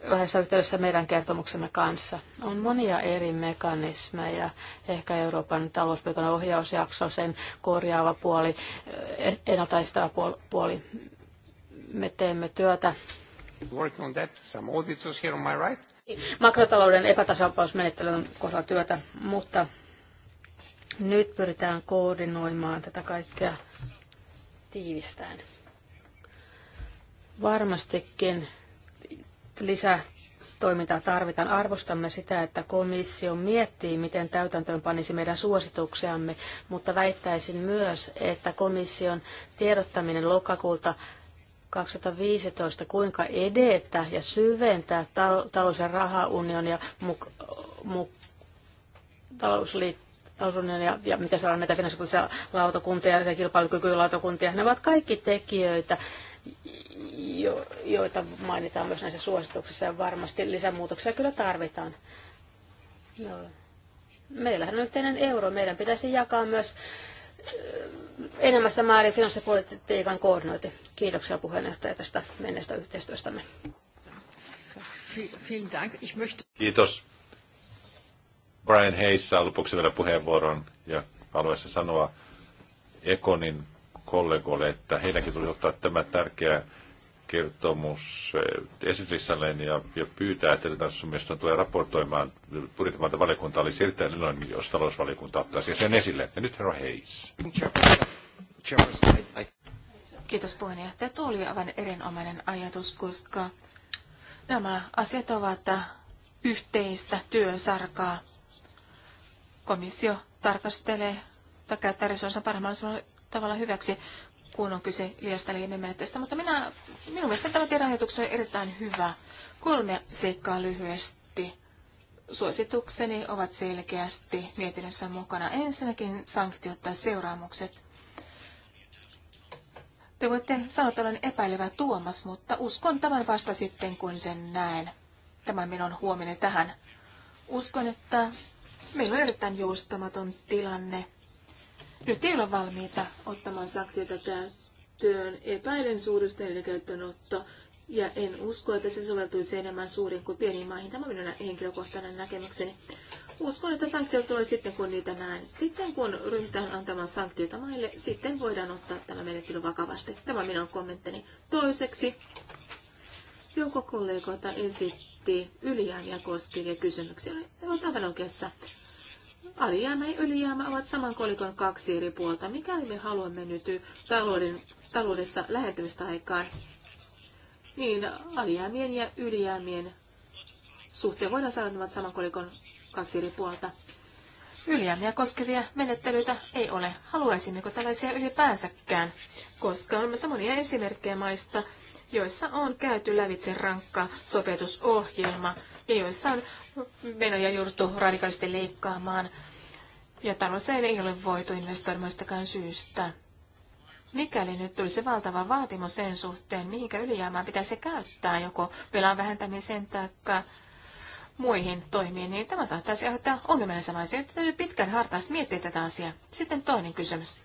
S3: lähes yhteydessä meidän kertomuksemme kanssa. On monia eri mekanismeja, ehkä Euroopan talouspolitiikan ohjausjakso, sen korjaava puoli, ennaltaistava puoli. Me teemme työtä. Working on that, some auditors here on my right. Makrotalouden epätasapausmenettelyn kohdalla työtä, mutta nyt pyritään koordinoimaan tätä kaikkea tiivistään. Varmastikin toimintaa tarvitaan. Arvostamme sitä, että komissio miettii, miten täytäntöön panisi meidän suosituksiamme, mutta väittäisin myös, että komission tiedottaminen lokakuulta 2015, kuinka edetä ja syventää talous- ja rahaunionia, muk- muk- talousliittoa, ja, ja mitä saadaan näitä finanssipoliittisia lautakuntia ja kilpailukykylautakuntia. Ne ovat kaikki tekijöitä, jo, joita mainitaan myös näissä suosituksissa ja varmasti lisämuutoksia kyllä tarvitaan. No. Meillähän on yhteinen euro. Meidän pitäisi jakaa myös eh, enemmässä määrin finanssipolitiikan koordinointi. Kiitoksia puheenjohtaja tästä menneestä yhteistyöstämme.
S1: Kiitos. Brian Hayes saa lopuksi vielä puheenvuoron ja haluaisin sanoa Ekonin kollegoille, että heidänkin tulisi ottaa tämä tärkeä kertomus eh, esityslistalleen ja, ja pyytää, että tanssimista tulee raportoimaan Budjettimaalta valiokunta oli erittäin iloinen, jos talousvaliokunta ottaisi sen esille. Ja nyt herra Hayes.
S2: Kiitos puheenjohtaja. Tuo oli aivan erinomainen ajatus, koska nämä asiat ovat yhteistä työsarkaa. Komissio tarkastelee tai käyttää resursseja parhaimmalla tavalla hyväksi kun on kyse liiasta liikennemenetteestä, mutta minä, minun mielestä tämä teidän on erittäin hyvä. Kolme seikkaa lyhyesti. Suositukseni ovat selkeästi mietinnössä mukana. Ensinnäkin sanktiot tai seuraamukset. Te voitte sanoa, että olen epäilevä Tuomas, mutta uskon tämän vasta sitten, kun sen näen. Tämä minun huominen tähän. Uskon, että meillä on erittäin joustamaton tilanne nyt ei ole valmiita ottamaan sanktioita käyttöön. Epäilen suurista käyttöönotto ja en usko, että se soveltuisi enemmän suuriin kuin pieniin maihin. Tämä on minun henkilökohtainen näkemykseni. Uskon, että sanktiot tulee sitten, kun niitä näen. Sitten kun ryhdytään antamaan sanktioita maille, sitten voidaan ottaa tämä menettely vakavasti. Tämä on minun kommenttini. Toiseksi, joukko kollegoita esitti ylijäämiä koskevia kysymyksiä. Ne ovat aivan oikeassa alijäämä ja ylijäämä ovat saman kolikon kaksi eri puolta. Mikäli me haluamme nyt talouden, taloudessa lähentymistä aikaan, niin alijäämien ja ylijäämien suhteen voidaan saada nämä saman kolikon kaksi eri puolta. Ylijäämiä koskevia menettelyitä ei ole. Haluaisimmeko tällaisia ylipäänsäkään, koska olemme samoja esimerkkejä maista, joissa on käyty lävitse rankka sopetusohjelma ja joissa on menoja jouduttu radikaalisti leikkaamaan ja talouseen ei ole voitu investoimastakaan syystä. Mikäli nyt tulisi valtava vaatimus sen suhteen, mihinkä ylijäämään pitäisi käyttää joko velan vähentämiseen tai muihin toimiin, niin tämä saattaisi aiheuttaa ongelmia samaisia. Täytyy pitkän hartaasti miettiä tätä asiaa. Sitten toinen kysymys.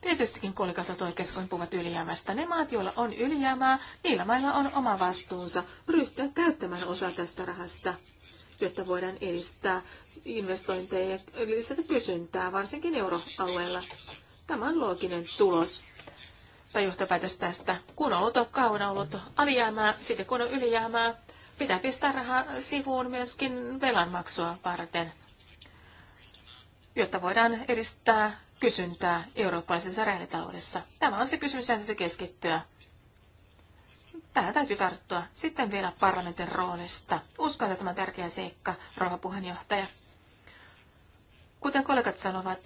S2: Tietystikin kollegat tuo keskoin puhuvat ylijäämästä. Ne maat, joilla on ylijäämää, niillä mailla on oma vastuunsa ryhtyä käyttämään osa tästä rahasta jotta voidaan edistää investointeja ja lisätä kysyntää, varsinkin euroalueella. Tämä on looginen tulos tai johtopäätös tästä. Kun on ollut kauan ollut alijäämää, sitten kun on ylijäämää, pitää pistää rahaa sivuun myöskin velanmaksua varten, jotta voidaan edistää kysyntää eurooppalaisessa reaalitaloudessa. Tämä on se kysymys, johon täytyy keskittyä. Tähän täytyy tarttua. Sitten vielä parlamentin roolista. Uskon, että tämä on tärkeä seikka, rouva puheenjohtaja. Kuten kollegat sanovat,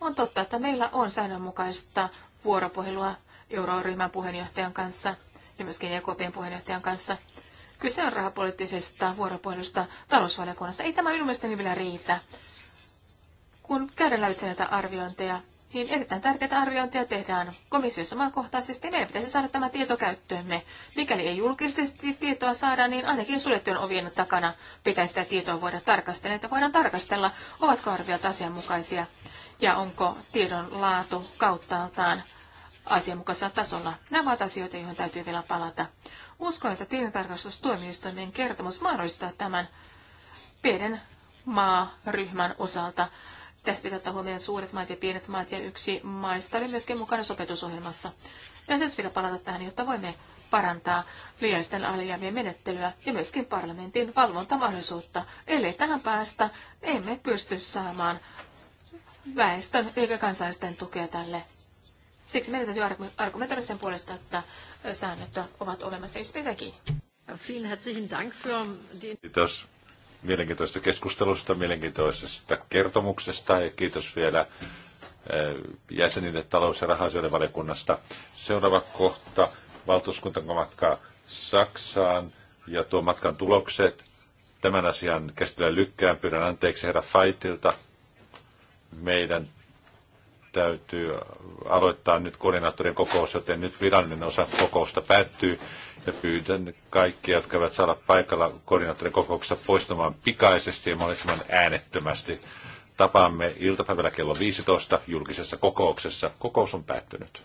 S2: on totta, että meillä on säännönmukaista vuoropuhelua euroryhmän puheenjohtajan kanssa ja myöskin EKPn puheenjohtajan kanssa. Kyse on rahapoliittisesta vuoropuhelusta talousvaliokunnassa. Ei tämä minun mielestäni vielä riitä. Kun käydään lävitse näitä arviointeja, niin erittäin tärkeitä arviointia tehdään komissiossa maakohtaisesti. Meidän pitäisi saada tämä tieto käyttöömme. Mikäli ei julkisesti tietoa saada, niin ainakin suljettujen ovien takana pitäisi sitä tietoa voida tarkastella, että voidaan tarkastella, ovatko arviot asianmukaisia ja onko tiedon laatu kauttaaltaan asianmukaisella tasolla. Nämä ovat asioita, joihin täytyy vielä palata. Uskon, että tilintarkastustuomioistuimen kertomus mahdollistaa tämän pienen maaryhmän osalta tässä pitää ottaa huomioon suuret maat ja pienet maat ja yksi maista oli myöskin mukana sopetusohjelmassa. Ja nyt vielä palata tähän, jotta voimme parantaa liiallisten alijäämien menettelyä ja myöskin parlamentin valvontamahdollisuutta. eli tähän päästä, emme pysty saamaan väestön eikä kansalaisten tukea tälle. Siksi meidän täytyy argumentoida sen puolesta, että säännöt ovat olemassa, jos pitää kiinni.
S1: Kiitos mielenkiintoista keskustelusta, mielenkiintoisesta kertomuksesta ja kiitos vielä eh, jäsenille talous- ja rahasioiden valiokunnasta. Seuraava kohta, valtuuskuntamatka Saksaan ja tuo matkan tulokset. Tämän asian käsittelyä lykkään, pyydän anteeksi herra Faitilta. Meidän täytyy aloittaa nyt koordinaattorin kokous, joten nyt virallinen osa kokousta päättyy. Ja pyydän kaikkia, jotka eivät saada paikalla koordinaattorin kokouksessa poistumaan pikaisesti ja mahdollisimman äänettömästi. Tapaamme iltapäivällä kello 15 julkisessa kokouksessa. Kokous on päättynyt.